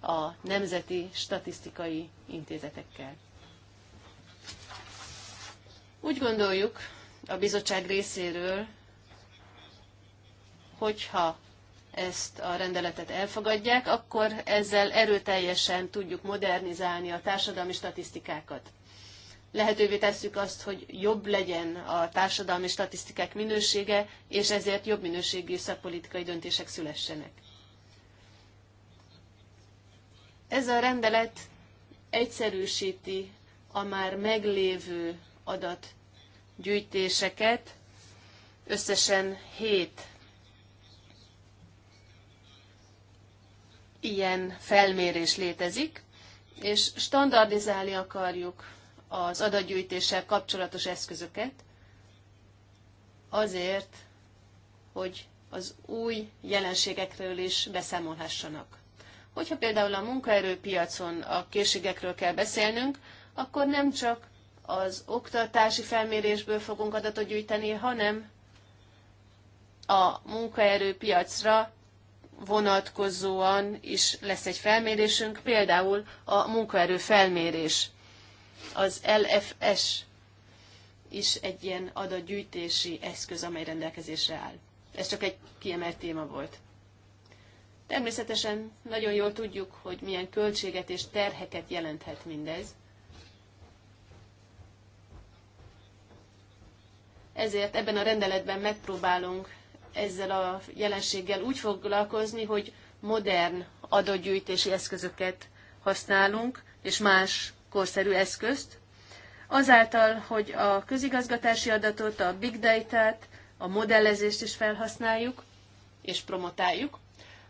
a nemzeti statisztikai intézetekkel. Úgy gondoljuk a bizottság részéről, hogyha ezt a rendeletet elfogadják, akkor ezzel erőteljesen tudjuk modernizálni a társadalmi statisztikákat lehetővé tesszük azt, hogy jobb legyen a társadalmi statisztikák minősége, és ezért jobb minőségű szakpolitikai döntések szülessenek. Ez a rendelet egyszerűsíti a már meglévő adatgyűjtéseket, összesen hét ilyen felmérés létezik, és standardizálni akarjuk az adatgyűjtéssel kapcsolatos eszközöket, azért, hogy az új jelenségekről is beszámolhassanak. Hogyha például a munkaerőpiacon a készségekről kell beszélnünk, akkor nem csak az oktatási felmérésből fogunk adatot gyűjteni, hanem a munkaerőpiacra vonatkozóan is lesz egy felmérésünk, például a munkaerő felmérés az LFS is egy ilyen adatgyűjtési eszköz, amely rendelkezésre áll. Ez csak egy kiemelt téma volt. Természetesen nagyon jól tudjuk, hogy milyen költséget és terheket jelenthet mindez. Ezért ebben a rendeletben megpróbálunk ezzel a jelenséggel úgy foglalkozni, hogy modern adógyűjtési eszközöket használunk, és más korszerű eszközt, azáltal, hogy a közigazgatási adatot, a big data-t, a modellezést is felhasználjuk és promotáljuk,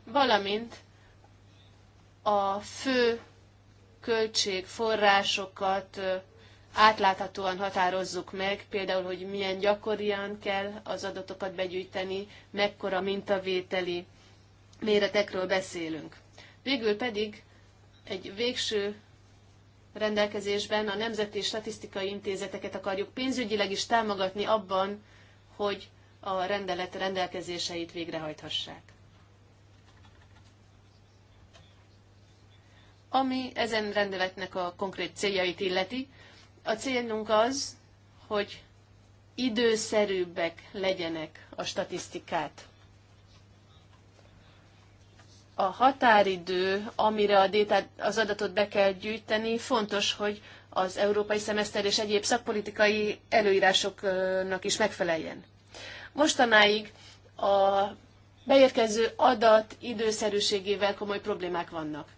valamint a fő költségforrásokat átláthatóan határozzuk meg, például, hogy milyen gyakorian kell az adatokat begyűjteni, mekkora mintavételi méretekről beszélünk. Végül pedig egy végső rendelkezésben a nemzeti statisztikai intézeteket akarjuk pénzügyileg is támogatni abban, hogy a rendelet rendelkezéseit végrehajthassák. Ami ezen rendeletnek a konkrét céljait illeti, a célunk az, hogy időszerűbbek legyenek a statisztikát a határidő, amire a détát, az adatot be kell gyűjteni, fontos, hogy az európai szemeszter és egyéb szakpolitikai előírásoknak is megfeleljen. Mostanáig a beérkező adat időszerűségével komoly problémák vannak.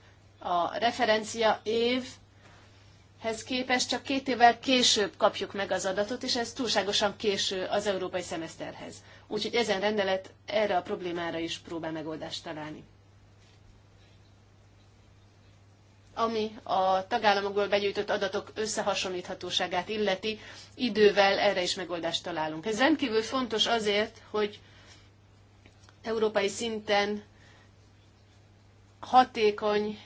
A referencia évhez képest csak két évvel később kapjuk meg az adatot, és ez túlságosan késő az európai szemeszterhez. Úgyhogy ezen rendelet erre a problémára is próbál megoldást találni. ami a tagállamokból begyűjtött adatok összehasonlíthatóságát illeti, idővel erre is megoldást találunk. Ez rendkívül fontos azért, hogy európai szinten hatékony,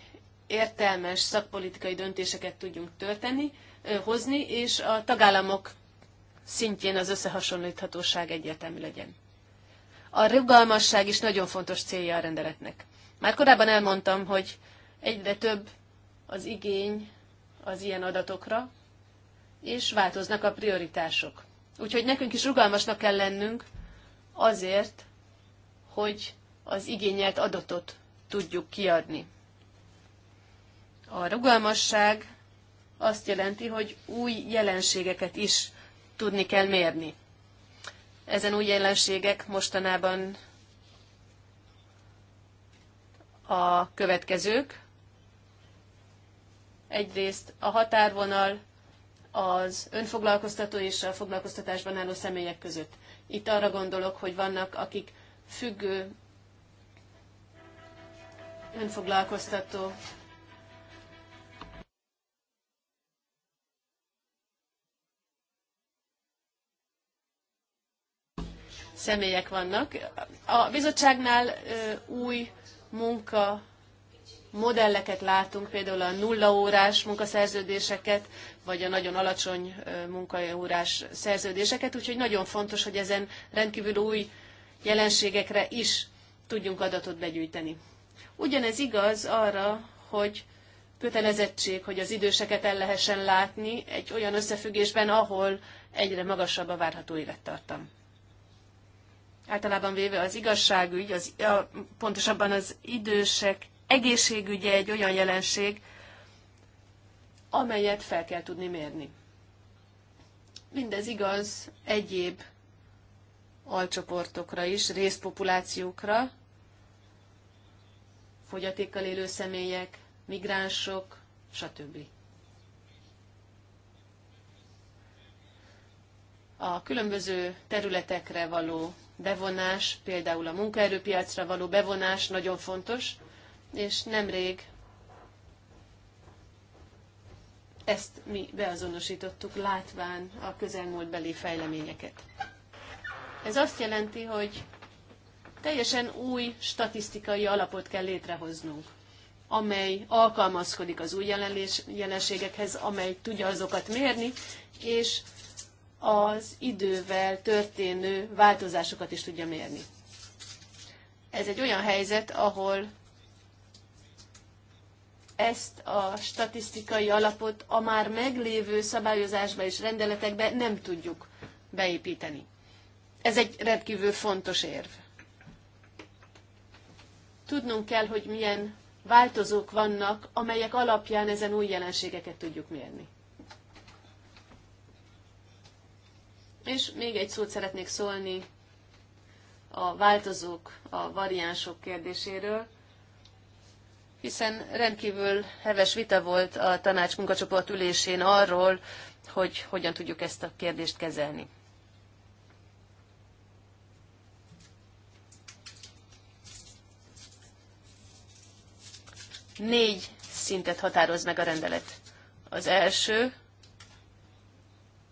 értelmes szakpolitikai döntéseket tudjunk történni, hozni, és a tagállamok szintjén az összehasonlíthatóság egyértelmű legyen. A rugalmasság is nagyon fontos célja a rendeletnek. Már korábban elmondtam, hogy egyre több az igény az ilyen adatokra, és változnak a prioritások. Úgyhogy nekünk is rugalmasnak kell lennünk azért, hogy az igényelt adatot tudjuk kiadni. A rugalmasság azt jelenti, hogy új jelenségeket is tudni kell mérni. Ezen új jelenségek mostanában a következők. Egyrészt a határvonal az önfoglalkoztató és a foglalkoztatásban álló személyek között. Itt arra gondolok, hogy vannak, akik függő önfoglalkoztató személyek vannak. A bizottságnál új munka modelleket látunk, például a nullaórás munkaszerződéseket, vagy a nagyon alacsony munkaórás szerződéseket, úgyhogy nagyon fontos, hogy ezen rendkívül új jelenségekre is tudjunk adatot begyűjteni. Ugyanez igaz arra, hogy kötelezettség, hogy az időseket el lehessen látni egy olyan összefüggésben, ahol egyre magasabb a várható élettartam. Általában véve az igazságügy, az, a, pontosabban az idősek egészségügye egy olyan jelenség, amelyet fel kell tudni mérni. Mindez igaz egyéb alcsoportokra is, részpopulációkra, fogyatékkal élő személyek, migránsok, stb. A különböző területekre való bevonás, például a munkaerőpiacra való bevonás nagyon fontos, és nemrég ezt mi beazonosítottuk látván a közelmúltbeli fejleményeket. Ez azt jelenti, hogy teljesen új statisztikai alapot kell létrehoznunk, amely alkalmazkodik az új jelenségekhez, amely tudja azokat mérni, és az idővel történő változásokat is tudja mérni. Ez egy olyan helyzet, ahol ezt a statisztikai alapot a már meglévő szabályozásba és rendeletekbe nem tudjuk beépíteni. Ez egy rendkívül fontos érv. Tudnunk kell, hogy milyen változók vannak, amelyek alapján ezen új jelenségeket tudjuk mérni. És még egy szót szeretnék szólni a változók, a variánsok kérdéséről hiszen rendkívül heves vita volt a tanács munkacsoport ülésén arról, hogy hogyan tudjuk ezt a kérdést kezelni. Négy szintet határoz meg a rendelet. Az első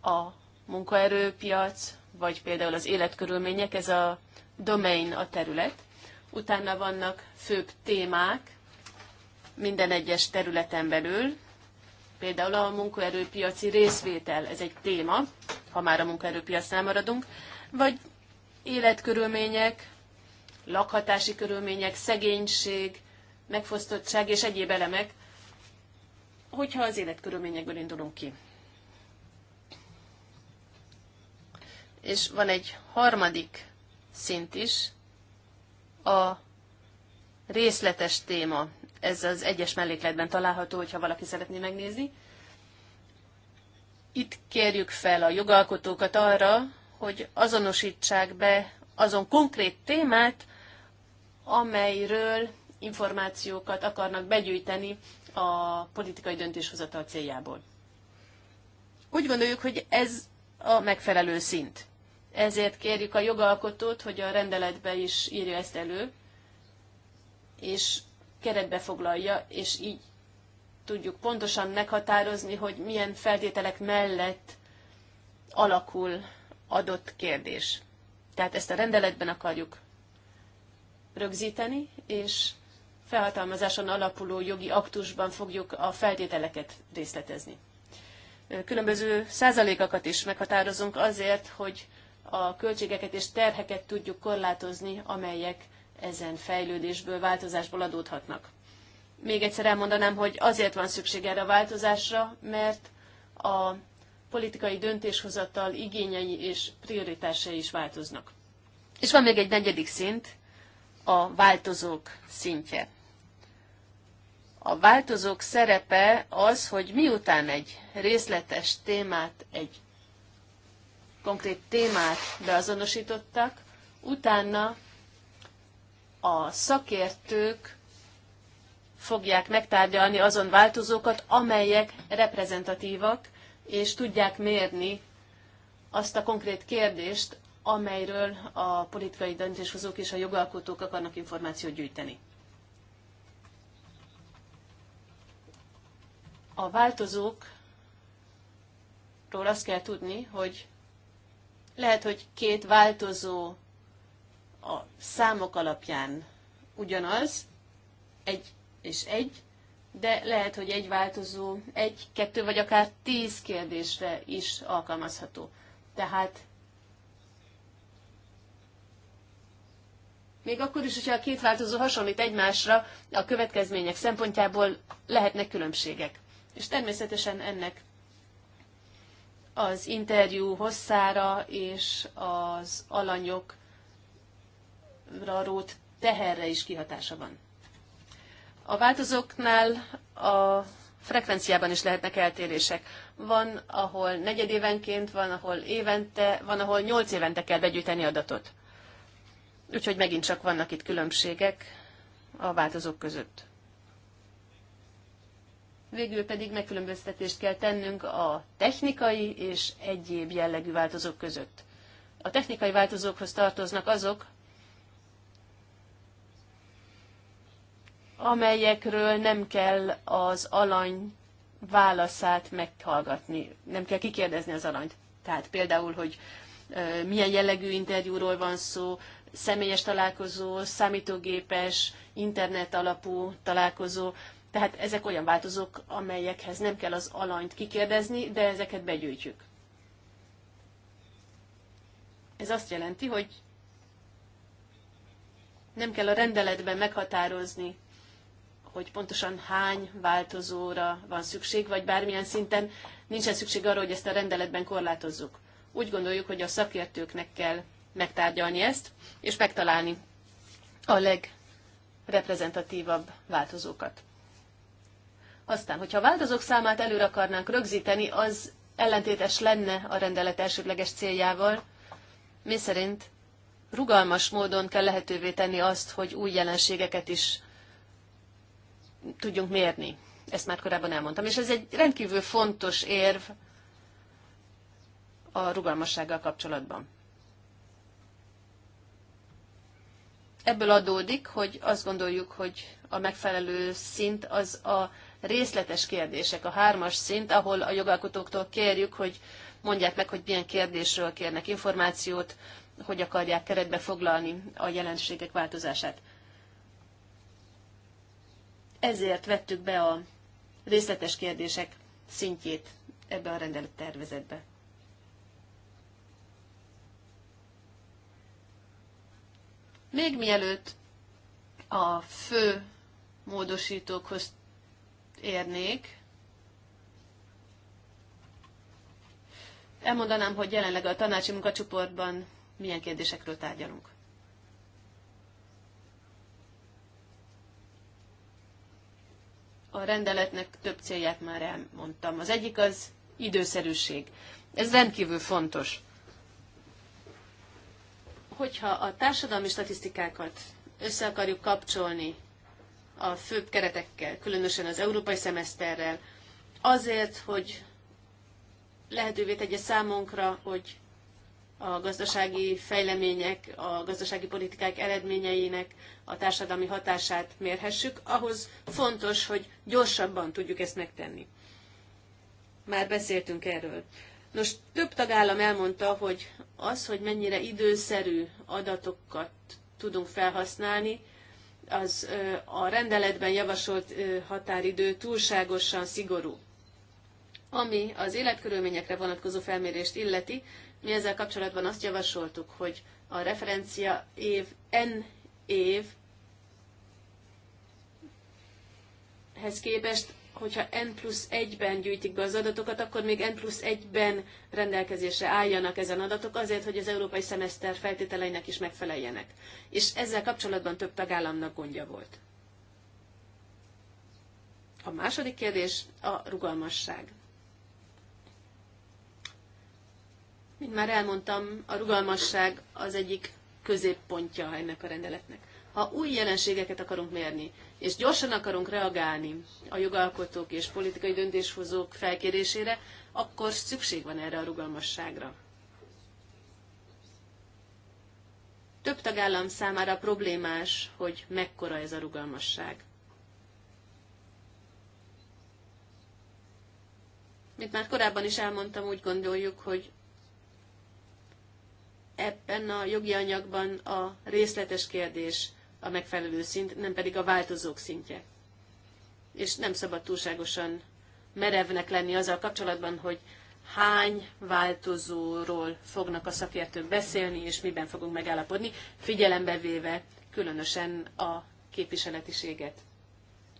a munkaerőpiac, vagy például az életkörülmények, ez a domain a terület. Utána vannak főbb témák, minden egyes területen belül, például a munkaerőpiaci részvétel, ez egy téma, ha már a munkaerőpiacnál maradunk, vagy életkörülmények, lakhatási körülmények, szegénység, megfosztottság és egyéb elemek, hogyha az életkörülményekből indulunk ki. És van egy harmadik szint is, a részletes téma, ez az egyes mellékletben található, hogyha valaki szeretné megnézni. Itt kérjük fel a jogalkotókat arra, hogy azonosítsák be azon konkrét témát, amelyről információkat akarnak begyűjteni a politikai döntéshozatal céljából. Úgy gondoljuk, hogy ez a megfelelő szint. Ezért kérjük a jogalkotót, hogy a rendeletbe is írja ezt elő, és keretbe foglalja, és így tudjuk pontosan meghatározni, hogy milyen feltételek mellett alakul adott kérdés. Tehát ezt a rendeletben akarjuk rögzíteni, és felhatalmazáson alapuló jogi aktusban fogjuk a feltételeket részletezni. Különböző százalékakat is meghatározunk azért, hogy a költségeket és terheket tudjuk korlátozni, amelyek ezen fejlődésből, változásból adódhatnak. Még egyszer elmondanám, hogy azért van szükség erre a változásra, mert a politikai döntéshozatal igényei és prioritásai is változnak. És van még egy negyedik szint, a változók szintje. A változók szerepe az, hogy miután egy részletes témát, egy konkrét témát beazonosítottak, utána a szakértők fogják megtárgyalni azon változókat, amelyek reprezentatívak, és tudják mérni azt a konkrét kérdést, amelyről a politikai döntéshozók és a jogalkotók akarnak információt gyűjteni. A változókról azt kell tudni, hogy lehet, hogy két változó a számok alapján ugyanaz, egy és egy, de lehet, hogy egy változó, egy, kettő vagy akár tíz kérdésre is alkalmazható. Tehát még akkor is, hogyha a két változó hasonlít egymásra, a következmények szempontjából lehetnek különbségek. És természetesen ennek az interjú hosszára és az alanyok rót teherre is kihatása van. A változóknál a frekvenciában is lehetnek eltérések. Van, ahol negyedévenként, van, ahol évente, van, ahol nyolc évente kell begyűjteni adatot. Úgyhogy megint csak vannak itt különbségek a változók között. Végül pedig megkülönböztetést kell tennünk a technikai és egyéb jellegű változók között. A technikai változókhoz tartoznak azok, amelyekről nem kell az alany válaszát meghallgatni, nem kell kikérdezni az alanyt. Tehát például, hogy milyen jellegű interjúról van szó, személyes találkozó, számítógépes, internet alapú találkozó. Tehát ezek olyan változók, amelyekhez nem kell az alanyt kikérdezni, de ezeket begyűjtjük. Ez azt jelenti, hogy nem kell a rendeletben meghatározni hogy pontosan hány változóra van szükség, vagy bármilyen szinten nincsen szükség arra, hogy ezt a rendeletben korlátozzuk. Úgy gondoljuk, hogy a szakértőknek kell megtárgyalni ezt, és megtalálni a legreprezentatívabb változókat. Aztán, hogyha a változók számát előre akarnánk rögzíteni, az ellentétes lenne a rendelet elsődleges céljával, mi szerint rugalmas módon kell lehetővé tenni azt, hogy új jelenségeket is tudjunk mérni. Ezt már korábban elmondtam. És ez egy rendkívül fontos érv a rugalmassággal kapcsolatban. Ebből adódik, hogy azt gondoljuk, hogy a megfelelő szint az a részletes kérdések, a hármas szint, ahol a jogalkotóktól kérjük, hogy mondják meg, hogy milyen kérdésről kérnek információt, hogy akarják keretbe foglalni a jelenségek változását ezért vettük be a részletes kérdések szintjét ebbe a tervezetbe. Még mielőtt a fő módosítókhoz érnék, elmondanám, hogy jelenleg a tanácsi munkacsoportban milyen kérdésekről tárgyalunk. a rendeletnek több célját már elmondtam. Az egyik az időszerűség. Ez rendkívül fontos. Hogyha a társadalmi statisztikákat össze akarjuk kapcsolni a főbb keretekkel, különösen az európai szemeszterrel, azért, hogy lehetővé tegye számunkra, hogy a gazdasági fejlemények, a gazdasági politikák eredményeinek a társadalmi hatását mérhessük, ahhoz fontos, hogy gyorsabban tudjuk ezt megtenni. Már beszéltünk erről. Nos, több tagállam elmondta, hogy az, hogy mennyire időszerű adatokat tudunk felhasználni, az a rendeletben javasolt határidő túlságosan szigorú. Ami az életkörülményekre vonatkozó felmérést illeti, mi ezzel kapcsolatban azt javasoltuk, hogy a referencia év N év képest, hogyha N plusz 1-ben gyűjtik be az adatokat, akkor még N plusz 1-ben rendelkezésre álljanak ezen adatok azért, hogy az európai szemeszter feltételeinek is megfeleljenek. És ezzel kapcsolatban több tagállamnak gondja volt. A második kérdés a rugalmasság. Mint már elmondtam, a rugalmasság az egyik középpontja ennek a rendeletnek. Ha új jelenségeket akarunk mérni, és gyorsan akarunk reagálni a jogalkotók és politikai döntéshozók felkérésére, akkor szükség van erre a rugalmasságra. Több tagállam számára problémás, hogy mekkora ez a rugalmasság. Mint már korábban is elmondtam, úgy gondoljuk, hogy ebben a jogi anyagban a részletes kérdés a megfelelő szint, nem pedig a változók szintje. És nem szabad túlságosan merevnek lenni azzal kapcsolatban, hogy hány változóról fognak a szakértők beszélni, és miben fogunk megállapodni, figyelembe véve különösen a képviseletiséget,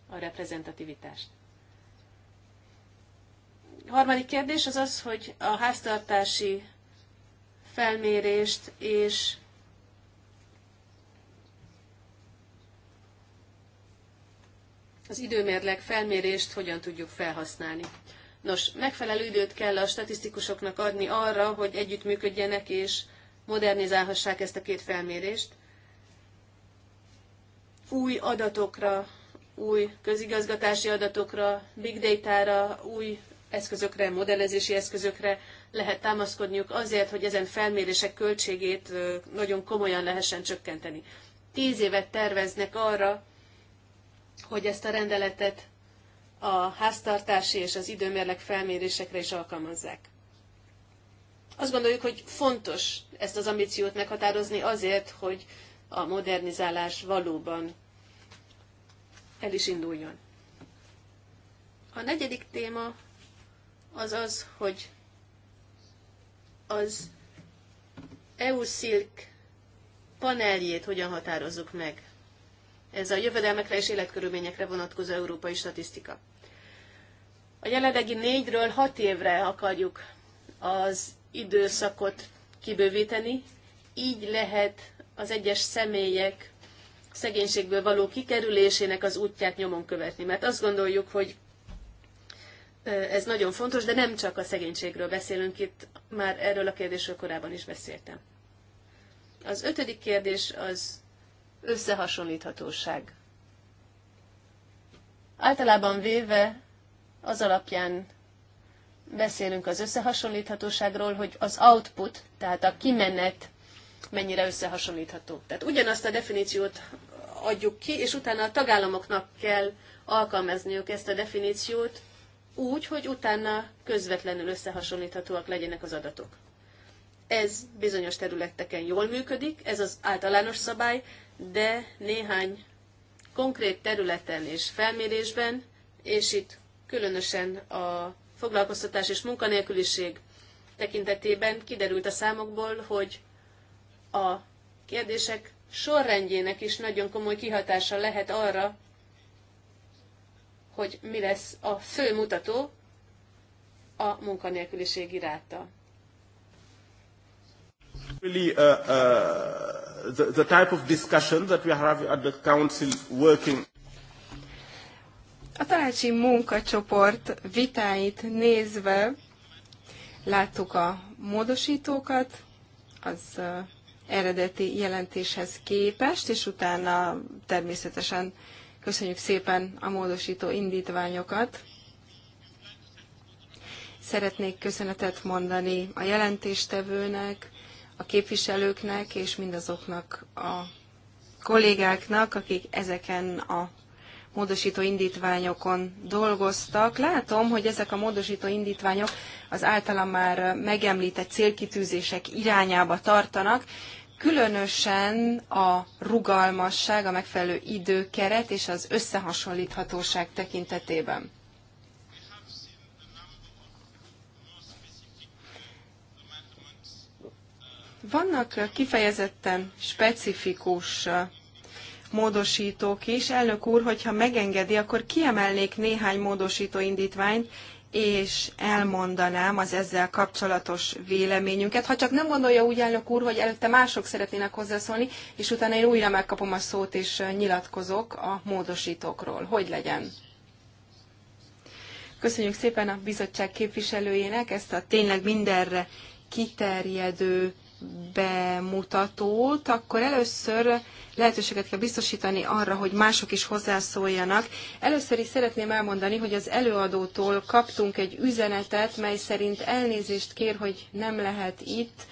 a reprezentativitást. A harmadik kérdés az az, hogy a háztartási felmérést, és az időmérleg felmérést hogyan tudjuk felhasználni. Nos, megfelelő időt kell a statisztikusoknak adni arra, hogy együttműködjenek és modernizálhassák ezt a két felmérést. Új adatokra, új közigazgatási adatokra, big data-ra, új eszközökre, modellezési eszközökre lehet támaszkodniuk azért, hogy ezen felmérések költségét nagyon komolyan lehessen csökkenteni. Tíz évet terveznek arra, hogy ezt a rendeletet a háztartási és az időmérleg felmérésekre is alkalmazzák. Azt gondoljuk, hogy fontos ezt az ambíciót meghatározni azért, hogy a modernizálás valóban el is induljon. A negyedik téma az az, hogy az EU-SZILK paneljét hogyan határozzuk meg? Ez a jövedelmekre és életkörülményekre vonatkozó európai statisztika. A jelenlegi négyről hat évre akarjuk az időszakot kibővíteni, így lehet az egyes személyek szegénységből való kikerülésének az útját nyomon követni. Mert azt gondoljuk, hogy ez nagyon fontos, de nem csak a szegénységről beszélünk itt, már erről a kérdésről korábban is beszéltem. Az ötödik kérdés az összehasonlíthatóság. Általában véve az alapján beszélünk az összehasonlíthatóságról, hogy az output, tehát a kimenet mennyire összehasonlítható. Tehát ugyanazt a definíciót adjuk ki, és utána a tagállamoknak kell alkalmazniuk ezt a definíciót úgy, hogy utána közvetlenül összehasonlíthatóak legyenek az adatok. Ez bizonyos területeken jól működik, ez az általános szabály, de néhány konkrét területen és felmérésben, és itt különösen a foglalkoztatás és munkanélküliség tekintetében kiderült a számokból, hogy a kérdések sorrendjének is nagyon komoly kihatása lehet arra, hogy mi lesz a fő mutató, a munkanélküliségi ráta. Really, uh, uh, the, the type of discussion that we have at the council working. A tanácsi munkacsoport vitáit nézve láttuk a módosítókat, az uh, eredeti jelentéshez képest, és utána természetesen uh, Köszönjük szépen a módosító indítványokat. Szeretnék köszönetet mondani a jelentéstevőnek, a képviselőknek és mindazoknak a kollégáknak, akik ezeken a módosító indítványokon dolgoztak. Látom, hogy ezek a módosító indítványok az általam már megemlített célkitűzések irányába tartanak, Különösen a rugalmasság, a megfelelő időkeret és az összehasonlíthatóság tekintetében. Vannak kifejezetten specifikus módosítók is. Elnök úr, hogyha megengedi, akkor kiemelnék néhány módosító indítványt, és elmondanám az ezzel kapcsolatos véleményünket. Ha csak nem gondolja úgy elnök úr, hogy előtte mások szeretnének hozzászólni, és utána én újra megkapom a szót, és nyilatkozok a módosítókról. Hogy legyen? Köszönjük szépen a bizottság képviselőjének ezt a tényleg mindenre kiterjedő bemutatót, akkor először lehetőséget kell biztosítani arra, hogy mások is hozzászóljanak. Először is szeretném elmondani, hogy az előadótól kaptunk egy üzenetet, mely szerint elnézést kér, hogy nem lehet itt,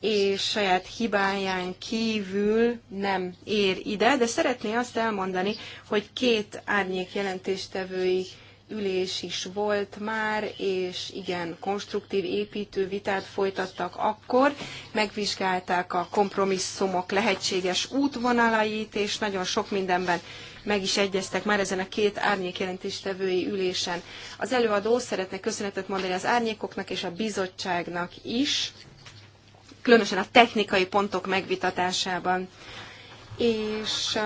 és saját hibáján kívül nem ér ide, de szeretné azt elmondani, hogy két árnyék jelentéstevői ülés is volt már, és igen, konstruktív építő vitát folytattak akkor, megvizsgálták a kompromisszumok lehetséges útvonalait, és nagyon sok mindenben meg is egyeztek már ezen a két árnyékjelentéstevői ülésen. Az előadó szeretne köszönetet mondani az árnyékoknak és a bizottságnak is, különösen a technikai pontok megvitatásában. És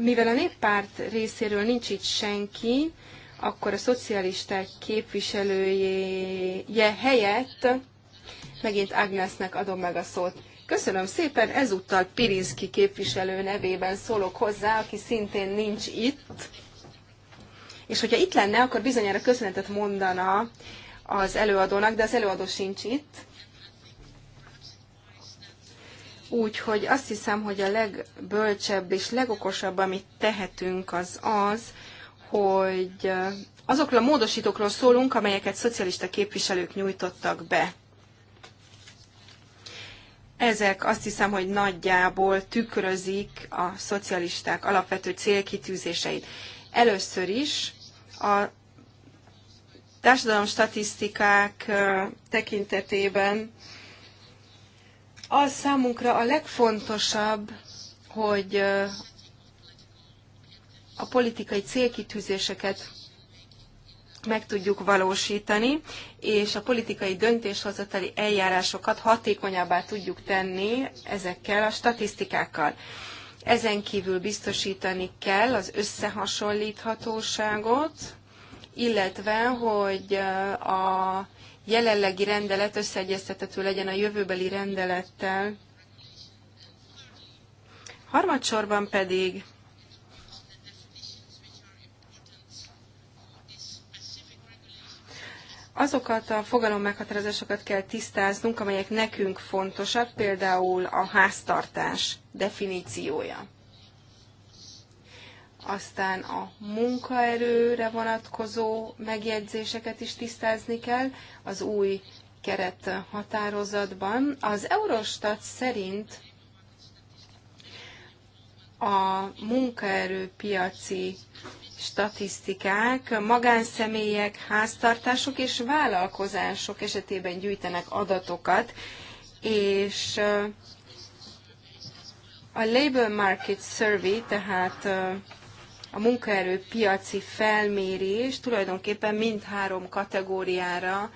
mivel a néppárt részéről nincs itt senki, akkor a szocialisták képviselője helyett megint Agnesnek adom meg a szót. Köszönöm szépen, ezúttal Pirinszki képviselő nevében szólok hozzá, aki szintén nincs itt. És hogyha itt lenne, akkor bizonyára köszönetet mondana az előadónak, de az előadó sincs itt. Úgyhogy azt hiszem, hogy a legbölcsebb és legokosabb, amit tehetünk, az az, hogy azokról a módosítókról szólunk, amelyeket szocialista képviselők nyújtottak be. Ezek azt hiszem, hogy nagyjából tükrözik a szocialisták alapvető célkitűzéseit. Először is a társadalom statisztikák tekintetében az számunkra a legfontosabb, hogy a politikai célkitűzéseket meg tudjuk valósítani, és a politikai döntéshozatali eljárásokat hatékonyabbá tudjuk tenni ezekkel a statisztikákkal. Ezen kívül biztosítani kell az összehasonlíthatóságot, illetve hogy a jelenlegi rendelet összeegyeztethető legyen a jövőbeli rendelettel. Harmadsorban pedig azokat a fogalom meghatározásokat kell tisztáznunk, amelyek nekünk fontosak, például a háztartás definíciója aztán a munkaerőre vonatkozó megjegyzéseket is tisztázni kell az új keret határozatban. Az Eurostat szerint a munkaerőpiaci statisztikák magánszemélyek, háztartások és vállalkozások esetében gyűjtenek adatokat, és a Labor Market Survey, tehát a munkaerőpiaci felmérés tulajdonképpen mindhárom kategóriára,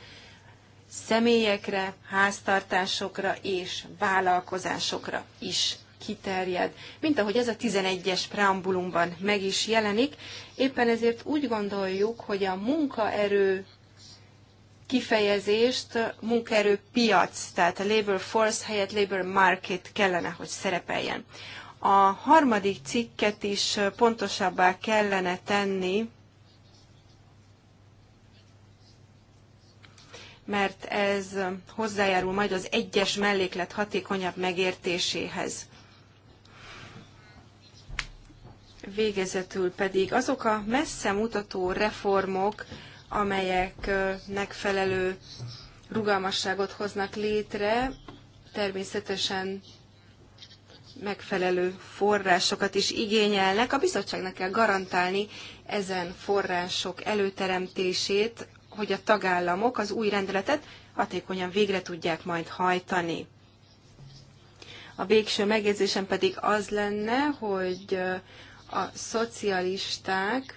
személyekre, háztartásokra és vállalkozásokra is kiterjed, mint ahogy ez a 11-es preambulumban meg is jelenik. Éppen ezért úgy gondoljuk, hogy a munkaerő kifejezést munkaerő piac, tehát a labor force helyett labor market kellene, hogy szerepeljen. A harmadik cikket is pontosabbá kellene tenni, mert ez hozzájárul majd az egyes melléklet hatékonyabb megértéséhez. Végezetül pedig azok a messze mutató reformok, amelyeknek felelő rugalmasságot hoznak létre, természetesen megfelelő forrásokat is igényelnek. A bizottságnak kell garantálni ezen források előteremtését, hogy a tagállamok az új rendeletet hatékonyan végre tudják majd hajtani. A végső megjegyzésem pedig az lenne, hogy a szocialisták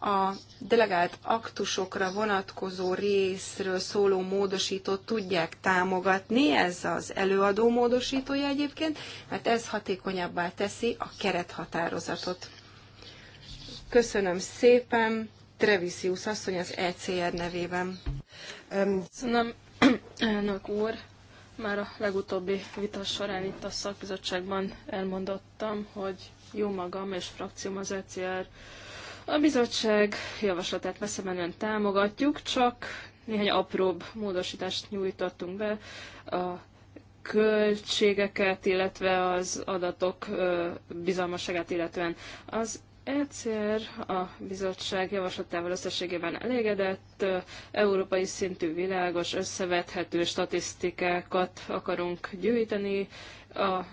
a delegált aktusokra vonatkozó részről szóló módosítót tudják támogatni, ez az előadó módosítója egyébként, mert ez hatékonyabbá teszi a kerethatározatot. Köszönöm szépen, Trevisius asszony az ECR nevében. Köszönöm, elnök úr. Már a legutóbbi vita során itt a szakbizottságban elmondottam, hogy jó magam és frakcióm az ECR a bizottság javaslatát veszemenően támogatjuk, csak néhány apróbb módosítást nyújtottunk be a költségeket, illetve az adatok bizalmasságát illetően. Az ECR a bizottság javaslatával összességében elégedett, európai szintű világos, összevethető statisztikákat akarunk gyűjteni, a,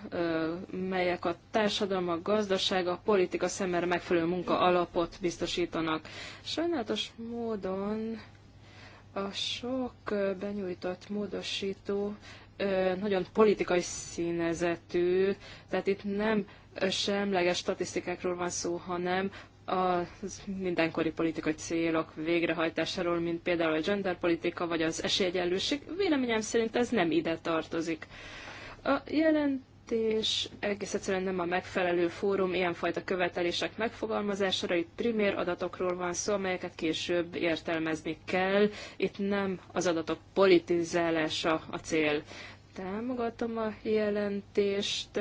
melyek a társadalom, a gazdaság, a politika szemére megfelelő munka alapot biztosítanak. Sajnálatos módon a sok benyújtott módosító nagyon politikai színezetű, tehát itt nem semleges statisztikákról van szó, hanem a mindenkori politikai célok végrehajtásáról, mint például a genderpolitika vagy az esélyegyenlőség. Véleményem szerint ez nem ide tartozik. Uh, a jelentés egész egyszerűen nem a megfelelő fórum ilyenfajta követelések megfogalmazására, itt primér adatokról van szó, amelyeket később értelmezni kell. Itt nem az adatok politizálása a cél támogatom a jelentést,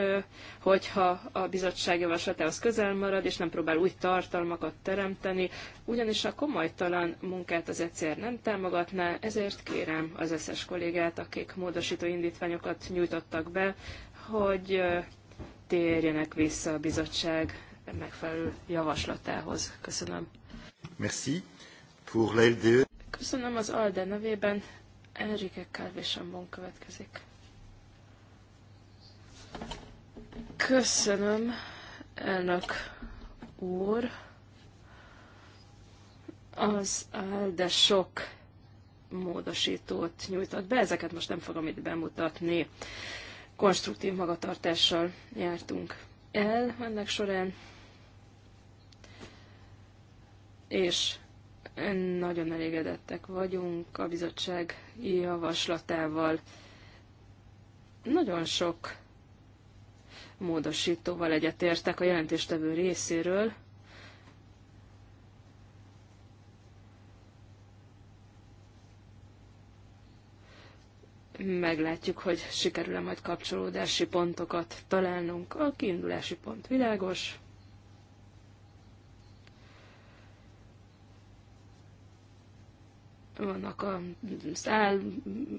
hogyha a bizottság javaslatához közel marad, és nem próbál új tartalmakat teremteni, ugyanis a komolytalan munkát az egyszer nem támogatná, ezért kérem az összes kollégát, akik módosító indítványokat nyújtottak be, hogy térjenek vissza a bizottság megfelelő javaslatához. Köszönöm. Merci. Pour e. Köszönöm az ALDE nevében. Enrique Calvé következik. Köszönöm, elnök úr. Az de sok módosítót nyújtott be, ezeket most nem fogom itt bemutatni. Konstruktív magatartással jártunk el ennek során, és nagyon elégedettek vagyunk a bizottság javaslatával. Nagyon sok módosítóval egyetértek a jelentéstevő részéről. Meglátjuk, hogy sikerül-e majd kapcsolódási pontokat találnunk. A kiindulási pont világos. vannak a száll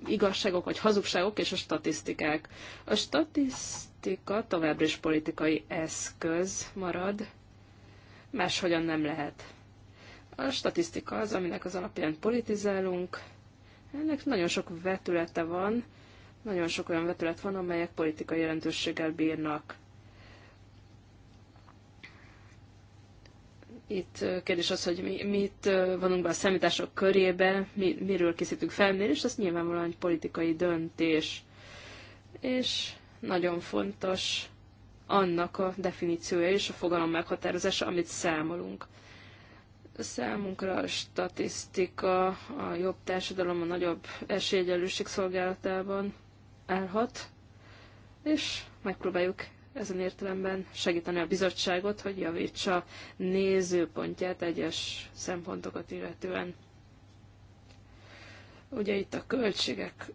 igazságok vagy hazugságok és a statisztikák. A statisztika továbbra is politikai eszköz marad, máshogyan nem lehet. A statisztika az, aminek az alapján politizálunk. Ennek nagyon sok vetülete van, nagyon sok olyan vetület van, amelyek politikai jelentőséggel bírnak. Itt kérdés az, hogy mi, mit vonunk be a számítások körébe, mi, miről készítünk felmérést, ez nyilvánvalóan egy politikai döntés. És nagyon fontos annak a definíciója és a fogalom meghatározása, amit számolunk. Számunkra a statisztika a jobb társadalom a nagyobb esélyegyenlőség szolgálatában állhat, és megpróbáljuk ezen értelemben segíteni a bizottságot, hogy javítsa nézőpontját egyes szempontokat illetően. Ugye itt a költségek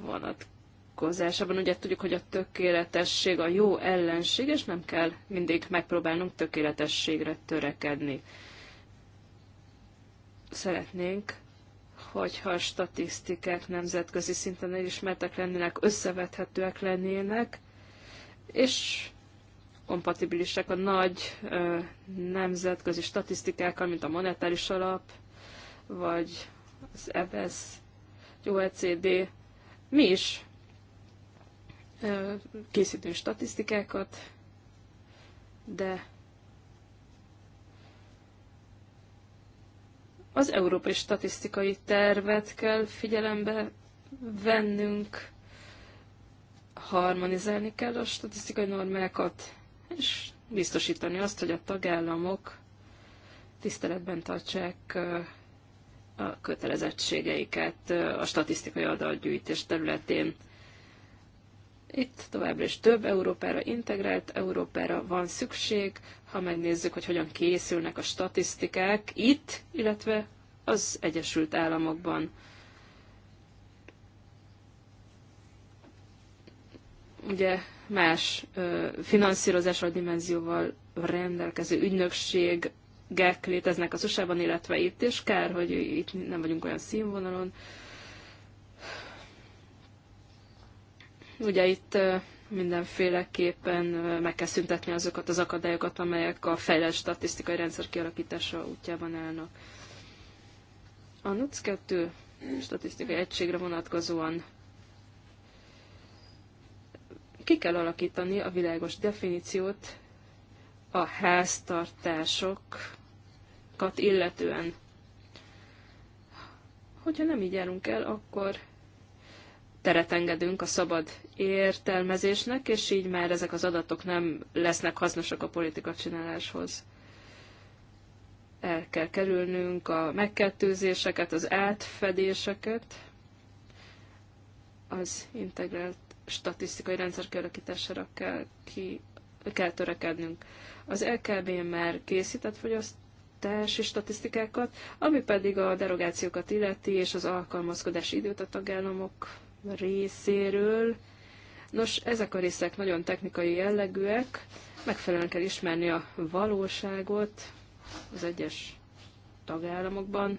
vonatkozásában, ugye tudjuk, hogy a tökéletesség a jó ellenség, és nem kell mindig megpróbálnunk tökéletességre törekedni. Szeretnénk hogyha a statisztikák nemzetközi szinten elismertek lennének, összevethetőek lennének, és kompatibilisek a nagy ö, nemzetközi statisztikákkal, mint a monetáris alap, vagy az EBS, e OECD. Mi is ö, készítünk statisztikákat, de az európai statisztikai tervet kell figyelembe vennünk, harmonizálni kell a statisztikai normákat, és biztosítani azt, hogy a tagállamok tiszteletben tartsák a kötelezettségeiket a statisztikai adatgyűjtés területén. Itt továbbra is több Európára, integrált Európára van szükség, ha megnézzük, hogy hogyan készülnek a statisztikák itt, illetve az Egyesült Államokban. ugye más finanszírozásra dimenzióval rendelkező ügynökségek léteznek a usa illetve itt, is kár, hogy itt nem vagyunk olyan színvonalon. Ugye itt mindenféleképpen meg kell szüntetni azokat az akadályokat, amelyek a fejlett statisztikai rendszer kialakítása útjában állnak. A NUC 2 statisztikai egységre vonatkozóan ki kell alakítani a világos definíciót a háztartásokat illetően. Hogyha nem így járunk el, akkor teret engedünk a szabad értelmezésnek, és így már ezek az adatok nem lesznek hasznosak a politika csináláshoz. El kell kerülnünk a megkettőzéseket, az átfedéseket, az integrált statisztikai rendszer kialakítására kell, ki, kell törekednünk. Az LKB már készített fogyasztási statisztikákat, ami pedig a derogációkat illeti, és az alkalmazkodási időt a tagállamok részéről. Nos, ezek a részek nagyon technikai jellegűek, megfelelően kell ismerni a valóságot az egyes tagállamokban,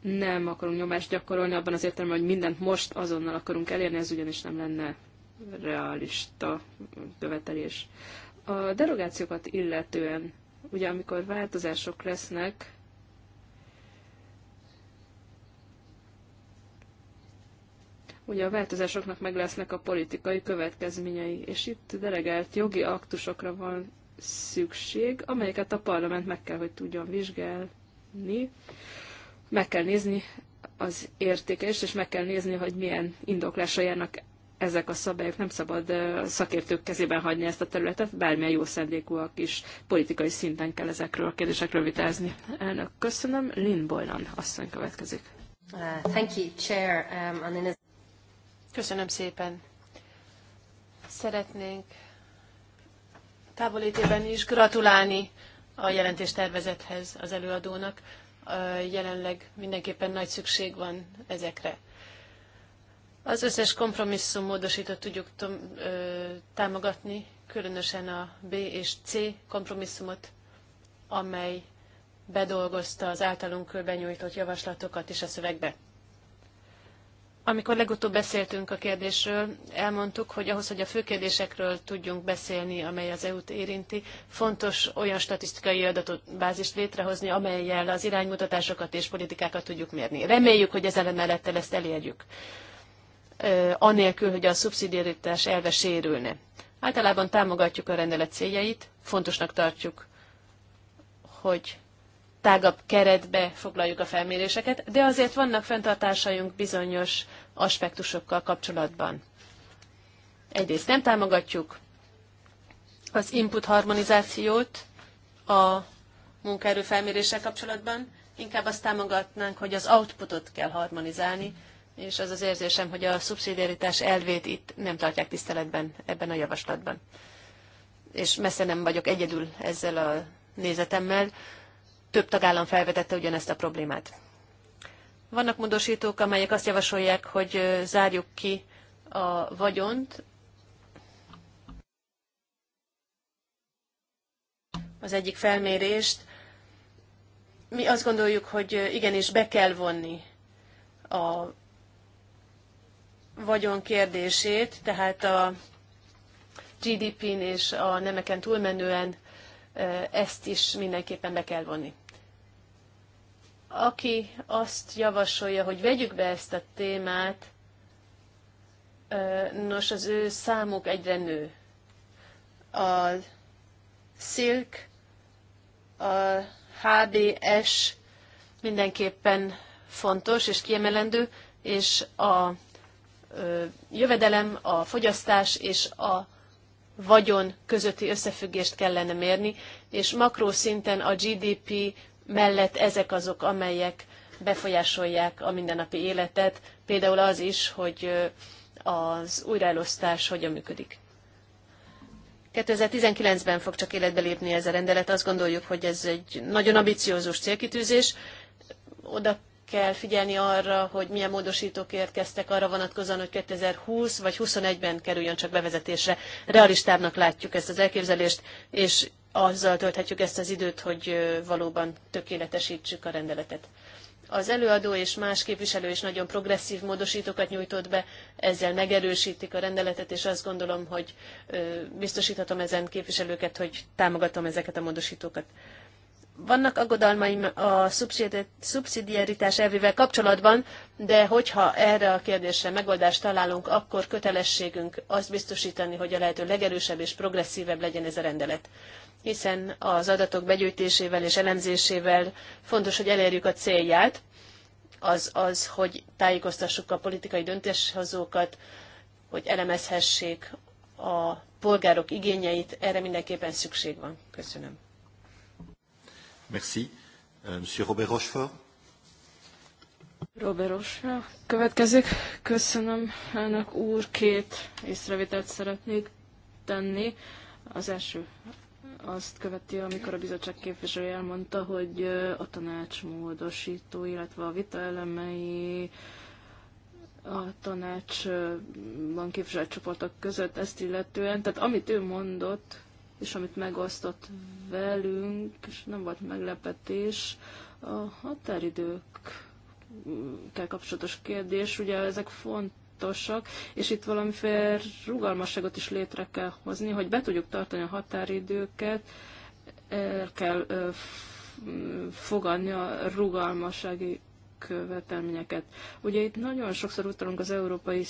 nem akarunk nyomást gyakorolni abban az értelemben, hogy mindent most azonnal akarunk elérni, ez ugyanis nem lenne realista követelés. A derogációkat illetően, ugye amikor változások lesznek, ugye a változásoknak meg lesznek a politikai következményei, és itt delegált jogi aktusokra van szükség, amelyeket a parlament meg kell, hogy tudjon vizsgálni, meg kell nézni az értékelést, és meg kell nézni, hogy milyen indoklásra járnak ezek a szabályok. Nem szabad szakértők kezében hagyni ezt a területet, bármilyen jó szendékúak is politikai szinten kell ezekről a kérdésekről vitázni. Elnök, köszönöm. Lynn Boylan asszony következik. Uh, thank you, Chair. Um, Köszönöm szépen. Szeretnénk távolítében is gratulálni a jelentéstervezethez az előadónak jelenleg mindenképpen nagy szükség van ezekre. Az összes kompromisszum módosított tudjuk támogatni, különösen a B és C kompromisszumot, amely bedolgozta az általunk benyújtott javaslatokat is a szövegbe. Amikor legutóbb beszéltünk a kérdésről, elmondtuk, hogy ahhoz, hogy a fő kérdésekről tudjunk beszélni, amely az EU-t érinti, fontos olyan statisztikai adatbázist létrehozni, amelyel az iránymutatásokat és politikákat tudjuk mérni. Reméljük, hogy ezzel mellettel ezt elérjük, anélkül, hogy a szubszidiaritás elve sérülne. Általában támogatjuk a rendelet céljait, fontosnak tartjuk, hogy tágabb keretbe foglaljuk a felméréseket, de azért vannak fenntartásaink bizonyos aspektusokkal kapcsolatban. Egyrészt nem támogatjuk az input harmonizációt a munkaerő felméréssel kapcsolatban, inkább azt támogatnánk, hogy az outputot kell harmonizálni, és az az érzésem, hogy a szubszidiaritás elvét itt nem tartják tiszteletben ebben a javaslatban. És messze nem vagyok egyedül ezzel a nézetemmel több tagállam felvetette ugyanezt a problémát. Vannak módosítók, amelyek azt javasolják, hogy zárjuk ki a vagyont. Az egyik felmérést. Mi azt gondoljuk, hogy igenis be kell vonni a vagyon kérdését, tehát a GDP-n és a nemeken túlmenően ezt is mindenképpen be kell vonni. Aki azt javasolja, hogy vegyük be ezt a témát, nos, az ő számuk egyre nő. A Silk, a HBS mindenképpen fontos és kiemelendő, és a jövedelem, a fogyasztás és a vagyon közötti összefüggést kellene mérni, és makroszinten a GDP mellett ezek azok, amelyek befolyásolják a mindennapi életet, például az is, hogy az újraelosztás hogyan működik. 2019-ben fog csak életbe lépni ez a rendelet, azt gondoljuk, hogy ez egy nagyon ambiciózus célkitűzés, oda kell figyelni arra, hogy milyen módosítók érkeztek arra vonatkozóan, hogy 2020 vagy 21-ben kerüljön csak bevezetésre. Realistábbnak látjuk ezt az elképzelést, és azzal tölthetjük ezt az időt, hogy valóban tökéletesítsük a rendeletet. Az előadó és más képviselő is nagyon progresszív módosítókat nyújtott be, ezzel megerősítik a rendeletet, és azt gondolom, hogy biztosíthatom ezen képviselőket, hogy támogatom ezeket a módosítókat vannak aggodalmaim a szubszidiaritás elvével kapcsolatban, de hogyha erre a kérdésre megoldást találunk, akkor kötelességünk azt biztosítani, hogy a lehető legerősebb és progresszívebb legyen ez a rendelet. Hiszen az adatok begyűjtésével és elemzésével fontos, hogy elérjük a célját, az az, hogy tájékoztassuk a politikai döntéshozókat, hogy elemezhessék a polgárok igényeit, erre mindenképpen szükség van. Köszönöm. Merci. Euh, Monsieur Robert Rochefort. Robert Rochefort következik. Köszönöm, elnök úr. Két észrevételt szeretnék tenni. Az első azt követi, amikor a bizottság képviselője elmondta, hogy a tanács módosító, illetve a vita elemei a tanácsban képviselt csoportok között ezt illetően, tehát amit ő mondott, és amit megosztott velünk, és nem volt meglepetés, a határidőkkel kapcsolatos kérdés, ugye ezek fontosak, és itt valamiféle rugalmasságot is létre kell hozni, hogy be tudjuk tartani a határidőket, el kell fogadni a rugalmassági követelményeket. Ugye itt nagyon sokszor utalunk az európai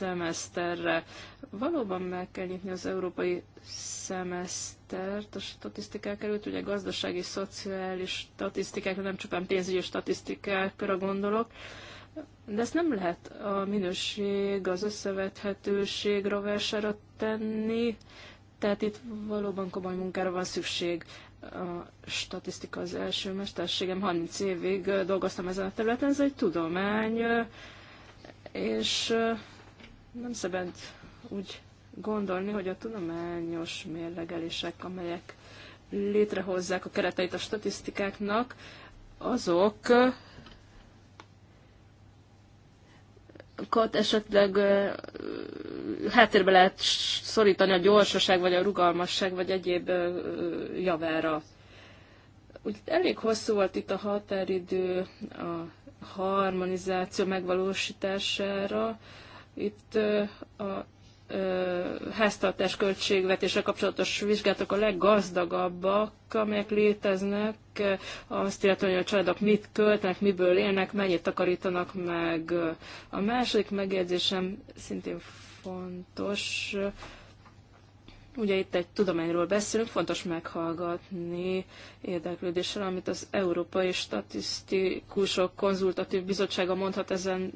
szemeszterre. Valóban meg kell nyitni az európai szemesztert a statisztikák előtt, ugye gazdasági, szociális statisztikák, nem csupán pénzügyi statisztikákra gondolok, de ezt nem lehet a minőség, az összevethetőség rovására tenni, tehát itt valóban komoly munkára van szükség. A statisztika az első mesterségem, 30 évig dolgoztam ezen a területen, ez egy tudomány, és nem szabad úgy gondolni, hogy a tudományos mérlegelések, amelyek létrehozzák a kereteit a statisztikáknak, azok kat esetleg háttérbe lehet szorítani a gyorsaság, vagy a rugalmasság, vagy egyéb javára. Úgy elég hosszú volt itt a határidő a harmonizáció megvalósítására, itt a háztartás költségvetésre kapcsolatos vizsgálatok a leggazdagabbak, amelyek léteznek, azt illetve, hogy a családok mit költnek, miből élnek, mennyit takarítanak meg. A második megjegyzésem szintén fontos, Ugye itt egy tudományról beszélünk, fontos meghallgatni érdeklődéssel, amit az Európai Statisztikusok Konzultatív Bizottsága mondhat ezen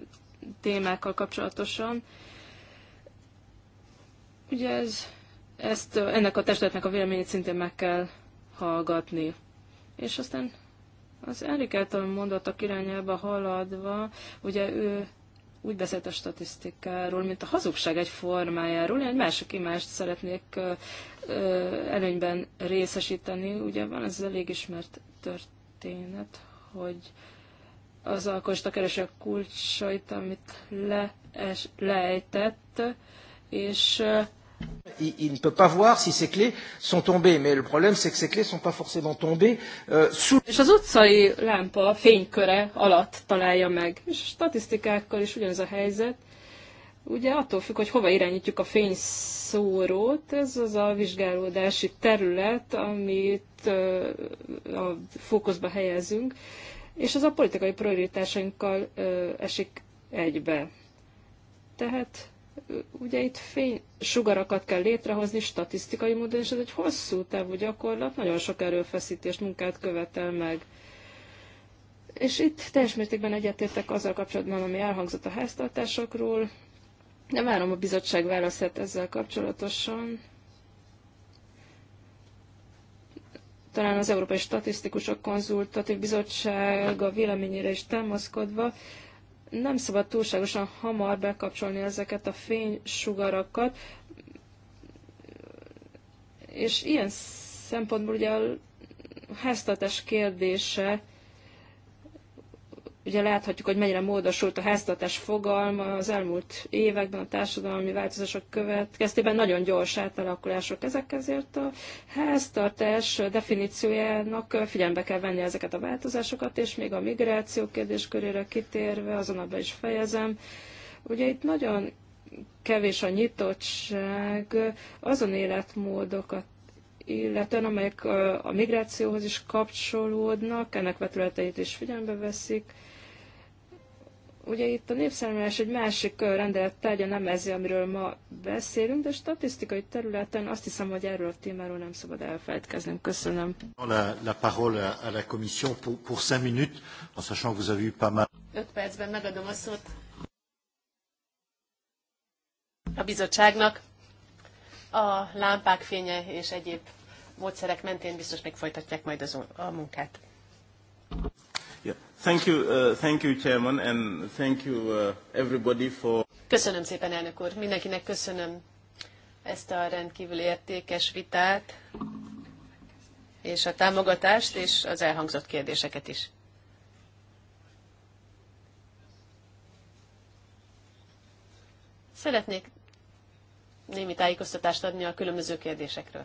témákkal kapcsolatosan. Ugye ez, ezt, ennek a testületnek a véleményét szintén meg kell hallgatni. És aztán az Erik által a irányába haladva, ugye ő úgy beszélt a statisztikáról, mint a hazugság egy formájáról. Én egy másik imást szeretnék előnyben részesíteni. Ugye van ez elég ismert történet, hogy az keresi a kulcsait, amit le, es, leejtett, és Il, il ne peut pas voir si ces clés sont tombées, mais le problème c'est que ces clés ne sont pas forcément tombées euh, sous. És az utcai lámpa fényköre alatt találja meg. És a statisztikákkal is ugyanez a helyzet. Ugye attól függ, hogy hova irányítjuk a fényszórót, ez az a vizsgálódási terület, amit a fókuszba helyezünk, és ez a politikai prioritásainkkal ö, esik egybe. Tehát ugye itt fénysugarakat kell létrehozni statisztikai módon, és ez egy hosszú távú gyakorlat, nagyon sok erőfeszítést, munkát követel meg. És itt teljes mértékben egyetértek azzal kapcsolatban, ami elhangzott a háztartásokról. Nem várom a bizottság válaszát ezzel kapcsolatosan. talán az Európai Statisztikusok Konzultatív Bizottsága véleményére is támaszkodva, nem szabad túlságosan hamar bekapcsolni ezeket a fénysugarakat, és ilyen szempontból ugye a háztartás kérdése Ugye láthatjuk, hogy mennyire módosult a háztartás fogalma az elmúlt években a társadalmi változások következtében. Nagyon gyors átalakulások ezek, ezért a háztartás definíciójának figyelembe kell venni ezeket a változásokat, és még a migráció körére kitérve, azon be is fejezem. Ugye itt nagyon kevés a nyitottság, azon életmódokat illetően amelyek a migrációhoz is kapcsolódnak, ennek vetületeit is figyelembe veszik. Ugye itt a népszámlálás egy másik rendelet tárgya nem ez, amiről ma beszélünk, de statisztikai területen azt hiszem, hogy erről a témáról nem szabad elfelejtkezni. Köszönöm. La, la parole à la commission pour, pour cinq minutes, en sachant que vous avez eu pas mal... 5 percben megadom a szót a bizottságnak a lámpák fénye és egyéb módszerek mentén biztos még folytatják majd az, a munkát. Yeah. Thank you, uh, thank you, Chairman, and thank you uh, everybody for... Köszönöm szépen, elnök úr. Mindenkinek köszönöm ezt a rendkívül értékes vitát, és a támogatást, és az elhangzott kérdéseket is. Szeretnék némi tájékoztatást adni a különböző kérdésekről.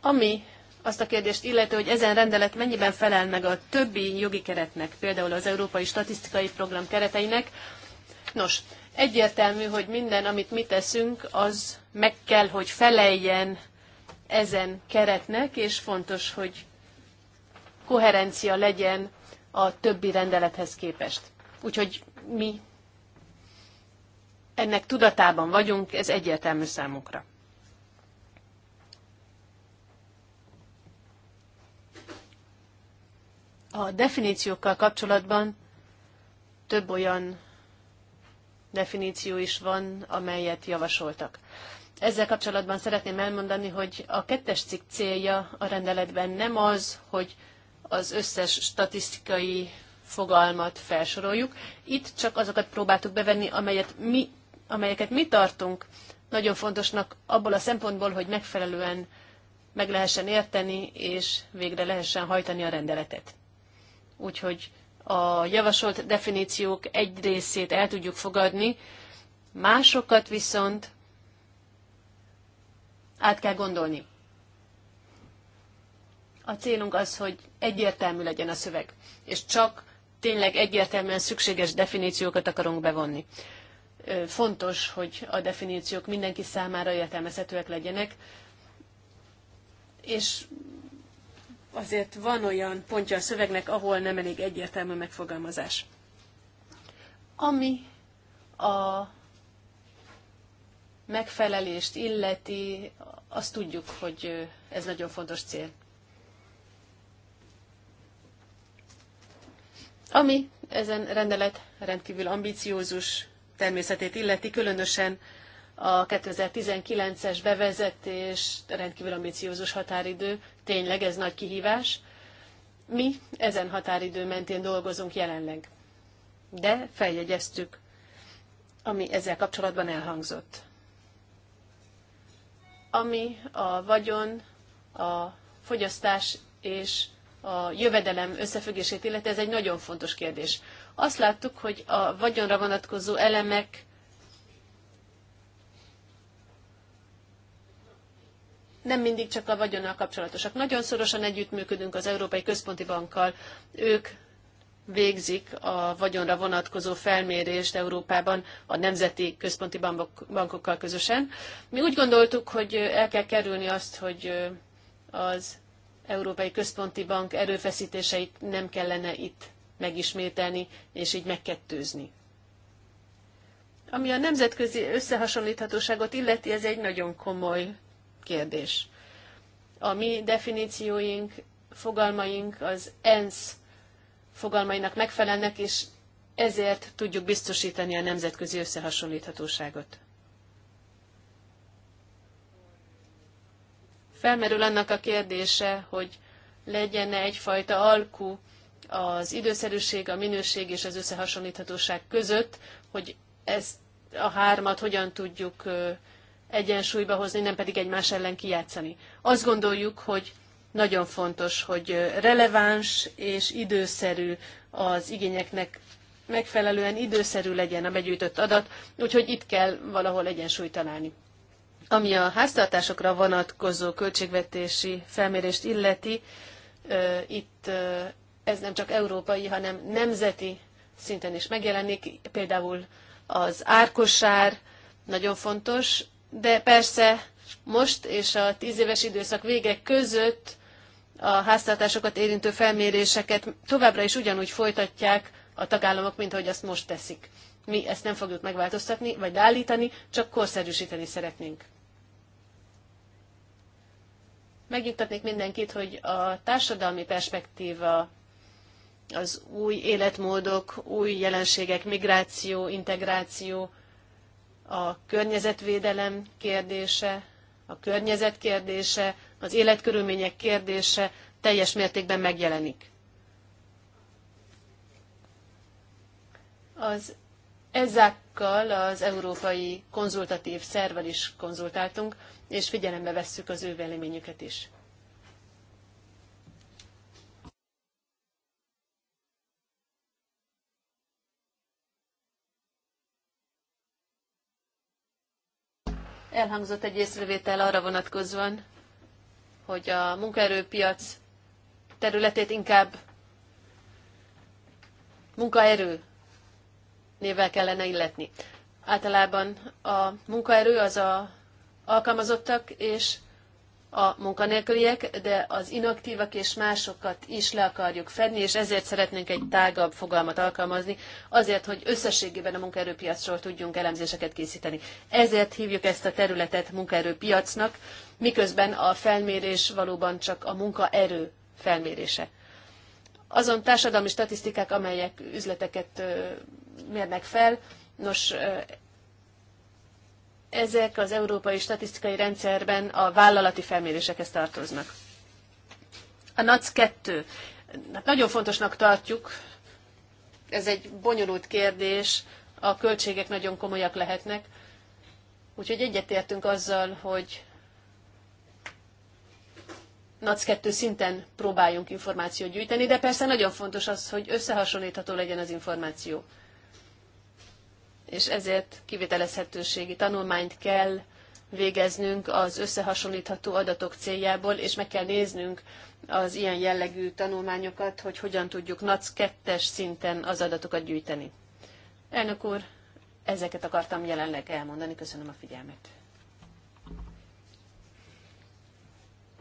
Ami azt a kérdést illető, hogy ezen rendelet mennyiben felel meg a többi jogi keretnek, például az Európai Statisztikai Program kereteinek. Nos, egyértelmű, hogy minden, amit mi teszünk, az meg kell, hogy feleljen ezen keretnek, és fontos, hogy koherencia legyen a többi rendelethez képest. Úgyhogy mi ennek tudatában vagyunk, ez egyértelmű számunkra. A definíciókkal kapcsolatban több olyan definíció is van, amelyet javasoltak. Ezzel kapcsolatban szeretném elmondani, hogy a kettes cikk célja a rendeletben nem az, hogy az összes statisztikai fogalmat felsoroljuk. Itt csak azokat próbáltuk bevenni, amelyet mi, amelyeket mi tartunk nagyon fontosnak abból a szempontból, hogy megfelelően meg lehessen érteni, és végre lehessen hajtani a rendeletet. Úgyhogy a javasolt definíciók egy részét el tudjuk fogadni, másokat viszont át kell gondolni. A célunk az, hogy egyértelmű legyen a szöveg, és csak tényleg egyértelműen szükséges definíciókat akarunk bevonni. Fontos, hogy a definíciók mindenki számára értelmezhetőek legyenek, és azért van olyan pontja a szövegnek, ahol nem elég egyértelmű megfogalmazás. Ami a megfelelést illeti, azt tudjuk, hogy ez nagyon fontos cél. Ami ezen rendelet rendkívül ambiciózus természetét illeti, különösen a 2019-es bevezetés rendkívül ambiciózus határidő, tényleg ez nagy kihívás. Mi ezen határidő mentén dolgozunk jelenleg, de feljegyeztük, ami ezzel kapcsolatban elhangzott. Ami a vagyon, a fogyasztás és a jövedelem összefüggését illeti, ez egy nagyon fontos kérdés. Azt láttuk, hogy a vagyonra vonatkozó elemek nem mindig csak a vagyonnal kapcsolatosak. Nagyon szorosan együttműködünk az Európai Központi Bankkal. Ők végzik a vagyonra vonatkozó felmérést Európában a nemzeti központi bankok, bankokkal közösen. Mi úgy gondoltuk, hogy el kell kerülni azt, hogy az Európai Központi Bank erőfeszítéseit nem kellene itt megismételni, és így megkettőzni. Ami a nemzetközi összehasonlíthatóságot illeti, ez egy nagyon komoly kérdés. A mi definícióink, fogalmaink az ENSZ fogalmainak megfelelnek, és ezért tudjuk biztosítani a nemzetközi összehasonlíthatóságot. Felmerül annak a kérdése, hogy legyen -e egyfajta alkú az időszerűség, a minőség és az összehasonlíthatóság között, hogy ezt a hármat hogyan tudjuk egyensúlyba hozni, nem pedig egymás ellen kijátszani. Azt gondoljuk, hogy nagyon fontos, hogy releváns és időszerű az igényeknek megfelelően időszerű legyen a begyűjtött adat, úgyhogy itt kell valahol egyensúlyt találni. Ami a háztartásokra vonatkozó költségvetési felmérést illeti, itt ez nem csak európai, hanem nemzeti szinten is megjelenik. Például az árkosár nagyon fontos, de persze most és a tíz éves időszak vége között a háztartásokat érintő felméréseket továbbra is ugyanúgy folytatják a tagállamok, mint ahogy azt most teszik. Mi ezt nem fogjuk megváltoztatni, vagy állítani, csak korszerűsíteni szeretnénk megnyugtatnék mindenkit, hogy a társadalmi perspektíva az új életmódok, új jelenségek, migráció, integráció, a környezetvédelem kérdése, a környezet kérdése, az életkörülmények kérdése teljes mértékben megjelenik. Az Ezekkel az európai konzultatív szervvel is konzultáltunk, és figyelembe vesszük az ő véleményüket is. Elhangzott egy észrevétel arra vonatkozóan, hogy a munkaerőpiac területét inkább munkaerő névvel kellene illetni. Általában a munkaerő az a alkalmazottak és a munkanélküliek, de az inaktívak és másokat is le akarjuk fedni, és ezért szeretnénk egy tágabb fogalmat alkalmazni, azért, hogy összességében a munkaerőpiacról tudjunk elemzéseket készíteni. Ezért hívjuk ezt a területet munkaerőpiacnak, miközben a felmérés valóban csak a munkaerő felmérése azon társadalmi statisztikák, amelyek üzleteket mérnek fel, nos, ezek az európai statisztikai rendszerben a vállalati felmérésekhez tartoznak. A NAC 2. Hát nagyon fontosnak tartjuk, ez egy bonyolult kérdés, a költségek nagyon komolyak lehetnek, úgyhogy egyetértünk azzal, hogy NAC 2 szinten próbáljunk információt gyűjteni, de persze nagyon fontos az, hogy összehasonlítható legyen az információ. És ezért kivitelezhetőségi tanulmányt kell végeznünk az összehasonlítható adatok céljából, és meg kell néznünk az ilyen jellegű tanulmányokat, hogy hogyan tudjuk NAC 2 szinten az adatokat gyűjteni. Elnök úr, ezeket akartam jelenleg elmondani. Köszönöm a figyelmet.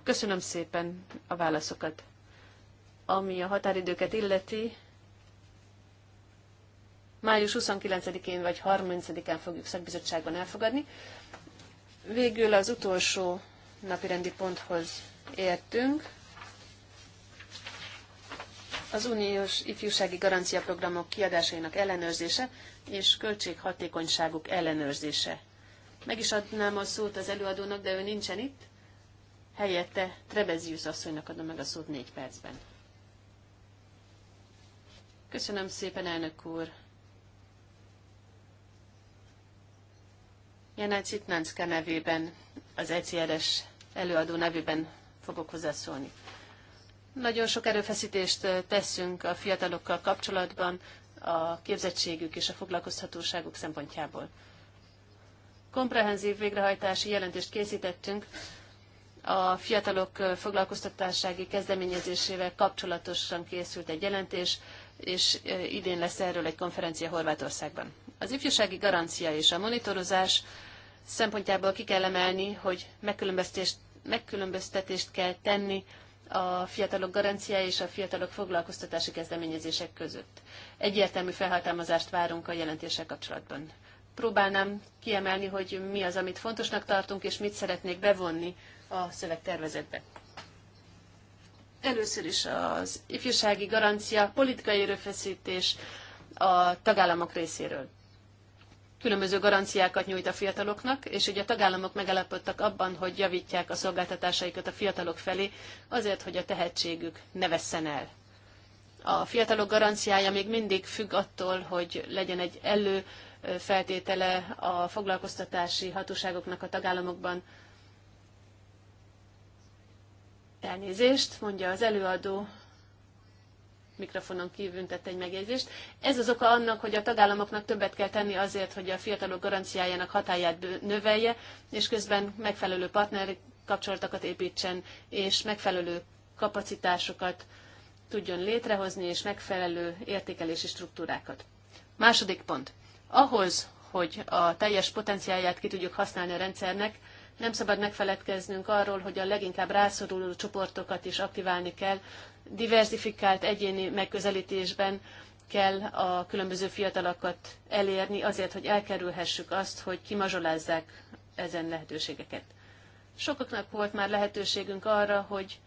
Köszönöm szépen a válaszokat. Ami a határidőket illeti, május 29-én vagy 30-án fogjuk szakbizottságban elfogadni. Végül az utolsó napirendi ponthoz értünk. Az uniós ifjúsági garancia programok kiadásainak ellenőrzése és költséghatékonyságuk ellenőrzése. Meg is adnám a szót az előadónak, de ő nincsen itt. Helyette Trebezius asszonynak adom meg a szót négy percben. Köszönöm szépen, elnök úr! Janács Itnánszka nevében, az ECRS előadó nevében fogok hozzászólni. Nagyon sok erőfeszítést teszünk a fiatalokkal kapcsolatban, a képzettségük és a foglalkoztatóságuk szempontjából. Komprehenzív végrehajtási jelentést készítettünk, a fiatalok foglalkoztatásági kezdeményezésével kapcsolatosan készült egy jelentés, és idén lesz erről egy konferencia Horvátországban. Az ifjúsági garancia és a monitorozás szempontjából ki kell emelni, hogy megkülönböztetést, megkülönböztetést kell tenni a fiatalok garancia és a fiatalok foglalkoztatási kezdeményezések között. Egyértelmű felhatalmazást várunk a jelentéssel kapcsolatban. Próbálnám kiemelni, hogy mi az, amit fontosnak tartunk, és mit szeretnék bevonni a szövegtervezetbe. Először is az ifjúsági garancia, politikai erőfeszítés a tagállamok részéről. Különböző garanciákat nyújt a fiataloknak, és ugye a tagállamok megállapodtak abban, hogy javítják a szolgáltatásaikat a fiatalok felé, azért, hogy a tehetségük ne vesszen el a fiatalok garanciája még mindig függ attól, hogy legyen egy elő feltétele a foglalkoztatási hatóságoknak a tagállamokban Elnézést, mondja az előadó, mikrofonon kívül tett egy megjegyzést. Ez az oka annak, hogy a tagállamoknak többet kell tenni azért, hogy a fiatalok garanciájának hatáját növelje, és közben megfelelő partneri kapcsolatokat építsen, és megfelelő kapacitásokat tudjon létrehozni, és megfelelő értékelési struktúrákat. Második pont. Ahhoz, hogy a teljes potenciáját ki tudjuk használni a rendszernek, nem szabad megfeledkeznünk arról, hogy a leginkább rászoruló csoportokat is aktiválni kell. Diversifikált egyéni megközelítésben kell a különböző fiatalokat elérni azért, hogy elkerülhessük azt, hogy kimazsolázzák ezen lehetőségeket. Sokaknak volt már lehetőségünk arra, hogy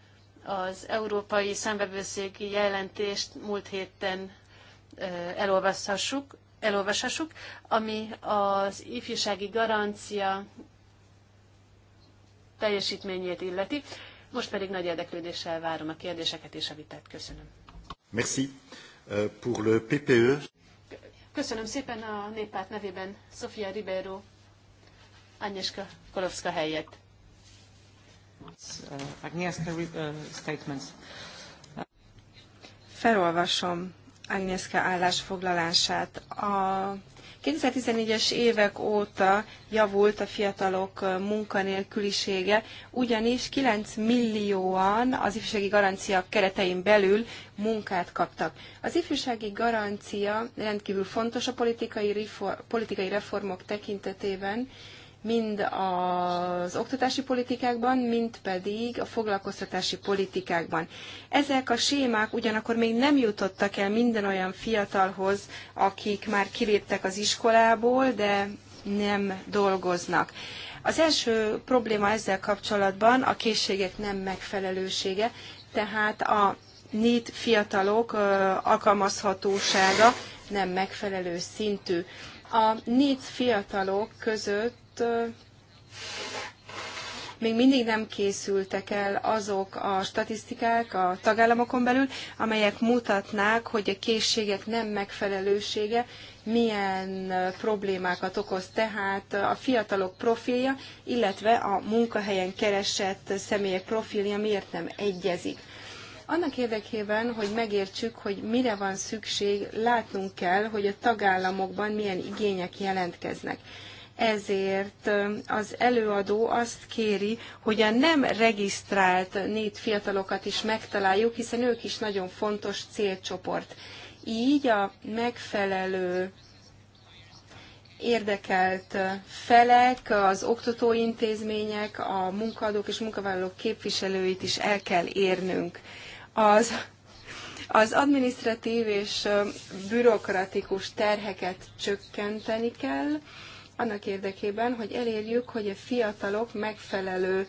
az Európai Számvevőszégi jelentést múlt héten elolvashassuk, elolvashassuk, ami az ifjúsági garancia teljesítményét illeti. Most pedig nagy érdeklődéssel várom a kérdéseket és a vitát. Köszönöm. Merci euh, pour le PPE. Köszönöm szépen a néppárt nevében Sofia Ribeiro, Agnieszka Kolovska helyett. Agnieszka uh, statements. Felolvasom Agnieszka állásfoglalását. A 2014-es évek óta javult a fiatalok munkanélkülisége, ugyanis 9 millióan az ifjúsági garancia keretein belül munkát kaptak. Az ifjúsági garancia rendkívül fontos a politikai, reformok tekintetében, mind az oktatási politikákban, mind pedig a foglalkoztatási politikákban. Ezek a sémák ugyanakkor még nem jutottak el minden olyan fiatalhoz, akik már kiléptek az iskolából, de nem dolgoznak. Az első probléma ezzel kapcsolatban a készségek nem megfelelősége, tehát a NEET fiatalok alkalmazhatósága nem megfelelő szintű. A NEET fiatalok között még mindig nem készültek el azok a statisztikák a tagállamokon belül, amelyek mutatnák, hogy a készségek nem megfelelősége milyen problémákat okoz. Tehát a fiatalok profilja, illetve a munkahelyen keresett személyek profilja miért nem egyezik. Annak érdekében, hogy megértsük, hogy mire van szükség, látnunk kell, hogy a tagállamokban milyen igények jelentkeznek ezért az előadó azt kéri, hogy a nem regisztrált nét fiatalokat is megtaláljuk, hiszen ők is nagyon fontos célcsoport. Így a megfelelő érdekelt felek, az oktatóintézmények, a munkaadók és munkavállalók képviselőit is el kell érnünk. Az, az administratív és bürokratikus terheket csökkenteni kell, annak érdekében, hogy elérjük, hogy a fiatalok megfelelő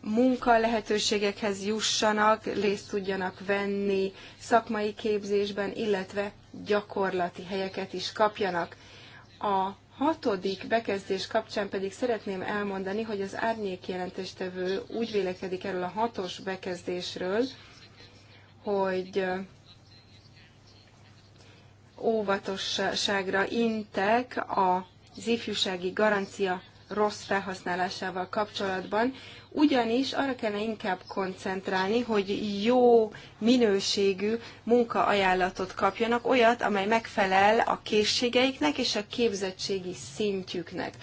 munka lehetőségekhez jussanak, részt tudjanak venni szakmai képzésben, illetve gyakorlati helyeket is kapjanak. A hatodik bekezdés kapcsán pedig szeretném elmondani, hogy az árnyék jelentéstevő úgy vélekedik erről a hatos bekezdésről, hogy óvatosságra intek a az ifjúsági garancia rossz felhasználásával kapcsolatban, ugyanis arra kellene inkább koncentrálni, hogy jó minőségű munkaajánlatot kapjanak, olyat, amely megfelel a készségeiknek és a képzettségi szintjüknek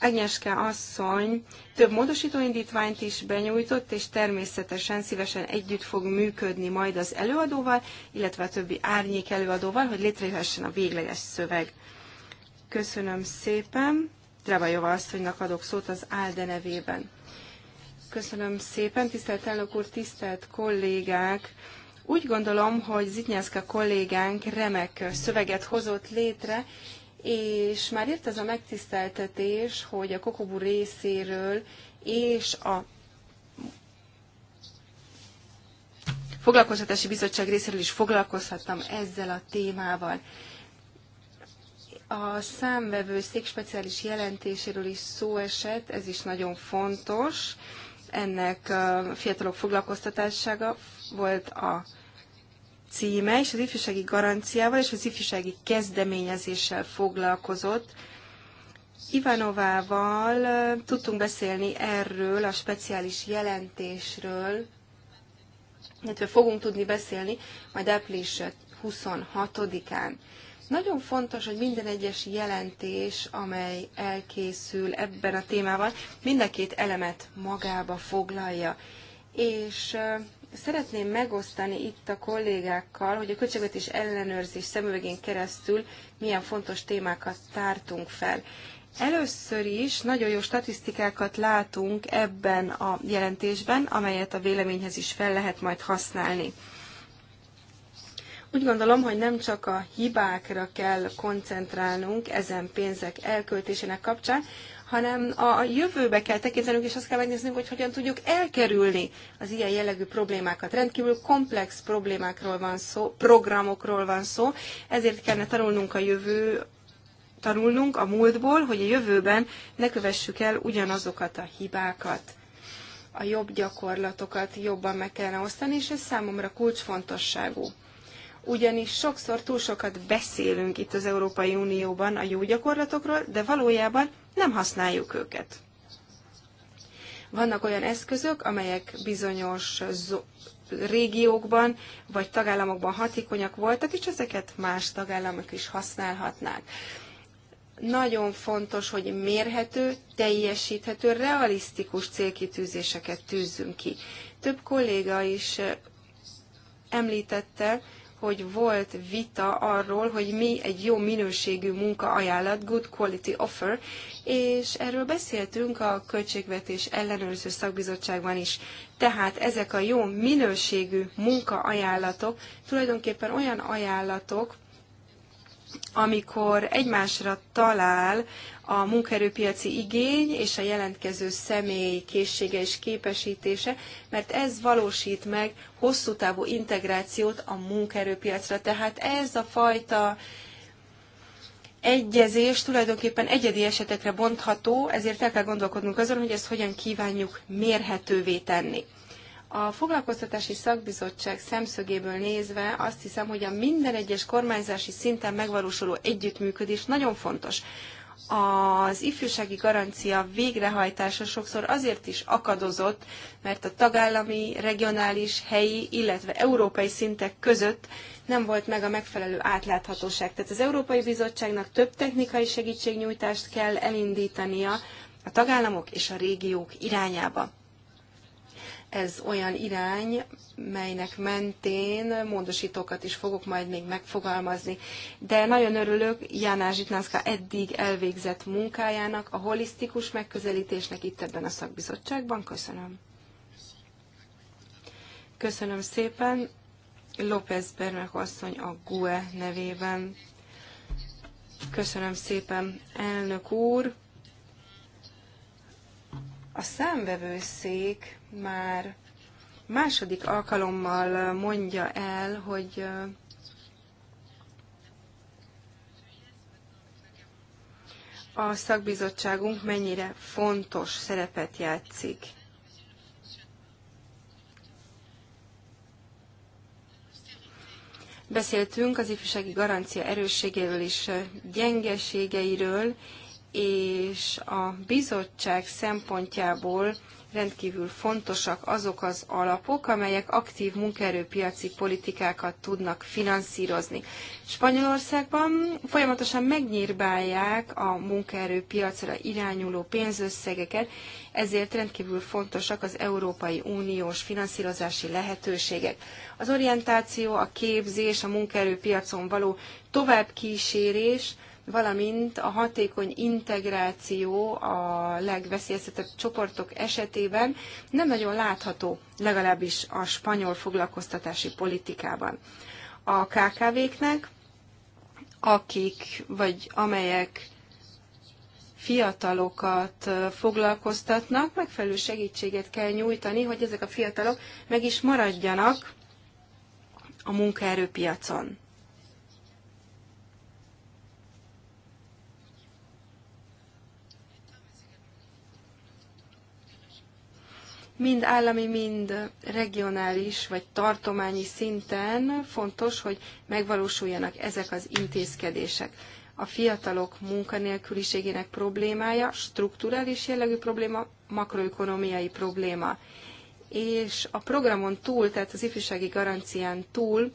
Agnieszka asszony több módosítóindítványt is benyújtott, és természetesen szívesen együtt fog működni majd az előadóval, illetve a többi árnyék előadóval, hogy létrejöhessen a végleges szöveg. Köszönöm szépen. Trebajova asszonynak adok szót az Álde nevében. Köszönöm szépen, tisztelt elnök úr, tisztelt kollégák! Úgy gondolom, hogy Zitnyászka kollégánk remek szöveget hozott létre, és már jött ez a megtiszteltetés, hogy a Kokobu részéről és a Foglalkoztatási Bizottság részéről is foglalkozhattam ezzel a témával. A szék speciális jelentéséről is szó esett, ez is nagyon fontos. Ennek a fiatalok foglalkoztatásága volt a címe, és az ifjúsági garanciával és az ifjúsági kezdeményezéssel foglalkozott. Ivanovával tudtunk beszélni erről a speciális jelentésről, illetve fogunk tudni beszélni majd április 26-án. Nagyon fontos, hogy minden egyes jelentés, amely elkészül ebben a témában, mind a két elemet magába foglalja. És Szeretném megosztani itt a kollégákkal, hogy a költségvetés ellenőrzés szemüvegén keresztül milyen fontos témákat tártunk fel. Először is nagyon jó statisztikákat látunk ebben a jelentésben, amelyet a véleményhez is fel lehet majd használni. Úgy gondolom, hogy nem csak a hibákra kell koncentrálnunk ezen pénzek elköltésének kapcsán, hanem a jövőbe kell tekintenünk, és azt kell megnéznünk, hogy hogyan tudjuk elkerülni az ilyen jellegű problémákat. Rendkívül komplex problémákról van szó, programokról van szó, ezért kellene tanulnunk a jövő tanulnunk a múltból, hogy a jövőben ne kövessük el ugyanazokat a hibákat a jobb gyakorlatokat jobban meg kellene osztani, és ez számomra kulcsfontosságú. Ugyanis sokszor túl sokat beszélünk itt az Európai Unióban a jó gyakorlatokról, de valójában nem használjuk őket. Vannak olyan eszközök, amelyek bizonyos régiókban vagy tagállamokban hatékonyak voltak, és ezeket más tagállamok is használhatnák. Nagyon fontos, hogy mérhető, teljesíthető, realisztikus célkitűzéseket tűzzünk ki. Több kolléga is eh, említette, hogy volt vita arról, hogy mi egy jó minőségű munkaajánlat, good quality offer, és erről beszéltünk a Költségvetés Ellenőrző Szakbizottságban is. Tehát ezek a jó minőségű munkaajánlatok tulajdonképpen olyan ajánlatok, amikor egymásra talál a munkaerőpiaci igény és a jelentkező személy készsége és képesítése, mert ez valósít meg hosszú távú integrációt a munkaerőpiacra. Tehát ez a fajta egyezés tulajdonképpen egyedi esetekre bontható, ezért el kell gondolkodnunk azon, hogy ezt hogyan kívánjuk mérhetővé tenni. A foglalkoztatási szakbizottság szemszögéből nézve azt hiszem, hogy a minden egyes kormányzási szinten megvalósuló együttműködés nagyon fontos az ifjúsági garancia végrehajtása sokszor azért is akadozott, mert a tagállami, regionális, helyi, illetve európai szintek között nem volt meg a megfelelő átláthatóság. Tehát az Európai Bizottságnak több technikai segítségnyújtást kell elindítania a tagállamok és a régiók irányába. Ez olyan irány, melynek mentén módosítókat is fogok majd még megfogalmazni. De nagyon örülök Jánás Zsitnánszka eddig elvégzett munkájának, a holisztikus megközelítésnek itt ebben a szakbizottságban. Köszönöm. Köszönöm szépen. López Bermek asszony a GUE nevében. Köszönöm szépen, elnök úr. A számvevőszék már második alkalommal mondja el, hogy a szakbizottságunk mennyire fontos szerepet játszik. Beszéltünk az ifjúsági garancia erősségéről és gyengeségeiről, és a bizottság szempontjából rendkívül fontosak azok az alapok, amelyek aktív munkaerőpiaci politikákat tudnak finanszírozni. Spanyolországban folyamatosan megnyírbálják a munkaerőpiacra irányuló pénzösszegeket, ezért rendkívül fontosak az Európai Uniós finanszírozási lehetőségek. Az orientáció, a képzés, a munkaerőpiacon való továbbkísérés, valamint a hatékony integráció a legveszélyeztetett csoportok esetében nem nagyon látható, legalábbis a spanyol foglalkoztatási politikában. A KKV-knek, akik vagy amelyek fiatalokat foglalkoztatnak, megfelelő segítséget kell nyújtani, hogy ezek a fiatalok meg is maradjanak a munkaerőpiacon. mind állami, mind regionális vagy tartományi szinten fontos, hogy megvalósuljanak ezek az intézkedések. A fiatalok munkanélküliségének problémája strukturális jellegű probléma, makroökonomiai probléma. És a programon túl, tehát az ifjúsági garancián túl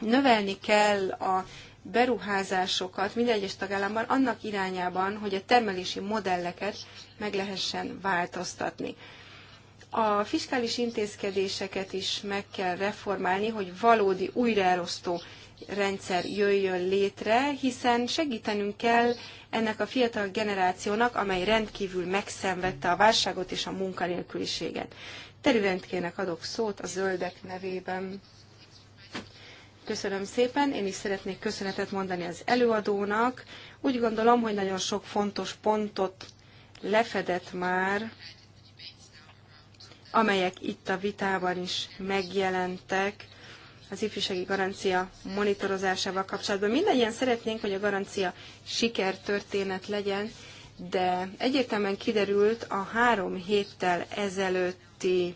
növelni kell a beruházásokat minden egyes tagállamban annak irányában, hogy a termelési modelleket meg lehessen változtatni. A fiskális intézkedéseket is meg kell reformálni, hogy valódi újraelosztó rendszer jöjjön létre, hiszen segítenünk kell ennek a fiatal generációnak, amely rendkívül megszenvedte a válságot és a munkanélküliséget. Terüventkének adok szót a zöldek nevében. Köszönöm szépen, én is szeretnék köszönetet mondani az előadónak. Úgy gondolom, hogy nagyon sok fontos pontot lefedett már amelyek itt a vitában is megjelentek az ifjúsági garancia monitorozásával kapcsolatban. Mindegyen szeretnénk, hogy a garancia sikertörténet legyen, de egyértelműen kiderült a három héttel ezelőtti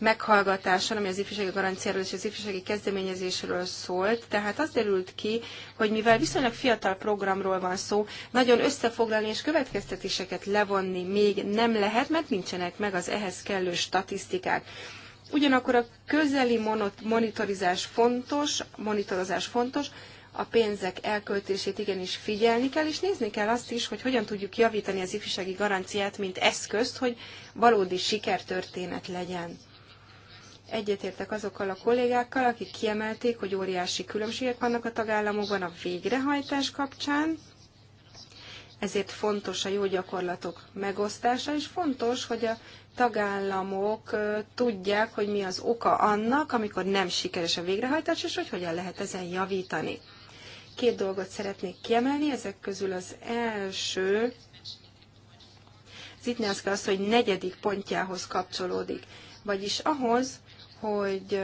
meghallgatáson, ami az ifjúsági garanciáról és az ifjúsági kezdeményezésről szólt. Tehát az derült ki, hogy mivel viszonylag fiatal programról van szó, nagyon összefoglalni és következtetéseket levonni még nem lehet, mert nincsenek meg az ehhez kellő statisztikák. Ugyanakkor a közeli monitorizás fontos, monitorozás fontos, a pénzek elköltését igenis figyelni kell, és nézni kell azt is, hogy hogyan tudjuk javítani az ifjúsági garanciát, mint eszközt, hogy valódi sikertörténet legyen. Egyetértek azokkal a kollégákkal, akik kiemelték, hogy óriási különbségek vannak a tagállamokban a végrehajtás kapcsán, ezért fontos a jó gyakorlatok megosztása, és fontos, hogy a tagállamok tudják, hogy mi az oka annak, amikor nem sikeres a végrehajtás, és hogy hogyan lehet ezen javítani. Két dolgot szeretnék kiemelni, ezek közül az első, az itt az, hogy negyedik pontjához kapcsolódik, vagyis ahhoz, hogy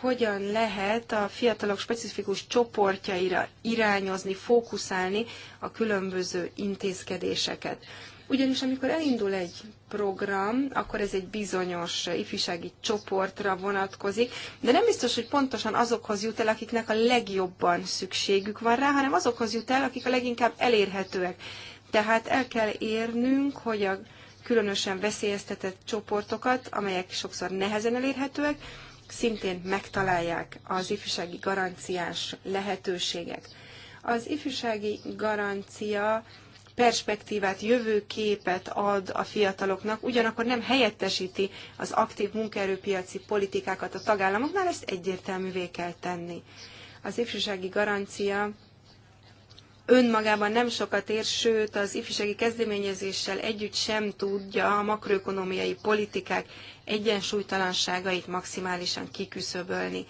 hogyan lehet a fiatalok specifikus csoportjaira irányozni, fókuszálni a különböző intézkedéseket. Ugyanis amikor elindul egy program, akkor ez egy bizonyos ifjúsági csoportra vonatkozik, de nem biztos, hogy pontosan azokhoz jut el, akiknek a legjobban szükségük van rá, hanem azokhoz jut el, akik a leginkább elérhetőek. Tehát el kell érnünk, hogy a különösen veszélyeztetett csoportokat, amelyek sokszor nehezen elérhetőek, szintén megtalálják az ifjúsági garanciás lehetőségek. Az ifjúsági garancia perspektívát, jövőképet ad a fiataloknak, ugyanakkor nem helyettesíti az aktív munkaerőpiaci politikákat a tagállamoknál, ezt egyértelművé kell tenni. Az ifjúsági garancia önmagában nem sokat ér, sőt az ifjúsági kezdeményezéssel együtt sem tudja a makroökonomiai politikák egyensúlytalanságait maximálisan kiküszöbölni.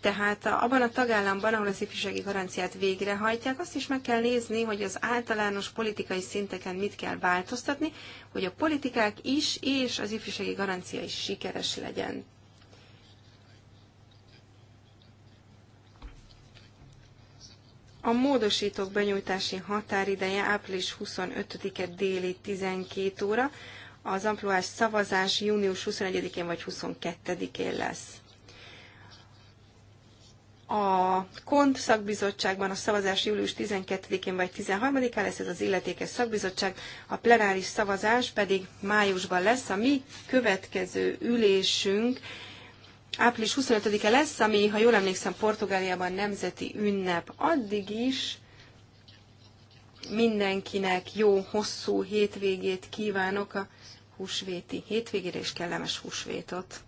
Tehát abban a tagállamban, ahol az ifjúsági garanciát végrehajtják, azt is meg kell nézni, hogy az általános politikai szinteken mit kell változtatni, hogy a politikák is és az ifjúsági garancia is sikeres legyen. A módosítók benyújtási határideje április 25-e déli 12 óra, az amplóás szavazás június 21-én vagy 22-én lesz. A KONT szakbizottságban a szavazás július 12-én vagy 13-án lesz ez az illetékes szakbizottság, a plenáris szavazás pedig májusban lesz. A mi következő ülésünk április 25-e lesz, ami, ha jól emlékszem, Portugáliában nemzeti ünnep. Addig is mindenkinek jó, hosszú hétvégét kívánok a húsvéti hétvégére, és kellemes húsvétot!